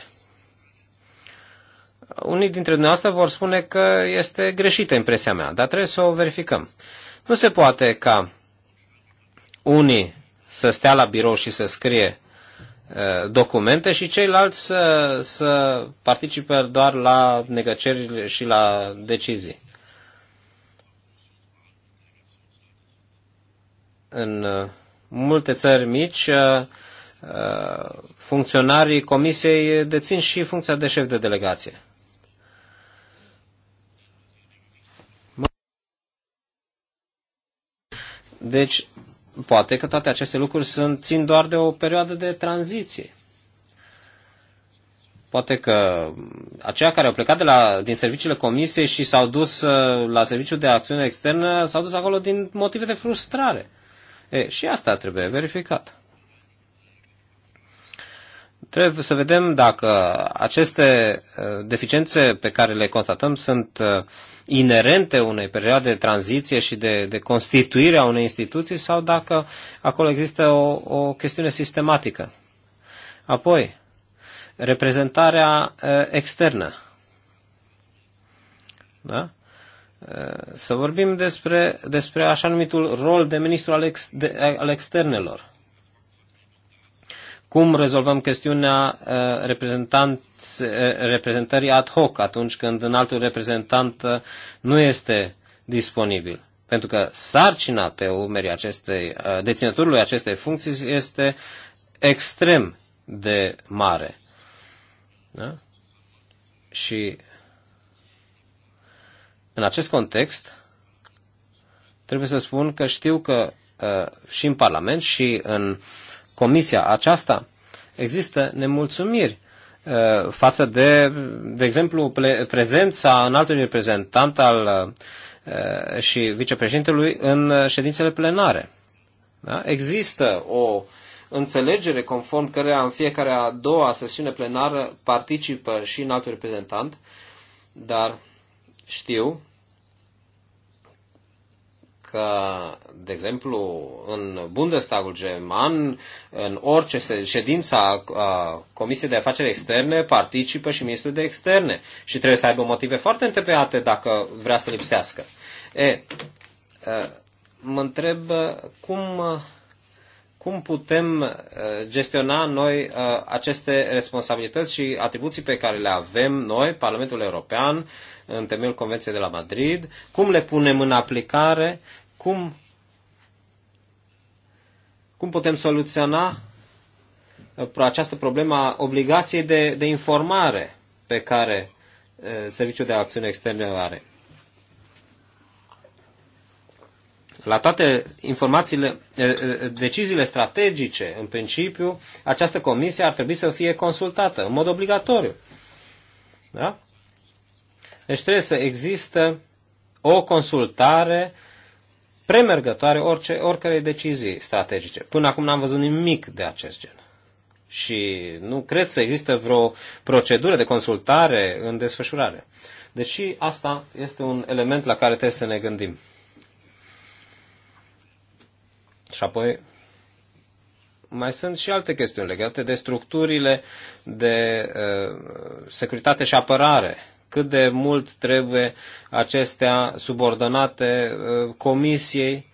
Unii dintre dumneavoastră vor spune că este greșită impresia mea, dar trebuie să o verificăm. Nu se poate ca unii să stea la birou și să scrie uh, documente și ceilalți să, să participe doar la negăceri și la decizii. în uh, multe țări mici, uh, uh, funcționarii comisiei dețin și funcția de șef de delegație. Deci, poate că toate aceste lucruri sunt, țin doar de o perioadă de tranziție. Poate că aceia care au plecat de la, din serviciile comisiei și s-au dus la serviciul de acțiune externă, s-au dus acolo din motive de frustrare. E, și asta trebuie verificat. Trebuie să vedem dacă aceste deficiențe pe care le constatăm sunt inerente unei perioade de tranziție și de, de constituire a unei instituții sau dacă acolo există o, o chestiune sistematică. Apoi, reprezentarea externă. Da? Eh, să vorbim despre, despre așa numitul rol de ministru al, ex, de, al externelor. Cum rezolvăm chestiunea eh, eh, reprezentării ad hoc atunci când un altul reprezentant nu este disponibil? Pentru că sarcina pe umerii acestei, deținătorului acestei funcții este extrem de mare. Da? Și în acest context, trebuie să spun că știu că uh, și în Parlament și în comisia aceasta există nemulțumiri uh, față de, de exemplu, prezența înaltului reprezentant al, uh, și vicepreședintelui în ședințele plenare. Da? Există o înțelegere conform căreia în fiecare a doua sesiune plenară participă și în altul reprezentant, dar știu că, de exemplu, în Bundestagul german, în orice ședință a Comisiei de Afaceri Externe, participă și ministrul de externe și trebuie să aibă motive foarte întrebate dacă vrea să lipsească. E, mă întreb cum cum putem uh, gestiona noi uh, aceste responsabilități și atribuții pe care le avem noi, Parlamentul European, în temeiul Convenției de la Madrid, cum le punem în aplicare, cum, cum putem soluționa uh, această problemă a obligației de, de informare pe care Serviciul de Acțiune Externe o are. la toate informațiile, deciziile strategice, în principiu, această comisie ar trebui să fie consultată în mod obligatoriu. Da? Deci trebuie să există o consultare premergătoare orice, oricărei decizii strategice. Până acum n-am văzut nimic de acest gen. Și nu cred să există vreo procedură de consultare în desfășurare. Deci asta este un element la care trebuie să ne gândim. Și apoi mai sunt și alte chestiuni legate de structurile de uh, securitate și apărare. Cât de mult trebuie acestea subordonate uh, comisiei,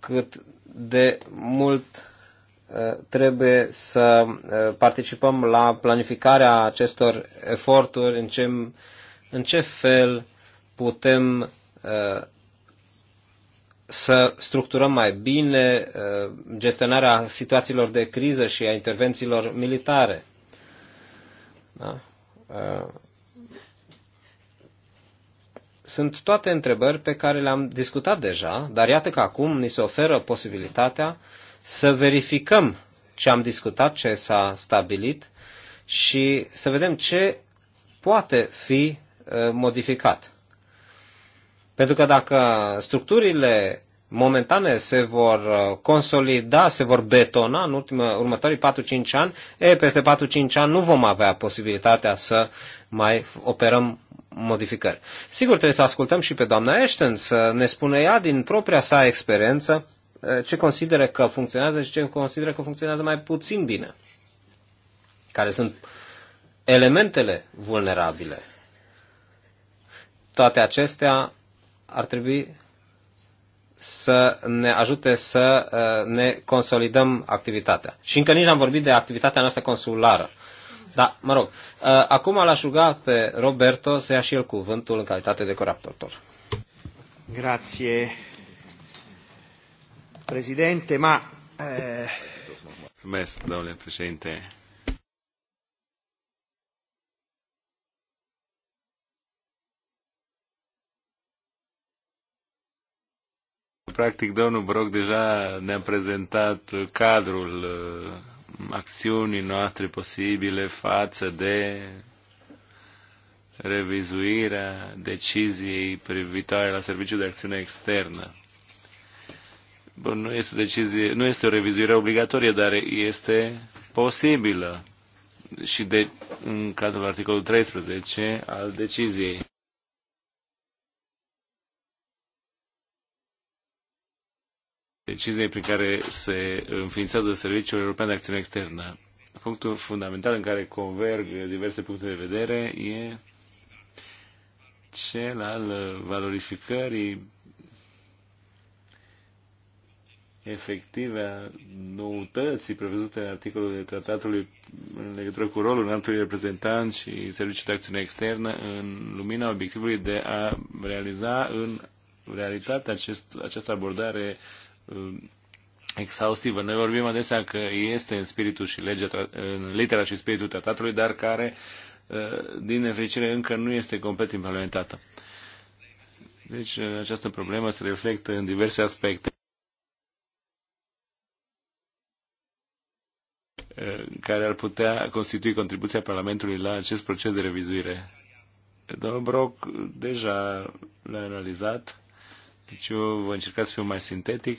cât de mult uh, trebuie să uh, participăm la planificarea acestor eforturi, în ce, în ce fel putem uh, să structurăm mai bine uh, gestionarea situațiilor de criză și a intervențiilor militare. Da? Uh, sunt toate întrebări pe care le-am discutat deja, dar iată că acum ni se oferă posibilitatea să verificăm ce am discutat, ce s-a stabilit și să vedem ce poate fi uh, modificat. Pentru că dacă structurile momentane se vor uh, consolida, se vor betona în ultimă, următorii 4-5 ani, e, peste 4-5 ani nu vom avea posibilitatea să mai operăm modificări. Sigur, trebuie să ascultăm și pe doamna Ashton să ne spune ea din propria sa experiență uh, ce consideră că funcționează și ce consideră că funcționează mai puțin bine. Care sunt elementele vulnerabile. Toate acestea ar trebui să ne ajute să uh, ne consolidăm activitatea. Și încă nici am vorbit de activitatea noastră consulară. Da, mă rog. Uh, acum l-aș ruga pe Roberto să ia și el cuvântul în calitate de coraptor. Grazie, președinte, ma... Eh... Mulțumesc, domnule președinte. Practic, domnul Broc deja ne-a prezentat cadrul uh, acțiunii noastre posibile față de revizuirea deciziei privitoare la serviciul de acțiune externă. Bun, nu este, o decizie, nu este o revizuire obligatorie, dar este posibilă și de, în cadrul articolului 13 al deciziei. deciziei prin care se înființează Serviciul European de Acțiune Externă. Punctul fundamental în care converg diverse puncte de vedere e cel al valorificării efective a noutății prevăzute în articolul de tratatului în legătură cu rolul înaltului reprezentant și serviciul de acțiune externă în lumina obiectivului de a realiza în realitate acest, această abordare exhaustivă. Noi vorbim adesea că este în spiritul și legea, în litera și spiritul tratatului, dar care, uh, din nefericire, încă nu este complet implementată. Deci uh, această problemă se reflectă în diverse aspecte uh, care ar putea constitui contribuția Parlamentului la acest proces de revizuire. Domnul Broc deja l-a analizat, deci eu voi încerca să fiu mai sintetic.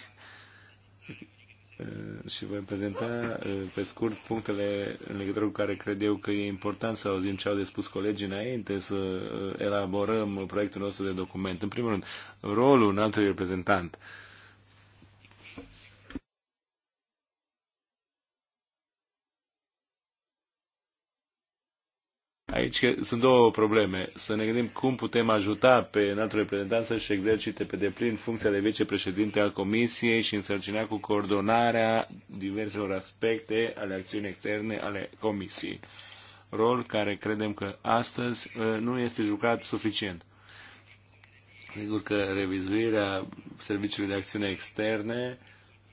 Eh, și voi prezenta eh, pe scurt punctele în legătură cu care cred eu că e important să auzim ce au de spus colegii înainte să eh, elaborăm proiectul nostru de document. În primul rând, rolul unui alt reprezentant. Uh, Aici că sunt două probleme. Să ne gândim cum putem ajuta pe înaltul reprezentant să-și exercite pe deplin funcția de vicepreședinte al Comisiei și însărcinea cu coordonarea diverselor aspecte ale acțiunii externe ale Comisiei. Rol care credem că astăzi uh, nu este jucat suficient. Sigur că revizuirea serviciului de acțiune externe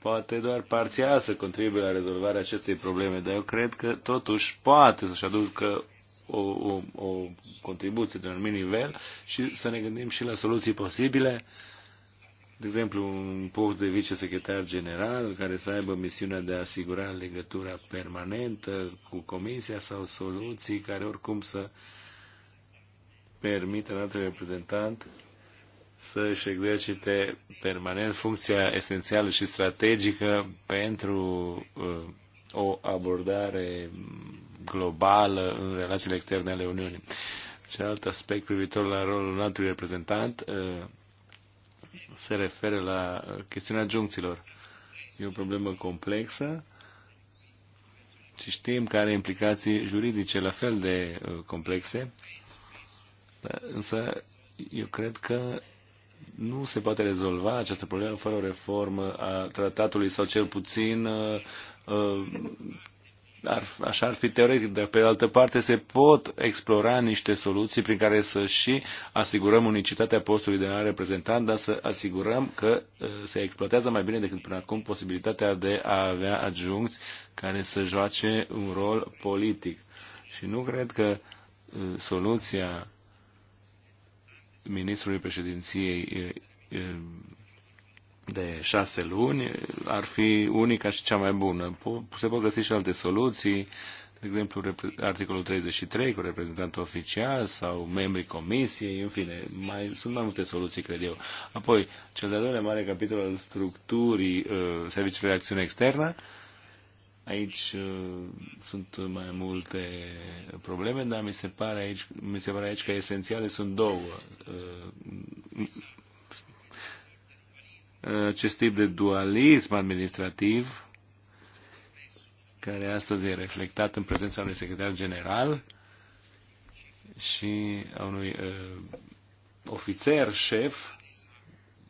poate doar parțial să contribuie la rezolvarea acestei probleme, dar eu cred că totuși poate să-și aducă o, o, o contribuție de un anumit nivel și să ne gândim și la soluții posibile, de exemplu, un post de vicesecretar general care să aibă misiunea de a asigura legătura permanentă cu comisia sau soluții care oricum să permită altui reprezentant să își exercite permanent funcția esențială și strategică pentru uh, o abordare globală în relațiile externe ale Uniunii. alt aspect privitor la rolul înaltului reprezentant uh, se referă la chestiunea juncțiilor. E o problemă complexă și știm că are implicații juridice la fel de uh, complexe, da, însă eu cred că nu se poate rezolva această problemă fără o reformă a tratatului sau cel puțin uh, ar, așa ar fi teoretic, dar pe de altă parte se pot explora niște soluții prin care să și asigurăm unicitatea postului de a reprezentant, dar să asigurăm că uh, se exploatează mai bine decât până acum posibilitatea de a avea adjuncți care să joace un rol politic. Și nu cred că uh, soluția ministrului președinției uh, de șase luni ar fi unica și cea mai bună. Se pot găsi și alte soluții, de exemplu articolul 33 cu reprezentantul oficial sau membrii comisiei, în fine, mai, sunt mai multe soluții, cred eu. Apoi, cel de-al doilea mare capitol al structurii uh, serviciului de acțiune externă, Aici uh, sunt mai multe probleme, dar mi se pare aici, mi se pare aici că esențiale sunt două. Uh, acest tip de dualism administrativ care astăzi e reflectat în prezența unui secretar general și a unui uh, ofițer șef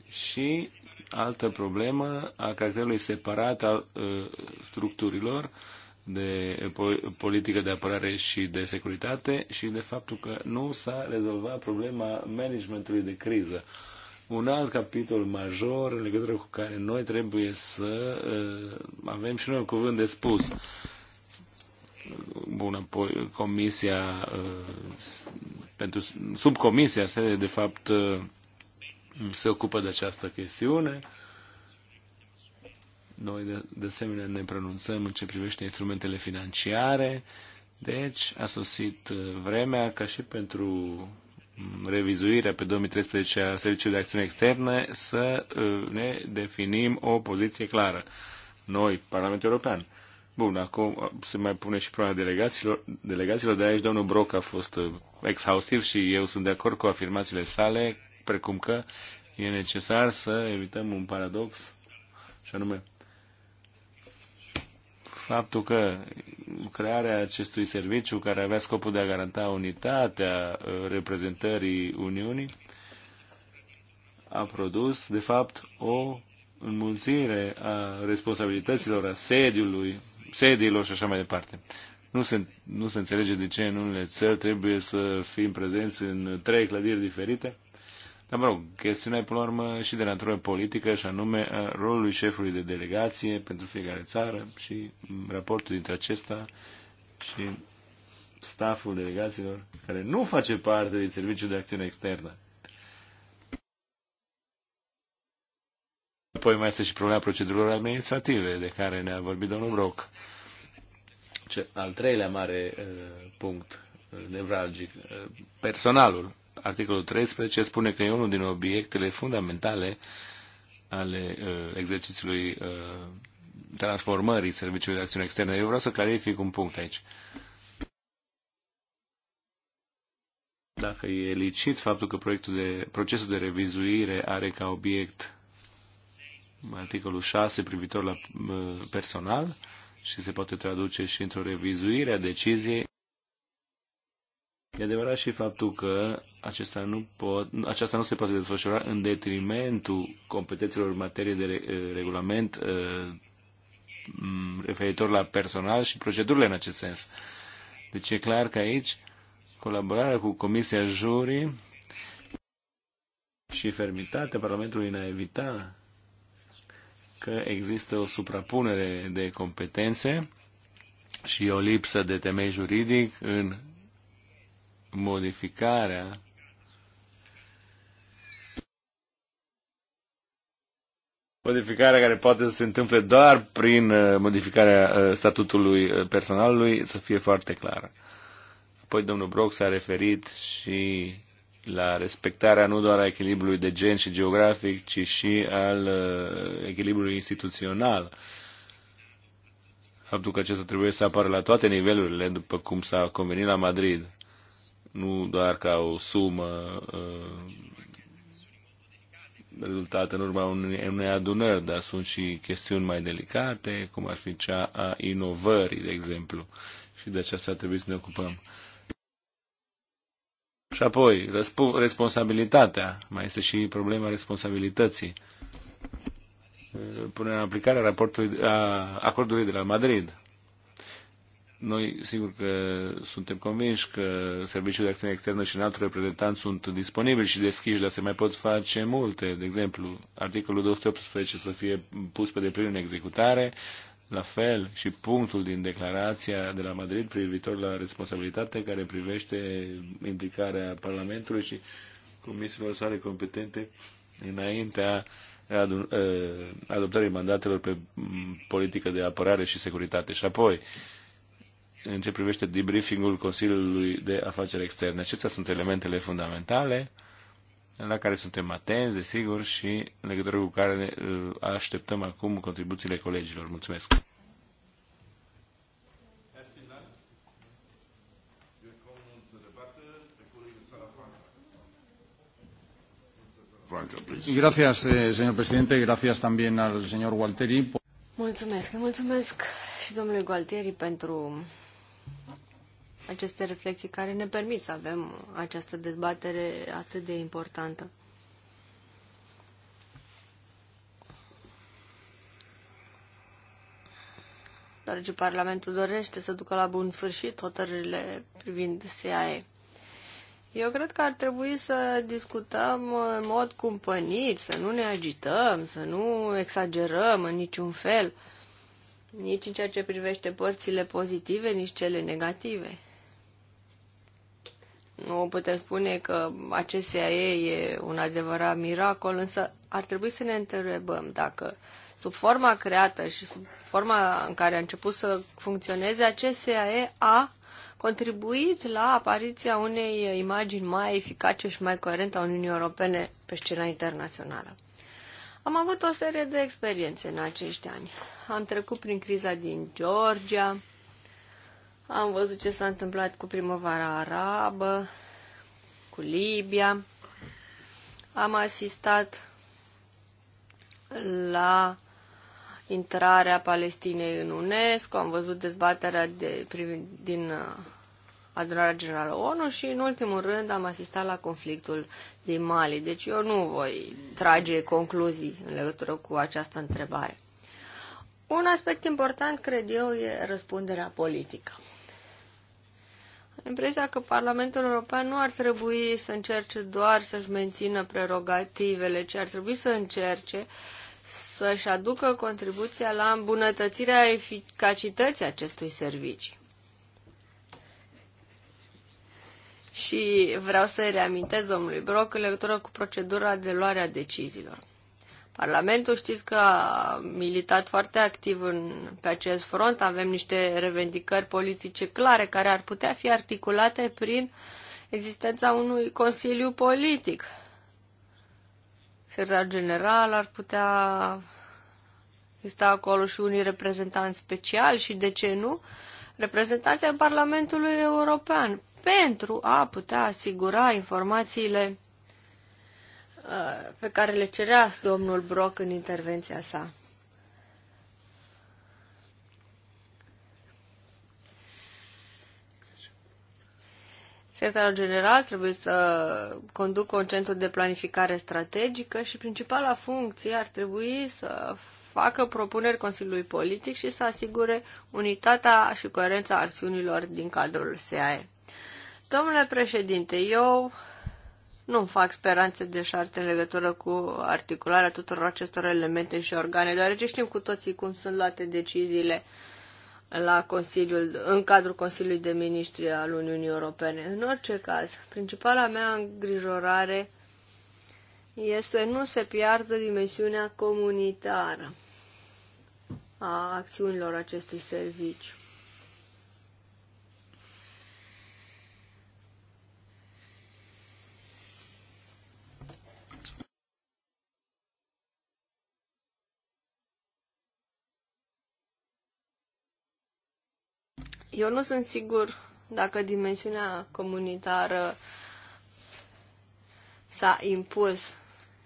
și altă problemă a caracterului separat al uh, structurilor de uh, politică de apărare și de securitate și de faptul că nu s-a rezolvat problema managementului de criză. Uh, un alt capitol major în legătură cu care noi trebuie să uh, avem și noi un cuvânt de spus. Bun, apoi comisia, uh, pentru subcomisia se, de fapt, uh, se ocupă de această chestiune. Noi, de, de asemenea, ne pronunțăm în ce privește instrumentele financiare. Deci, a sosit uh, vremea ca și pentru revizuirea pe 2013 a Serviciului de Acțiune Externe să uh, ne definim o poziție clară. Noi, Parlamentul European. Bun, acum uh, se mai pune și problema delegaților, delegaților de aici domnul Broc a fost uh, exhaustiv și eu sunt de acord cu afirmațiile sale, precum că e necesar să evităm un paradox și anume faptul că crearea acestui serviciu care avea scopul de a garanta unitatea uh, reprezentării Uniunii a produs, de fapt, o înmulțire a responsabilităților, a sediului, sediilor și așa mai departe. Nu se, nu se înțelege de ce în unele țări trebuie să fim prezenți în trei clădiri diferite dar, mă rog, chestiunea e până la urmă și de natură politică, și anume a rolului șefului de delegație pentru fiecare țară și raportul dintre acesta și staful delegaților care nu face parte din serviciul de acțiune externă. Apoi mai este și problema procedurilor administrative, de care ne-a vorbit domnul Broc. Ce, al treilea mare uh, punct uh, nevralgic, uh, personalul articolul 13 spune că e unul din obiectele fundamentale ale uh, exercițiului uh, transformării Serviciului de Acțiune Externă. Eu vreau să clarific un punct aici. Dacă e licit faptul că proiectul de, procesul de revizuire are ca obiect articolul 6 privitor la uh, personal și se poate traduce și într-o revizuire a deciziei E adevărat și faptul că acesta nu pot, aceasta nu se poate desfășura în detrimentul competențelor în materie de regulament referitor la personal și procedurile în acest sens. Deci e clar că aici colaborarea cu Comisia Jurii și fermitatea Parlamentului în a evita că există o suprapunere de competențe și o lipsă de temei juridic în modificarea Modificarea care poate să se întâmple doar prin uh, modificarea uh, statutului uh, personalului să fie foarte clară. Apoi domnul Brock s-a referit și la respectarea nu doar a echilibrului de gen și geografic, ci și al echilibrului instituțional. Faptul că acesta trebuie să apară la toate nivelurile, după cum s-a convenit la Madrid nu doar ca o sumă uh, rezultată în urma unei, adunări, dar sunt și chestiuni mai delicate, cum ar fi cea a inovării, de exemplu. Și de aceasta trebuie să ne ocupăm. Și apoi, responsabilitatea. Mai este și problema responsabilității. Punerea în aplicare a, raportului, a acordului de la Madrid. Noi, sigur că suntem convinși că Serviciul de Acțiune Externă și înaltul reprezentant sunt disponibili și deschiși, dar se mai pot face multe. De exemplu, articolul 218 să fie pus pe deplin în executare, la fel și punctul din declarația de la Madrid privitor la responsabilitate care privește implicarea Parlamentului și comisiilor sale competente înaintea ă, adoptării mandatelor pe politică de apărare și securitate. Și apoi, în ce privește debriefingul Consiliului de Afaceri Externe. Acestea sunt elementele fundamentale la care suntem atenți, desigur, și în legătură cu care uh, așteptăm acum contribuțiile colegilor. Mulțumesc! Gracias, eh, señor presidente. Gracias también al señor Gualteri. Mulțumesc. Mulțumesc și domnului Gualtieri pentru aceste reflexii care ne permit să avem această dezbatere atât de importantă. ce Parlamentul dorește să ducă la bun sfârșit hotărârile privind SAE. Eu cred că ar trebui să discutăm în mod cumpănit, să nu ne agităm, să nu exagerăm în niciun fel, nici în ceea ce privește părțile pozitive, nici cele negative. Nu putem spune că acest CIA e un adevărat miracol, însă ar trebui să ne întrebăm dacă sub forma creată și sub forma în care a început să funcționeze, acest CIA a contribuit la apariția unei imagini mai eficace și mai coerente a Uniunii Europene pe scena internațională. Am avut o serie de experiențe în acești ani. Am trecut prin criza din Georgia, am văzut ce s-a întâmplat cu primăvara arabă, cu Libia. Am asistat la intrarea Palestinei în UNESCO, am văzut dezbaterea de, din uh, adunarea generală ONU și, în ultimul rând, am asistat la conflictul din Mali. Deci eu nu voi trage concluzii în legătură cu această întrebare. Un aspect important, cred eu, e răspunderea politică impresia că Parlamentul European nu ar trebui să încerce doar să-și mențină prerogativele, ci ar trebui să încerce să-și aducă contribuția la îmbunătățirea eficacității acestui serviciu. Și vreau să reamintesc domnului Broc în legătură cu procedura de luare a deciziilor. Parlamentul știți că a militat foarte activ în, pe acest front. Avem niște revendicări politice clare care ar putea fi articulate prin existența unui consiliu politic. Secretar general ar putea sta acolo și unii reprezentanți special. și, de ce nu, reprezentanții Parlamentului European pentru a putea asigura informațiile Uh, pe care le cerea domnul Brock în intervenția sa. Secretarul general trebuie să conducă un centru de planificare strategică și principala funcție ar trebui să facă propuneri Consiliului Politic și să asigure unitatea și coerența acțiunilor din cadrul SEAE. Domnule președinte, eu nu fac speranțe de șarte în legătură cu articularea tuturor acestor elemente și organe, deoarece știm cu toții cum sunt luate deciziile la Consiliul, în cadrul Consiliului de Ministri al Uniunii Europene. În orice caz, principala mea îngrijorare este să nu se piardă dimensiunea comunitară a acțiunilor acestui serviciu. Eu nu sunt sigur dacă dimensiunea comunitară s-a impus.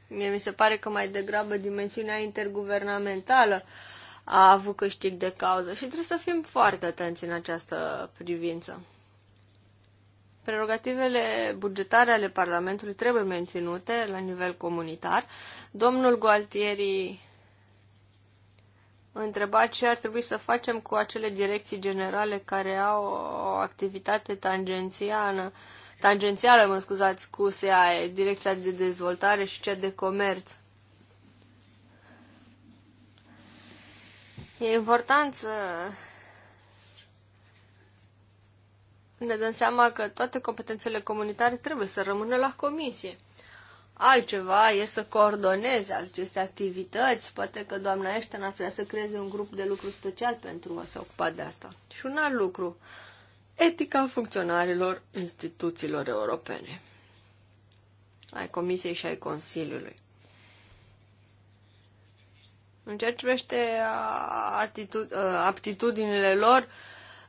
Mie mi se pare că mai degrabă dimensiunea interguvernamentală a avut câștig de cauză și trebuie să fim foarte atenți în această privință. Prerogativele bugetare ale Parlamentului trebuie menținute la nivel comunitar. Domnul Gualtieri întreba ce ar trebui să facem cu acele direcții generale care au o activitate tangențială? tangențială, mă scuzați, cu SAE, direcția de dezvoltare și cea de comerț. E important să ne dăm seama că toate competențele comunitare trebuie să rămână la comisie altceva e să coordoneze aceste activități. Poate că doamna Ashton ar putea să creeze un grup de lucru special pentru a se ocupa de asta. Și un alt lucru, etica funcționarilor instituțiilor europene, ai Comisiei și ai Consiliului. În ceea ce privește ă, aptitudinile lor,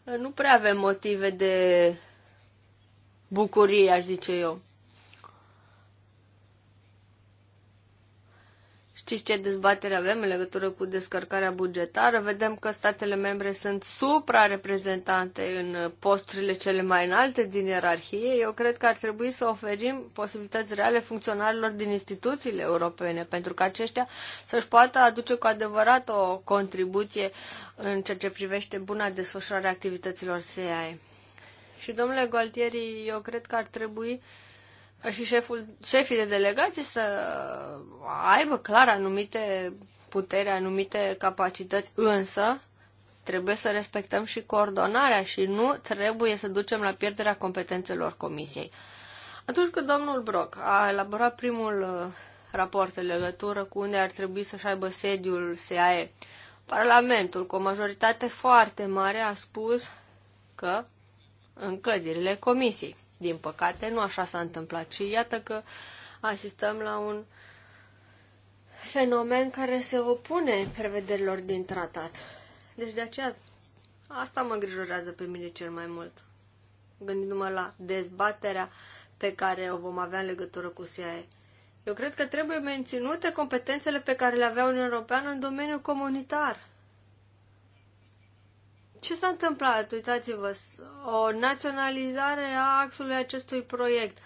nu prea avem motive de bucurie, aș zice eu. Știți ce dezbatere avem în legătură cu descărcarea bugetară? Vedem că statele membre sunt supra-reprezentante în posturile cele mai înalte din ierarhie. Eu cred că ar trebui să oferim posibilități reale funcționarilor din instituțiile europene, pentru că aceștia să-și poată aduce cu adevărat o contribuție în ceea ce privește buna desfășurare a activităților SEAE. Și, domnule Gualtieri, eu cred că ar trebui și șeful, șefii de delegații să aibă clar anumite putere, anumite capacități, însă trebuie să respectăm și coordonarea și nu trebuie să ducem la pierderea competențelor comisiei. Atunci când domnul Broc a elaborat primul uh, raport în legătură cu unde ar trebui să-și aibă sediul SAE, Parlamentul, cu o majoritate foarte mare, a spus că în clădirile comisiei. Din păcate, nu așa s-a întâmplat, ci iată că asistăm la un fenomen care se opune prevederilor din tratat. Deci de aceea, asta mă îngrijorează pe mine cel mai mult. Gândindu-mă la dezbaterea pe care o vom avea în legătură cu CIA. Eu cred că trebuie menținute competențele pe care le avea Uniunea Europeană în domeniul comunitar. Ce s-a întâmplat? Uitați-vă, o naționalizare a axului acestui proiect.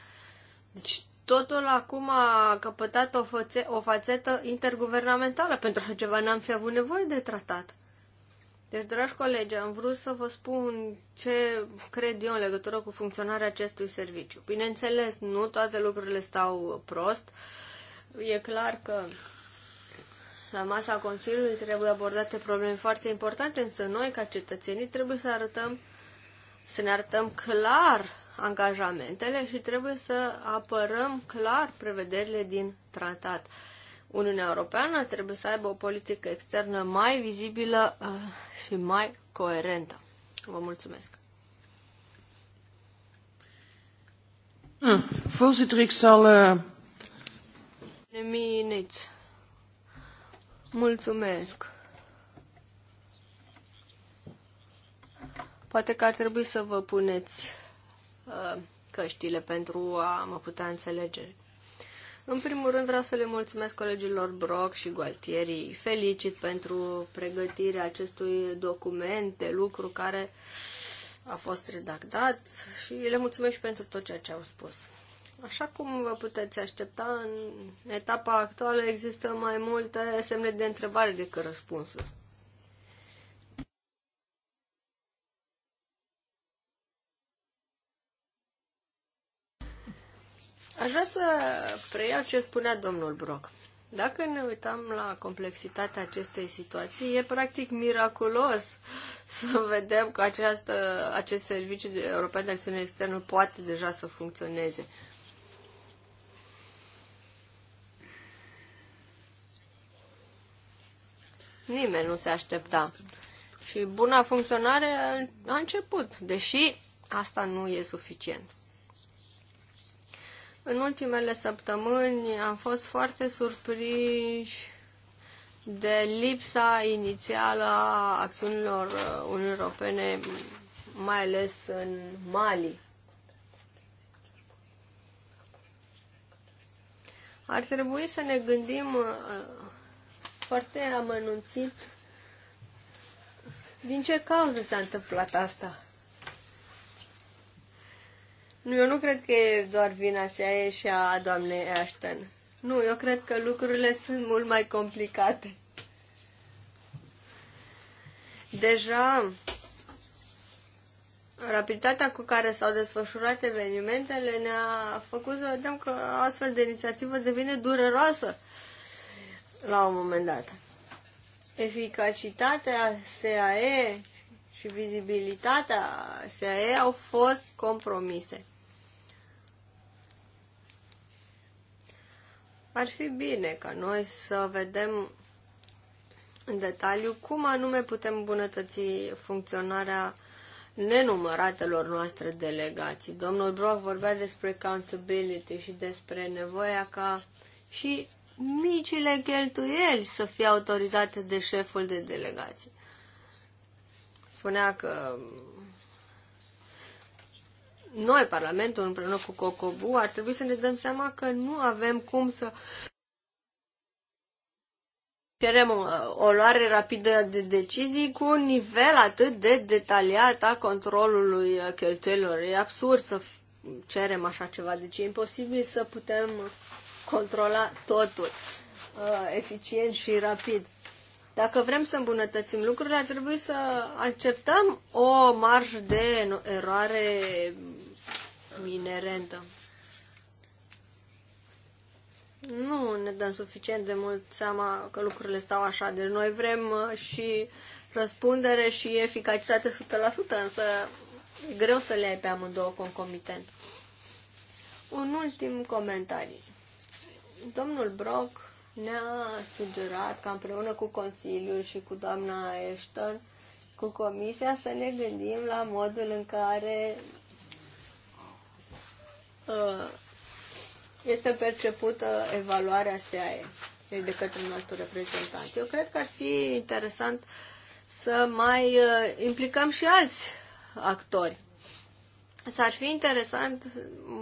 Deci totul acum a căpătat o, fațe, o fațetă interguvernamentală. Pentru că ceva n-am fi avut nevoie de tratat. Deci, dragi colegi, am vrut să vă spun ce cred eu în legătură cu funcționarea acestui serviciu. Bineînțeles, nu toate lucrurile stau prost. E clar că la masa Consiliului trebuie abordate probleme foarte importante, însă noi, ca cetățenii, trebuie să arătăm, să ne arătăm clar angajamentele și trebuie să apărăm clar prevederile din tratat. Uniunea Europeană trebuie să aibă o politică externă mai vizibilă uh, și mai coerentă. Vă mulțumesc! Mm. Voorzitter, ik zal. Uh... minuut. Mulțumesc. Poate că ar trebui să vă puneți uh, căștile pentru a mă putea înțelege. În primul rând vreau să le mulțumesc colegilor Brock și Gualtieri. Felicit pentru pregătirea acestui document de lucru care a fost redactat și le mulțumesc și pentru tot ceea ce au spus. Așa cum vă puteți aștepta, în etapa actuală există mai multe semne de întrebare decât răspunsuri. Aș vrea să preiau ce spunea domnul Brock. Dacă ne uităm la complexitatea acestei situații, e practic miraculos să vedem că această, acest serviciu european de acțiune externă poate deja să funcționeze. Nimeni nu se aștepta. Și buna funcționare a început, deși asta nu e suficient. În ultimele săptămâni am fost foarte surprinși de lipsa inițială a acțiunilor uh, Uniunii Europene, mai ales în Mali. Ar trebui să ne gândim uh, foarte amănunțit din ce cauză s-a întâmplat asta. Nu, eu nu cred că e doar vina SEAE și a doamnei Ashton. Nu, eu cred că lucrurile sunt mult mai complicate. Deja, rapiditatea cu care s-au desfășurat evenimentele ne-a făcut să vedem că astfel de inițiativă devine dureroasă la un moment dat. Eficacitatea SAE și vizibilitatea SAE au fost compromise. Ar fi bine ca noi să vedem în detaliu cum anume putem îmbunătăți funcționarea nenumăratelor noastre delegații. Domnul Brock vorbea despre accountability și despre nevoia ca și micile cheltuieli să fie autorizate de șeful de delegație. Spunea că noi, Parlamentul, împreună cu Cocobu, ar trebui să ne dăm seama că nu avem cum să cerem uh, o luare rapidă de decizii cu un nivel atât de detaliat a controlului uh, cheltuielor. E absurd să cerem așa ceva, deci e imposibil să putem controla totul uh, eficient și rapid. Dacă vrem să îmbunătățim lucrurile, ar trebui să acceptăm o marjă de eroare inerentă. Nu ne dăm suficient de mult seama că lucrurile stau așa. Deci noi vrem uh, și răspundere și eficacitate 100%, însă e greu să le ai pe amândouă concomitent. Un ultim comentariu. Domnul Brock ne-a sugerat ca împreună cu Consiliul și cu doamna Ashton, cu Comisia, să ne gândim la modul în care uh, este percepută evaluarea SAE de către un alt reprezentant. Eu cred că ar fi interesant să mai uh, implicăm și alți actori S-ar fi interesant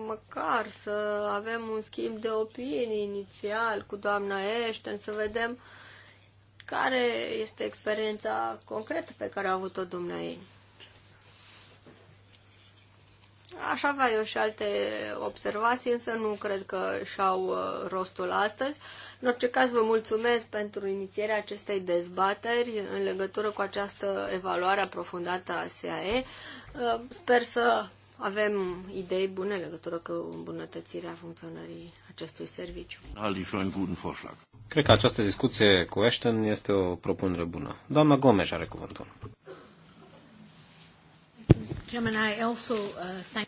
măcar să avem un schimb de opinii inițial cu doamna Ashton, să vedem care este experiența concretă pe care a avut-o doamna ei. Aș avea eu și alte observații, însă nu cred că și-au uh, rostul astăzi. În orice caz, vă mulțumesc pentru inițierea acestei dezbateri în legătură cu această evaluare aprofundată a SAE. Uh, sper să avem idei bune legătură cu îmbunătățirea funcționării acestui serviciu. Cred că această discuție cu Ashton este o propunere bună. Doamna Gomes are cuvântul. Uh,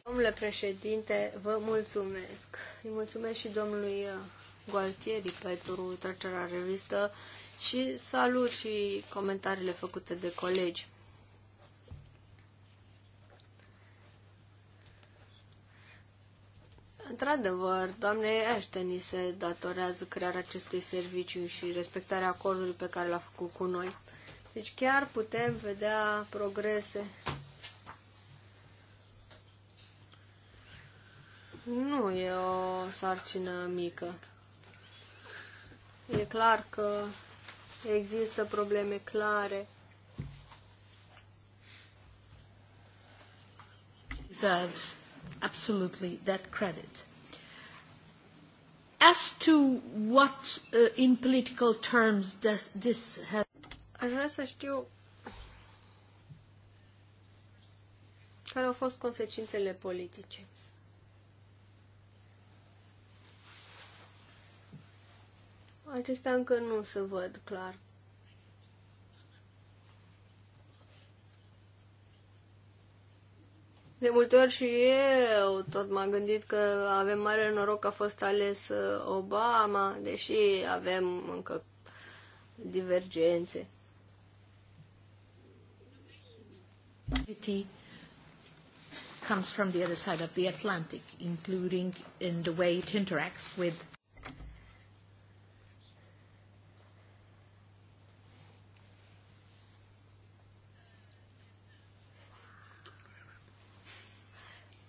Domnule președinte, vă mulțumesc. Îi mulțumesc și domnului uh, Gualtieri pentru trecerea revistă și salut și comentariile făcute de colegi. Într-adevăr, doamne Ashton ni se datorează crearea acestui serviciu și respectarea acordului pe care l-a făcut cu noi. Deci chiar putem vedea progrese. Nu e o sarcină mică. E clar că există probleme clare. Deserves absolutely that credit. As to what uh, in political terms does this have... Aș vrea să știu care au fost consecințele politice. Acestea încă nu se văd clar. De multe ori și eu tot m-am gândit că avem mare noroc că a fost ales uh, Obama, deși avem încă divergențe. comes from the other side of the Atlantic, including in the way it interacts with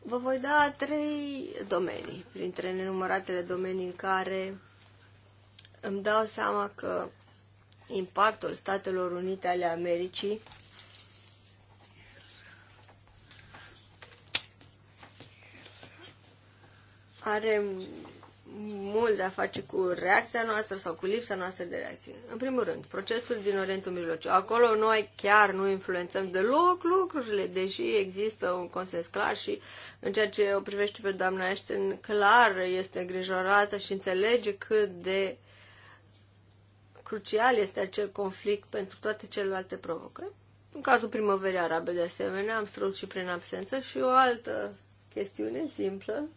Vă voi da trei domenii, printre nenumăratele domenii în care îmi dau seama că impactul Statelor Unite ale Americii are mult de a face cu reacția noastră sau cu lipsa noastră de reacție. În primul rând, procesul din Orientul Mijlociu. Acolo noi chiar nu influențăm deloc lucrurile, deși există un consens clar și în ceea ce o privește pe doamna Ashton, clar este îngrijorată și înțelege cât de crucial este acel conflict pentru toate celelalte provocări. În cazul primăverii arabe, de asemenea, am strălucit prin absență și o altă chestiune simplă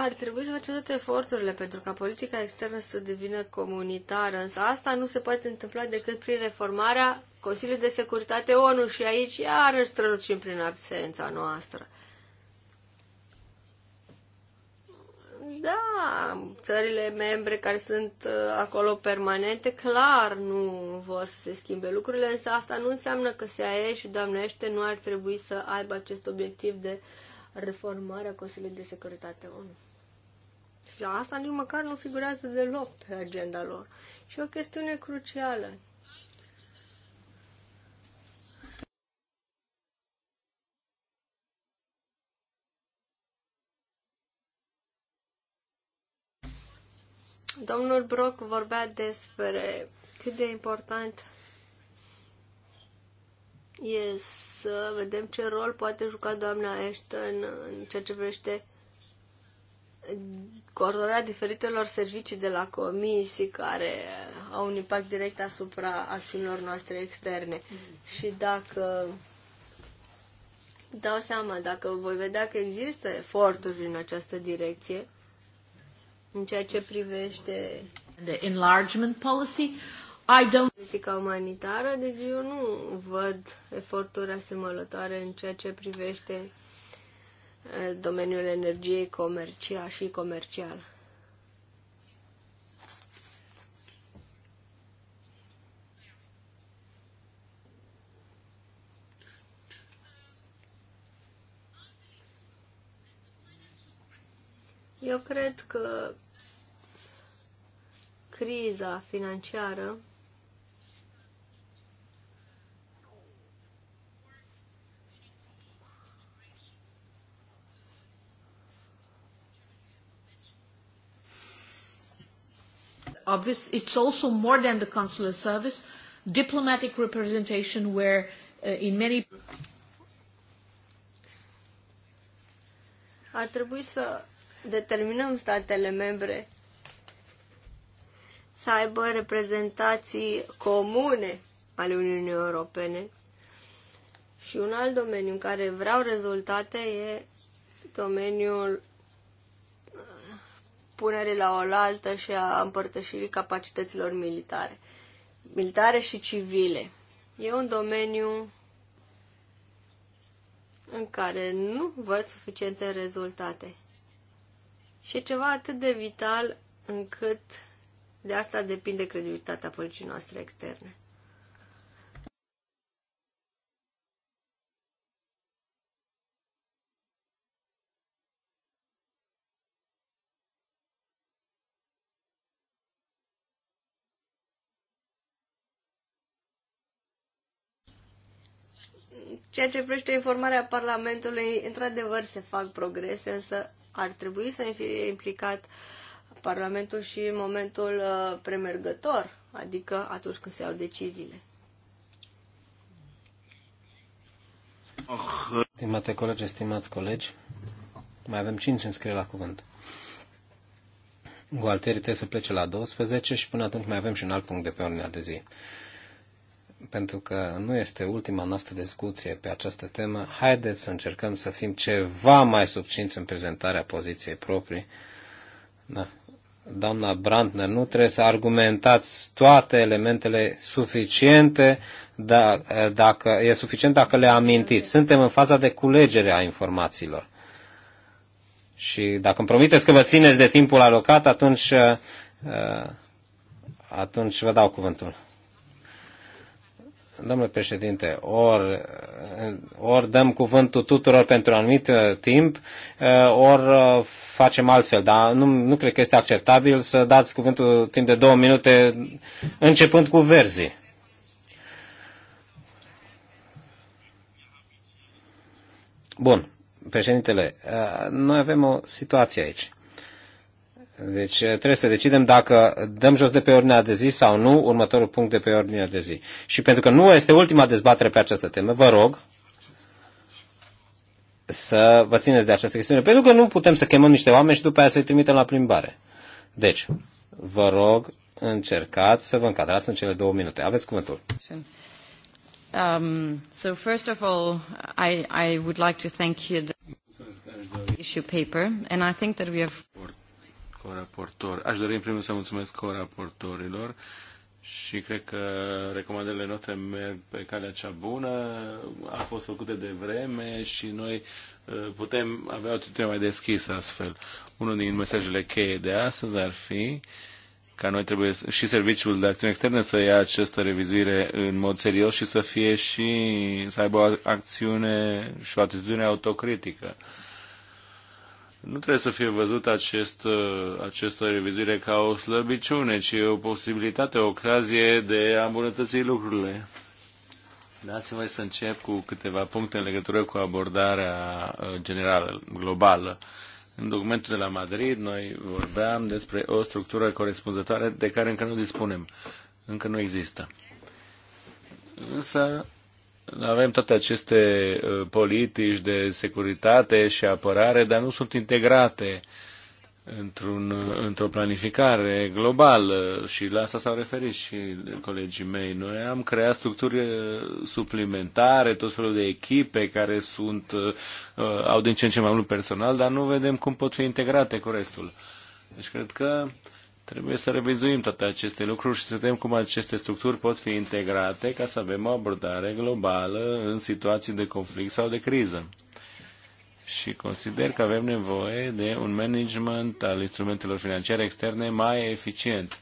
ar trebui să facem toate eforturile pentru ca politica externă să devină comunitară, însă asta nu se poate întâmpla decât prin reformarea Consiliului de Securitate ONU și aici iarăși strălucim prin absența noastră. Da, țările membre care sunt uh, acolo permanente, clar nu vor să se schimbe lucrurile, însă asta nu înseamnă că se aie și doamnește nu ar trebui să aibă acest obiectiv de reformarea Consiliului de Securitate ONU. Și asta nici măcar nu figurează deloc pe agenda lor. Și o chestiune crucială. Domnul Brock vorbea despre cât de important e să vedem ce rol poate juca doamna Ashton în ceea ce vrește coordonarea diferitelor servicii de la comisii care au un impact direct asupra acțiunilor noastre externe. Mhm. Și dacă dau seama, dacă voi vedea că există eforturi în această direcție, în ceea ce privește the enlargement policy, I don't... politica umanitară, deci eu nu văd eforturi asemănătoare în ceea ce privește domeniul energiei comercial și comercial. Eu cred că criza financiară obvious. It's also more than the consular service, diplomatic representation where uh, in many... Ar trebui să determinăm statele membre să aibă reprezentații comune ale Uniunii Europene. Și un alt domeniu în care vreau rezultate e domeniul punerii la oaltă și a împărtășirii capacităților militare, militare și civile. E un domeniu în care nu văd suficiente rezultate. Și e ceva atât de vital încât de asta depinde credibilitatea politicii noastre externe. ceea ce privește informarea Parlamentului, într-adevăr se fac progrese, însă ar trebui să fie implicat Parlamentul și în momentul uh, premergător, adică atunci când se iau deciziile. Stimate colegi, stimați colegi, mai avem 5 înscrieri la cuvânt. Gualterii trebuie să plece la 12 și până atunci mai avem și un alt punct de pe ordinea de zi pentru că nu este ultima noastră discuție pe această temă, haideți să încercăm să fim ceva mai subținți în prezentarea poziției proprii. Da. Doamna Brandner, nu trebuie să argumentați toate elementele suficiente da, dacă e suficient dacă le amintiți. Suntem în faza de culegere a informațiilor. Și dacă îmi promiteți că vă țineți de timpul alocat, atunci, uh, atunci vă dau cuvântul domnule președinte, ori, ori dăm cuvântul tuturor pentru un anumit uh, timp, uh, ori uh, facem altfel, dar nu, nu cred că este acceptabil să dați cuvântul timp de două minute începând cu verzii. Bun, președintele, noi avem o situație aici. Deci eh, trebuie să decidem dacă dăm jos de pe ordinea de zi sau nu următorul punct de pe ordinea de zi. Și pentru că nu este ultima dezbatere pe această temă, vă rog să vă țineți de această chestiune, pentru că nu putem să chemăm niște oameni și după aia să-i trimitem la plimbare. Deci, vă rog, încercați să vă încadrați în cele două minute. Aveți cuvântul. Um, so first of all, I, I would like to thank you the issue paper, and I think that we have coraportor. Aș dori în primul să mulțumesc coraportorilor și cred că recomandările noastre merg pe calea cea bună, a fost făcute de vreme și noi uh, putem avea o atitudine mai deschisă astfel. Unul din mesajele cheie de astăzi ar fi ca noi trebuie și Serviciul de Acțiune Externă să ia această revizuire în mod serios și să fie și să aibă o acțiune și o atitudine autocritică nu trebuie să fie văzut acest, uh, această revizuire ca o slăbiciune, ci o posibilitate, o ocazie de a îmbunătăți lucrurile. Dați-vă să încep cu câteva puncte în legătură cu abordarea uh, generală, globală. În documentul de la Madrid noi vorbeam despre o structură corespunzătoare de care încă nu dispunem, încă nu există. Însă avem toate aceste uh, politici de securitate și apărare, dar nu sunt integrate într-un, uh, într-o planificare globală și la asta s-au referit și colegii mei. Noi am creat structuri uh, suplimentare, tot felul de echipe care sunt, au din ce în ce mai mult personal, dar nu vedem cum pot fi integrate cu restul. Deci cred că uh, Trebuie să revizuim toate aceste lucruri și să vedem cum aceste structuri pot fi integrate ca să avem o abordare globală în situații de conflict sau de criză. Și consider că avem nevoie de un management al instrumentelor financiare externe mai eficient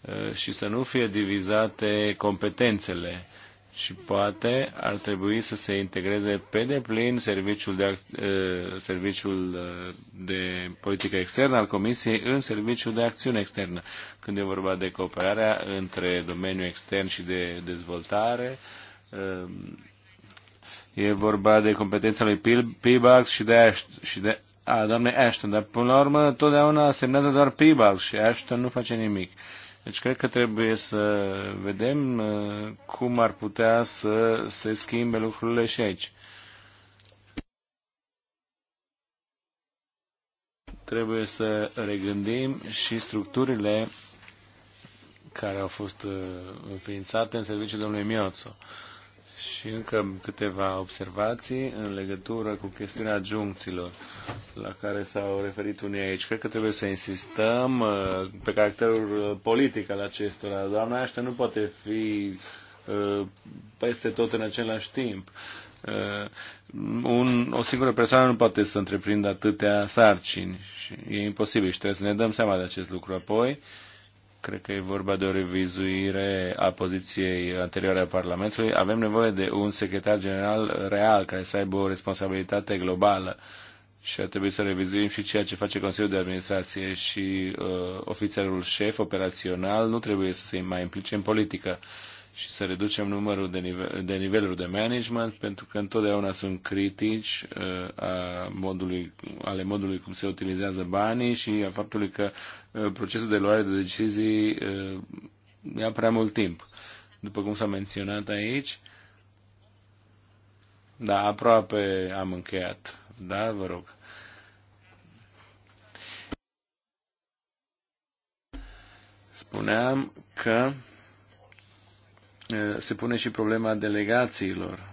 uh, și să nu fie divizate competențele și poate ar trebui să se integreze pe deplin serviciul de, eh, serviciul eh, de politică externă al Comisiei în serviciul de acțiune externă, când e vorba de cooperarea între domeniul extern și de dezvoltare. Eh, e vorba de competența lui PIBAX și de, Ashton, și de a doamnei Ashton, dar până la urmă totdeauna semnează doar PIBAX și Ashton nu face nimic. Uh, deci cred că trebuie să vedem uh, cum ar putea să se schimbe lucrurile și aici. Trebuie să regândim și structurile care au fost uh, înființate în serviciul domnului Mioțu. Și încă câteva observații în legătură cu chestiunea adjuncților la care s-au referit unii aici. Cred că trebuie să insistăm uh, pe caracterul uh, politic al acestora. Doamna Aștea nu poate fi uh, peste tot în același timp. Un, o singură persoană nu poate să întreprindă atâtea sarcini și e imposibil și trebuie să ne dăm seama de acest lucru. Apoi, uh, Cred că e vorba de o revizuire a poziției anterioare a Parlamentului. Avem nevoie de un secretar general real care să aibă o responsabilitate globală și ar trebui să revizuim și ceea ce face Consiliul de Administrație și uh, ofițerul șef operațional nu trebuie să se mai implice în politică. Uh, și să reducem numărul de, nive- de niveluri de management, pentru că întotdeauna sunt critici uh, a modului, ale modului cum se utilizează banii și a faptului că uh, procesul de luare de decizii uh, ia prea mult timp. După cum s-a menționat aici, da, aproape am încheiat. Da, vă rog. Spuneam că Eh, se pune și problema delegațiilor.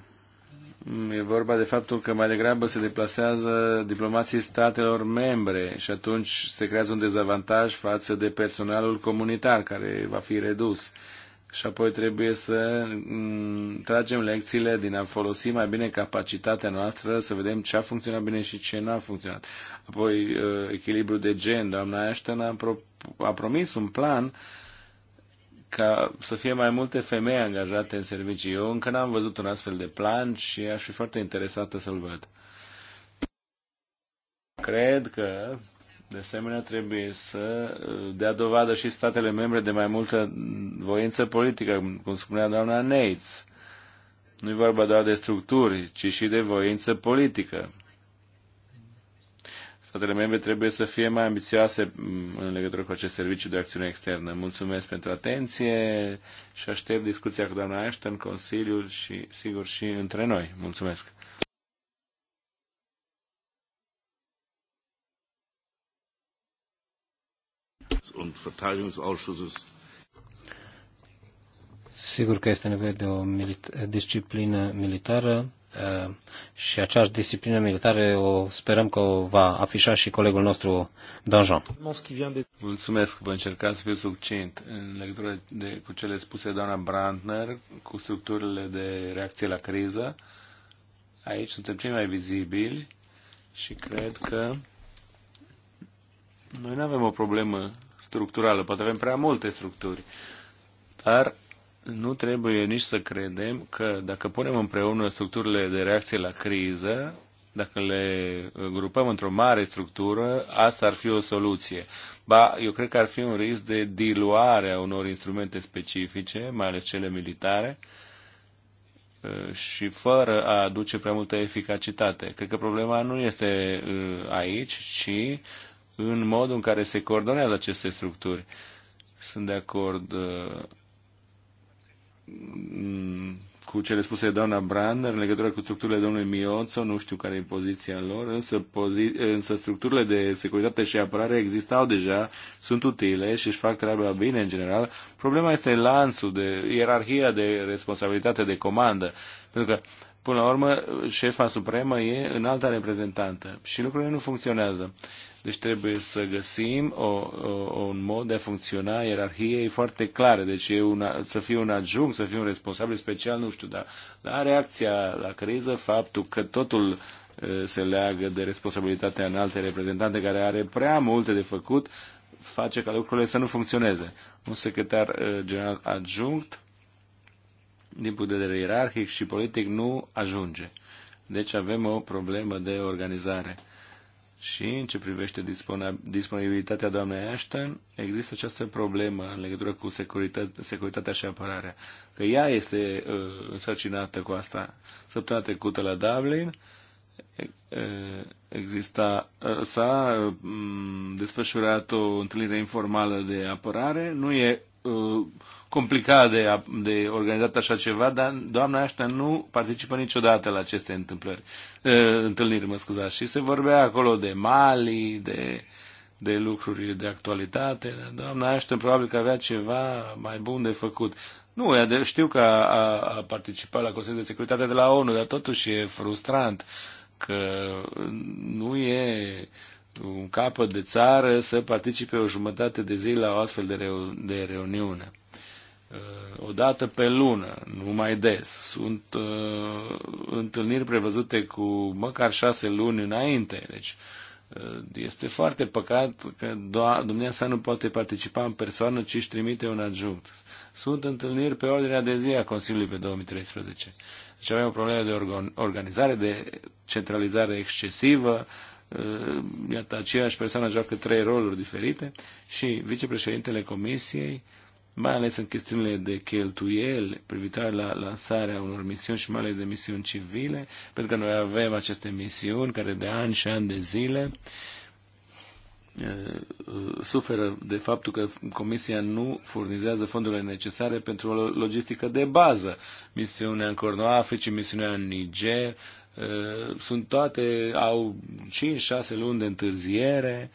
Mm, e vorba de faptul că mai degrabă se deplasează diplomații statelor membre și atunci se creează un dezavantaj față de personalul comunitar care va fi redus. Și apoi trebuie să mm, tragem lecțiile din a folosi mai bine capacitatea noastră, să vedem ce a funcționat bine și ce n-a funcționat. Apoi eh, echilibru de gen. Doamna Ashton a, pro- a promis un plan uh, ca să fie mai multe femei angajate în servicii. Eu încă n-am văzut un astfel de plan și aș fi foarte interesată să-l văd. Cred că, de asemenea, trebuie să uh, dea dovadă și statele membre de mai multă voință politică, cum spunea doamna Neitz. Nu e vorba doar de structuri, ci și de voință politică statele membre trebuie să fie mai ambițioase mm, în legătură cu acest serviciu de acțiune externă. Mulțumesc pentru atenție și aștept discuția cu doamna Ashton, Consiliul și, sigur, și între noi. Mulțumesc! Sigur că este nevoie de o disciplină militară Uh, și aceeași disciplină militară o sperăm că o va afișa și colegul nostru Jean. Mulțumesc, vă încercați să fiu succint în legătură de, cu cele spuse doamna Brandner, cu structurile de reacție la criză. Aici suntem cei mai vizibili și cred că noi nu avem o problemă structurală, poate avem prea multe structuri, dar nu trebuie nici să credem că dacă punem împreună structurile de reacție la criză, dacă le uh, grupăm într-o mare structură, asta ar fi o soluție. Ba, eu cred că ar fi un risc de diluare a unor instrumente specifice, mai ales cele militare, uh, și fără a aduce prea multă eficacitate. Cred că problema nu este uh, aici, ci în modul în care se coordonează aceste structuri. Sunt de acord Mm, cu cele spuse de doamna Brander în legătură cu structurile domnului Mioțo, nu știu care e poziția lor, însă, pozi- însă structurile de securitate și apărare existau deja, sunt utile și își fac treaba bine în general. Problema este lanțul, de ierarhia de responsabilitate de comandă, pentru că Până la urmă, șefa supremă e alta reprezentantă și lucrurile nu funcționează. Deci trebuie să găsim o, o, un mod de a funcționa ierarhiei foarte clare. Deci e una, să fie un adjunct, să fie un responsabil special, nu știu, dar la reacția la criză, faptul că totul se leagă de responsabilitatea în alte reprezentante care are prea multe de făcut, face ca lucrurile să nu funcționeze. Un secretar general adjunct, din punct de vedere ierarhic și politic, nu ajunge. Deci avem o problemă de organizare. Și în ce privește disponibilitatea doamnei Ashton, există această problemă în legătură cu securitate, securitatea și apărarea. Că ea este uh, însărcinată cu asta. Săptămâna trecută la Dublin uh, exista, s-a mm, desfășurat o întâlnire informală de apărare. Nu e uh, complicat de, a, de organizat așa ceva, dar doamna aștia nu participă niciodată la aceste întâmplări, uh, întâlniri, mă scuzați. Și se vorbea acolo de Mali, de, de lucruri de actualitate, doamna aștia probabil că avea ceva mai bun de făcut. Nu, știu că a, a, a participat la Consiliul de Securitate de la ONU, dar totuși e frustrant că nu e un capăt de țară să participe o jumătate de zi la o astfel de, reu- de reuniune. Uh, o dată pe lună, nu mai des. Sunt uh, întâlniri prevăzute cu măcar șase luni înainte. Deci uh, este foarte păcat că dumneavoastră nu poate participa în persoană, ci își trimite un adjunct. Sunt întâlniri pe ordinea de zi a Consiliului pe 2013. Deci avem o problemă de organizare, de centralizare excesivă, uh, Ă, iată, aceeași persoană joacă trei roluri diferite și vicepreședintele comisiei, mai ales în chestiunile de cheltuiel privitoare la lansarea unor misiuni și mai ales de misiuni civile, pentru că noi avem aceste misiuni care de ani și ani de zile ă, ă, suferă de faptul că Comisia nu furnizează fondurile necesare pentru o logistică de bază. Misiunea în Cornul misiunea în Niger, Eh, sunt toate, au 5-6 luni de întârziere,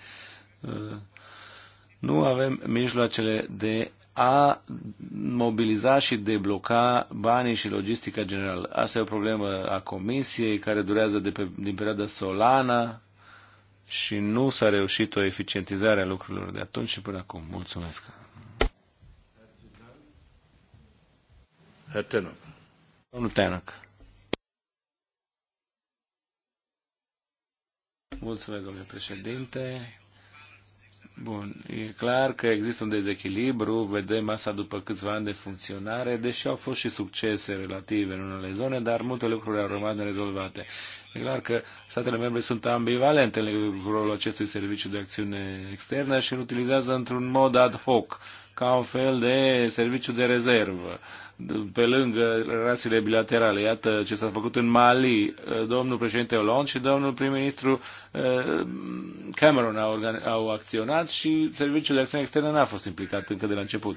eh, nu avem mijloacele de a mobiliza și debloca banii și logistica generală. Asta e o problemă a comisiei care durează de pe, din perioada Solana și nu s-a reușit o eficientizare a lucrurilor de atunci și până acum. Mulțumesc! Herr Tenok. Domnul Tenok. Mulțumesc, domnule președinte. Bun, e clar că există un dezechilibru, vedem asta după câțiva ani de funcționare, deși au fost și succese relative în unele zone, dar multe lucruri au rămas nerezolvate. E clar că statele membre sunt ambivalente în rolul acestui serviciu de acțiune externă și îl utilizează într-un mod ad hoc, ca un fel de serviciu de rezervă pe lângă relațiile bilaterale. Iată ce s-a făcut în Mali. Uh, domnul președinte Hollande și domnul prim-ministru uh, Cameron au, au acționat și Serviciul de Acțiune Externă n-a fost implicat încă de la început.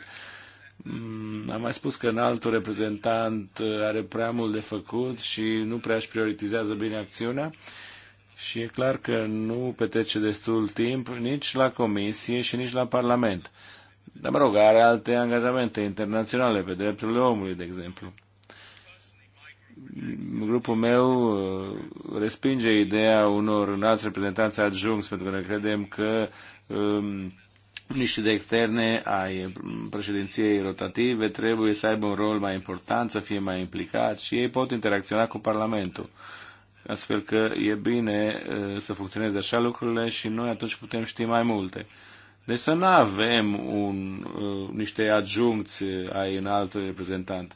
Mm, am mai spus că în altul reprezentant uh, are prea mult de făcut și nu prea își prioritizează bine acțiunea. Și e clar că nu petrece destul timp nici la Comisie și nici la Parlament. Dar, mă rog, are alte angajamente internaționale pe drepturile omului, de exemplu. Grupul meu uh, respinge ideea unor înalți reprezentanți adjuncți, pentru că ne credem că um, niște de externe ai președinției rotative trebuie să aibă un rol mai important, să fie mai implicați și ei pot interacționa cu Parlamentul. Astfel că e bine uh, să funcționeze așa lucrurile și noi atunci putem ști mai multe. Deci să nu avem un, uh, niște adjuncți uh, ai în altul reprezentant.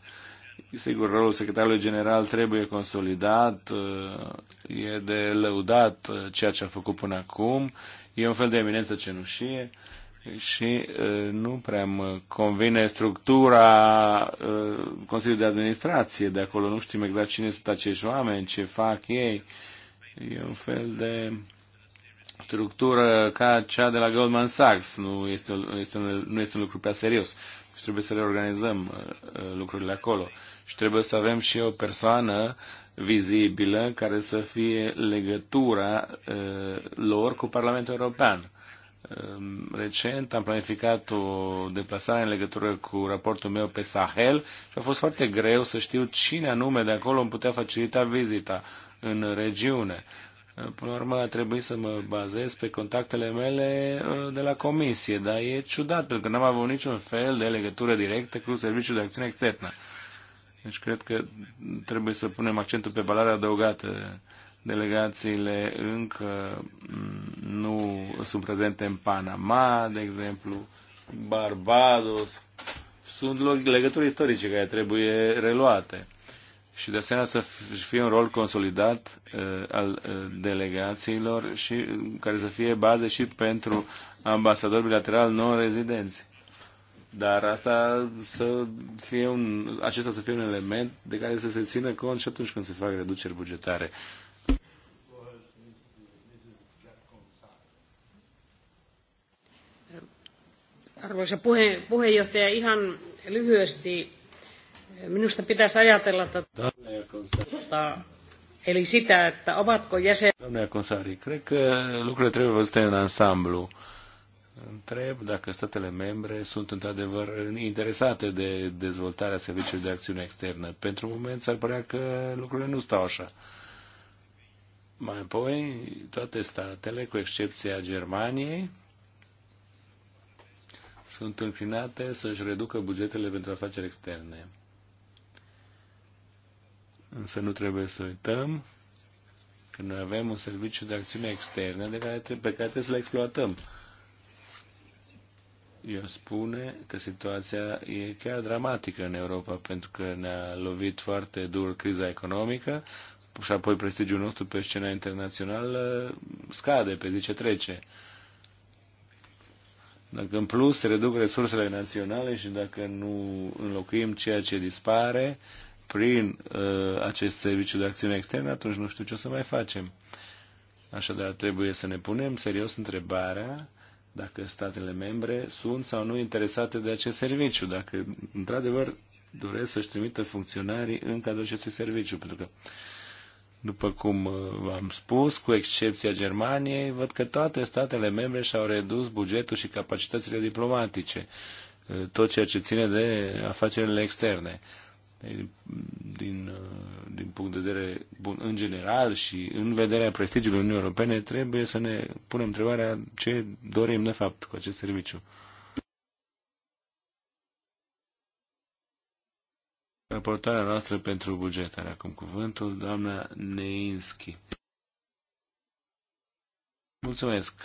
Sigur, rolul secretarului general trebuie consolidat, uh, e de lăudat ceea ce a făcut până acum, e un fel de eminență cenușie și nu prea mă convine structura Consiliului de Administrație de acolo, nu știm exact cine sunt acești oameni, ce fac ei, e un fel de structură ca cea de la Goldman Sachs nu este, este, un, nu este un lucru prea serios și trebuie să reorganizăm uh, uh, lucrurile acolo. Și trebuie să avem și o persoană vizibilă care să fie legătura uh, lor cu Parlamentul European. Um, recent am planificat o deplasare în legătură cu raportul meu pe Sahel și a fost foarte greu să știu cine anume de acolo îmi putea facilita vizita în regiune. Până la urmă, a trebuit să mă bazez pe contactele mele uh, de la comisie, dar e ciudat, pentru că n-am avut niciun fel de legătură directă cu Serviciul de Acțiune Externă. Deci cred că trebuie să punem accentul pe valoarea adăugată. Delegațiile încă mm, nu sunt prezente în Panama, de exemplu, Barbados. Sunt legături istorice care trebuie reluate și de asemenea să fie un rol consolidat uh, al uh, delegațiilor și uh, care să fie bază și pentru ambasadori bilateral non-rezidenți. Dar asta să fie un, acesta să fie un element de care să se țină cont și atunci când se fac reduceri bugetare. Arvoisa puhe, puheenjohtaja, ihan lyhyesti Minusta pitäisi ajatella tätä, eli sitä, että ovatko jäsen... Doamna Consari, cred că lucrurile trebuie văzute în ansamblu. Întreb dacă statele membre sunt într-adevăr interesate de dezvoltarea serviciului de acțiune externă. Pentru moment s-ar părea că lucrurile nu stau așa. Mai apoi, toate statele, cu excepția Germaniei, sunt înclinate să-și reducă bugetele pentru afaceri externe. Însă nu trebuie să uităm că noi avem un serviciu de acțiune externă de care trebuie, pe care trebuie să-l exploatăm. Eu spune că situația e chiar dramatică în Europa, pentru că ne-a lovit foarte dur criza economică și apoi prestigiul nostru pe scena internațională scade pe zi ce trece. Dacă în plus se reduc resursele naționale și dacă nu înlocuim ceea ce dispare, uh, prin uh, acest serviciu de acțiune externă, atunci nu știu ce o să mai facem. Așadar, trebuie să ne punem serios întrebarea dacă statele membre sunt sau nu interesate de acest serviciu, dacă într-adevăr doresc să-și trimită funcționarii în cadrul acestui serviciu, pentru că după cum uh, v-am spus, cu excepția Germaniei, văd că toate statele membre și-au redus bugetul și capacitățile diplomatice, uh, tot ceea ce ține de afacerile externe din, din punct de vedere bun, în general și în vederea prestigiului Uniunii Europene, trebuie să ne punem întrebarea ce dorim de fapt cu acest serviciu. Raportarea noastră pentru buget are acum cuvântul doamna Neinski. Mulțumesc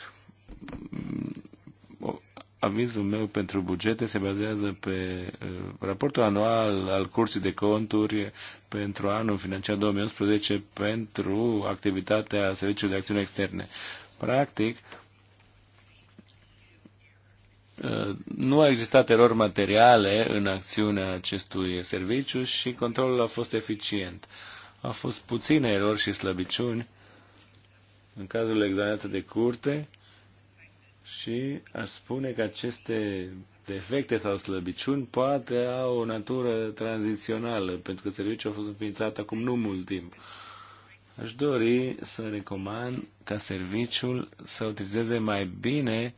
avizul meu pentru bugete se bazează pe uh, raportul anual al Curții de Conturi pentru anul financiar 2011 pentru activitatea Serviciului de Acțiune Externe. Practic, uh, nu a existat erori materiale în acțiunea acestui serviciu și controlul a fost eficient. Au fost puține erori și slăbiciuni în cazul examinat de curte și aș spune că aceste defecte sau slăbiciuni poate au o natură tranzițională, pentru că serviciul a fost înființat acum nu mult timp. Aș dori să recomand ca serviciul să utilizeze mai bine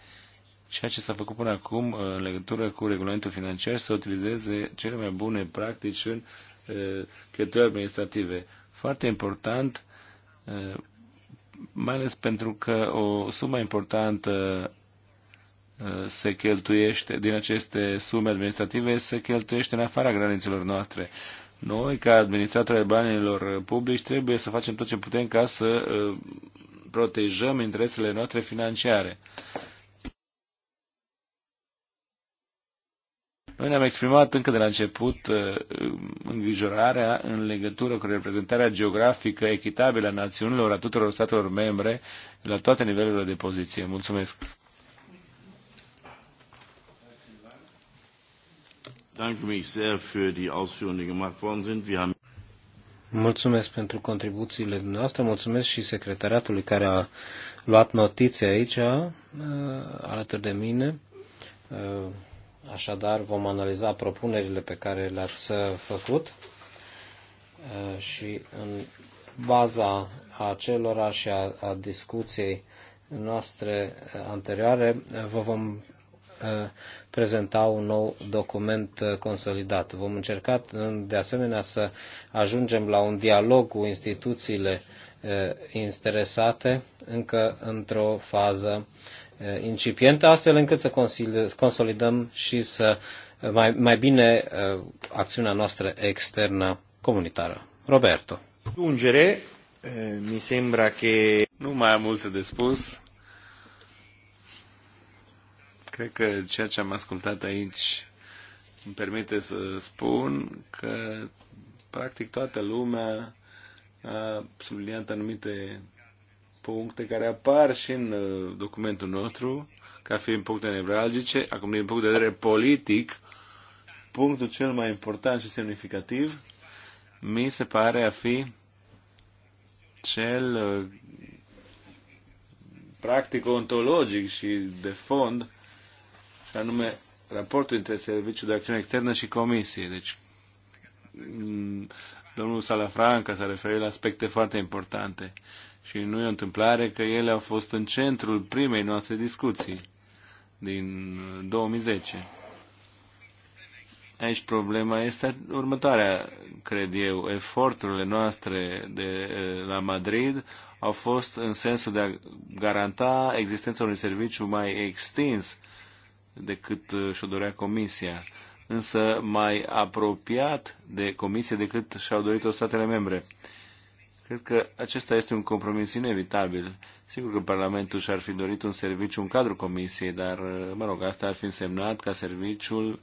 ceea ce s-a făcut până acum uh, în legătură cu regulamentul financiar, să utilizeze cele mai bune practici în uh, cheltuieli administrative. Foarte important, uh, mai ales pentru că o sumă importantă uh, se cheltuiește, din aceste sume administrative, se cheltuiește în afara granițelor noastre. Noi, ca administratori ai banilor publici, trebuie să facem tot ce putem ca să uh, protejăm interesele noastre financiare. Noi ne-am exprimat încă de la început uh, îngrijorarea în legătură cu reprezentarea geografică echitabilă a națiunilor, a tuturor statelor membre, la toate nivelurile de poziție. Mulțumesc! Mulțumesc pentru contribuțiile noastre, mulțumesc și secretariatului care a luat notițe aici, uh, alături de mine. Uh, Așadar, vom analiza propunerile pe care le-ați uh, făcut uh, și în baza acelora și a, a discuției noastre uh, anterioare vă vom prezenta un nou document consolidat. Vom încerca de asemenea să ajungem la un dialog cu instituțiile interesate încă într-o fază Uh, incipiente, astfel încât să consolidăm și să uh, mai, mai bine uh, acțiunea noastră externă comunitară. Roberto. Ungere, mi sembra că... Nu mai am multe de spus. Cred că ceea ce am ascultat aici îmi permite să spun că practic toată lumea a subliniat anumite puncte care apar și în uh, documentul nostru ca fiind puncte nevralgice. Acum, din punct de vedere politic, punctul cel mai important și semnificativ mi se pare a fi cel uh, practic ontologic și de fond, și anume raportul între Serviciul de Acțiune Externă și Comisie. Deci, mm, domnul Salafranca s-a referit la aspecte foarte importante și nu e o întâmplare că ele au fost în centrul primei noastre discuții din 2010. Aici problema este următoarea, cred eu. Eforturile noastre de la Madrid au fost în sensul de a garanta existența unui serviciu mai extins decât și-o dorea Comisia, însă mai apropiat de Comisie decât și-au dorit-o statele membre. Cred că acesta este un compromis inevitabil. Sigur că Parlamentul și-ar fi dorit un serviciu un cadru Comisiei, dar, uh, mă rog, asta ar fi însemnat ca serviciul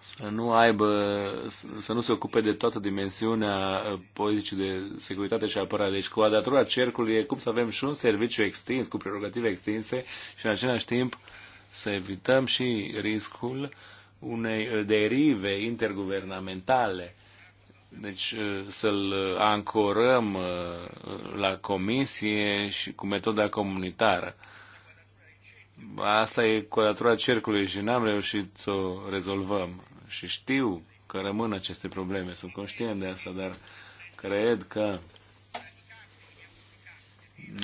să nu aibă, să nu se ocupe de toată dimensiunea uh, politicii de securitate și apărare. Deci quadratura cercului e cum să avem și un serviciu extins, cu prerogative extinse și în același timp să evităm și riscul unei uh, derive interguvernamentale deci uh, să-l ancorăm uh, la comisie și cu metoda comunitară. Asta e codatura cercului și n-am reușit să o rezolvăm. Și știu că rămân aceste probleme, sunt conștient de asta, dar cred că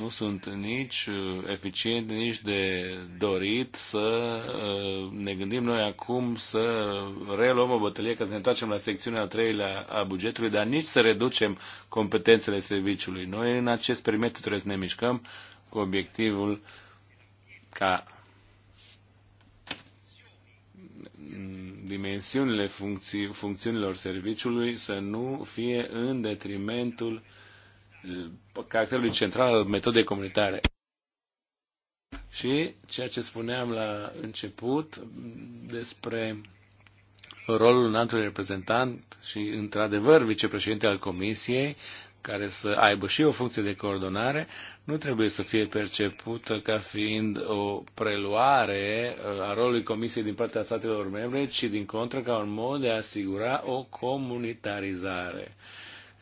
nu sunt nici uh, eficient, nici de dorit să uh, ne gândim noi acum să reluăm o bătălie, că să ne întoarcem la secțiunea a treilea a bugetului, dar nici să reducem competențele serviciului. Noi în acest perimetru trebuie să ne mișcăm cu obiectivul ca dimensiunile funcții, funcțiunilor serviciului să nu fie în detrimentul Uh, caracterului central al metodei comunitare. Și ceea ce spuneam la început despre rolul înaltului reprezentant și, într-adevăr, vicepreședinte al Comisiei, care să aibă și o funcție de coordonare, nu trebuie să fie percepută ca fiind o preluare uh, a rolului Comisiei din partea statelor membre, ci, din contră, ca un mod de a asigura o comunitarizare. Uh,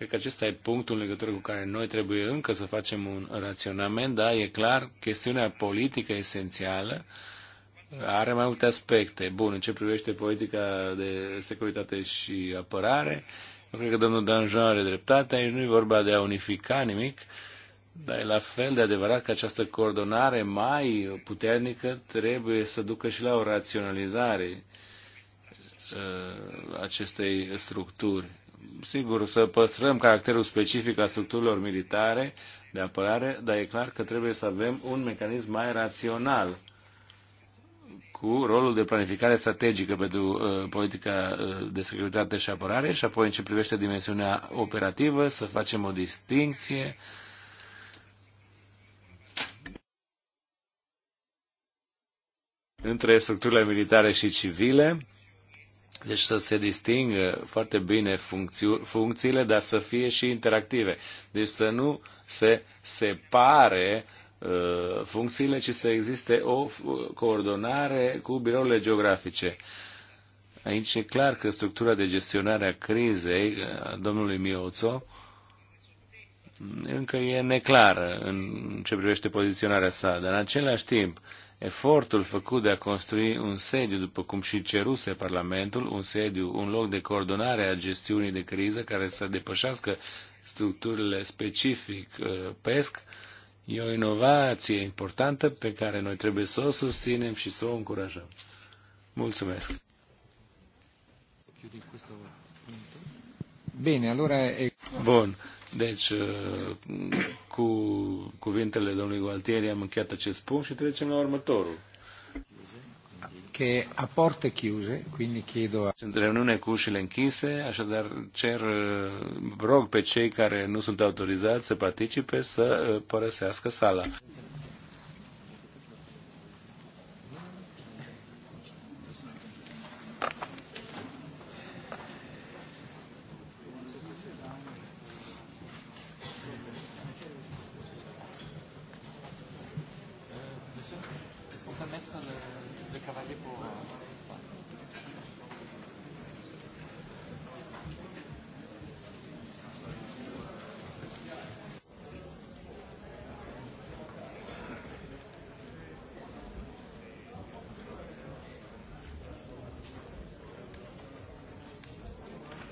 Cred că acesta e punctul în legătură cu care noi trebuie încă să facem un raționament, dar e clar, chestiunea politică esențială are mai multe aspecte. Bun, în ce privește politica de securitate și apărare, eu cred că domnul Danjean are dreptate, aici nu e vorba de a unifica nimic, dar e la fel de adevărat că această coordonare mai puternică trebuie să ducă și la o raționalizare uh, acestei structuri sigur, să păstrăm caracterul specific al structurilor militare de apărare, dar e clar că trebuie să avem un mecanism mai rațional cu rolul de planificare strategică pentru uh, politica uh, de securitate și apărare și apoi în ce privește dimensiunea operativă să facem o distinție între structurile militare și civile deci să se distingă foarte bine funcțiile, dar să fie și interactive. Deci să nu se separe uh, funcțiile, ci să existe o uh, coordonare cu birourile geografice. Aici e clar că structura de gestionare a crizei a uh, domnului Mioțo încă e neclară în ce privește poziționarea sa, dar în același timp efortul făcut de a construi un sediu, după cum și ceruse Parlamentul, un sediu, un loc de coordonare a gestiunii de criză care să depășească structurile specific uh, PESC, e o inovație importantă pe care noi trebuie să o susținem și să o încurajăm. Mulțumesc! Bine, allora... Bun. Deci, uh, cu cuvintele domnului Gualtieri am încheiat acest punct și trecem la următorul. Che a porte chiuse, quindi chiedo a... Sunt reuniune cu ușile închise, așadar cer, uh, rog pe cei care nu sunt autorizați să participe să uh, părăsească sala.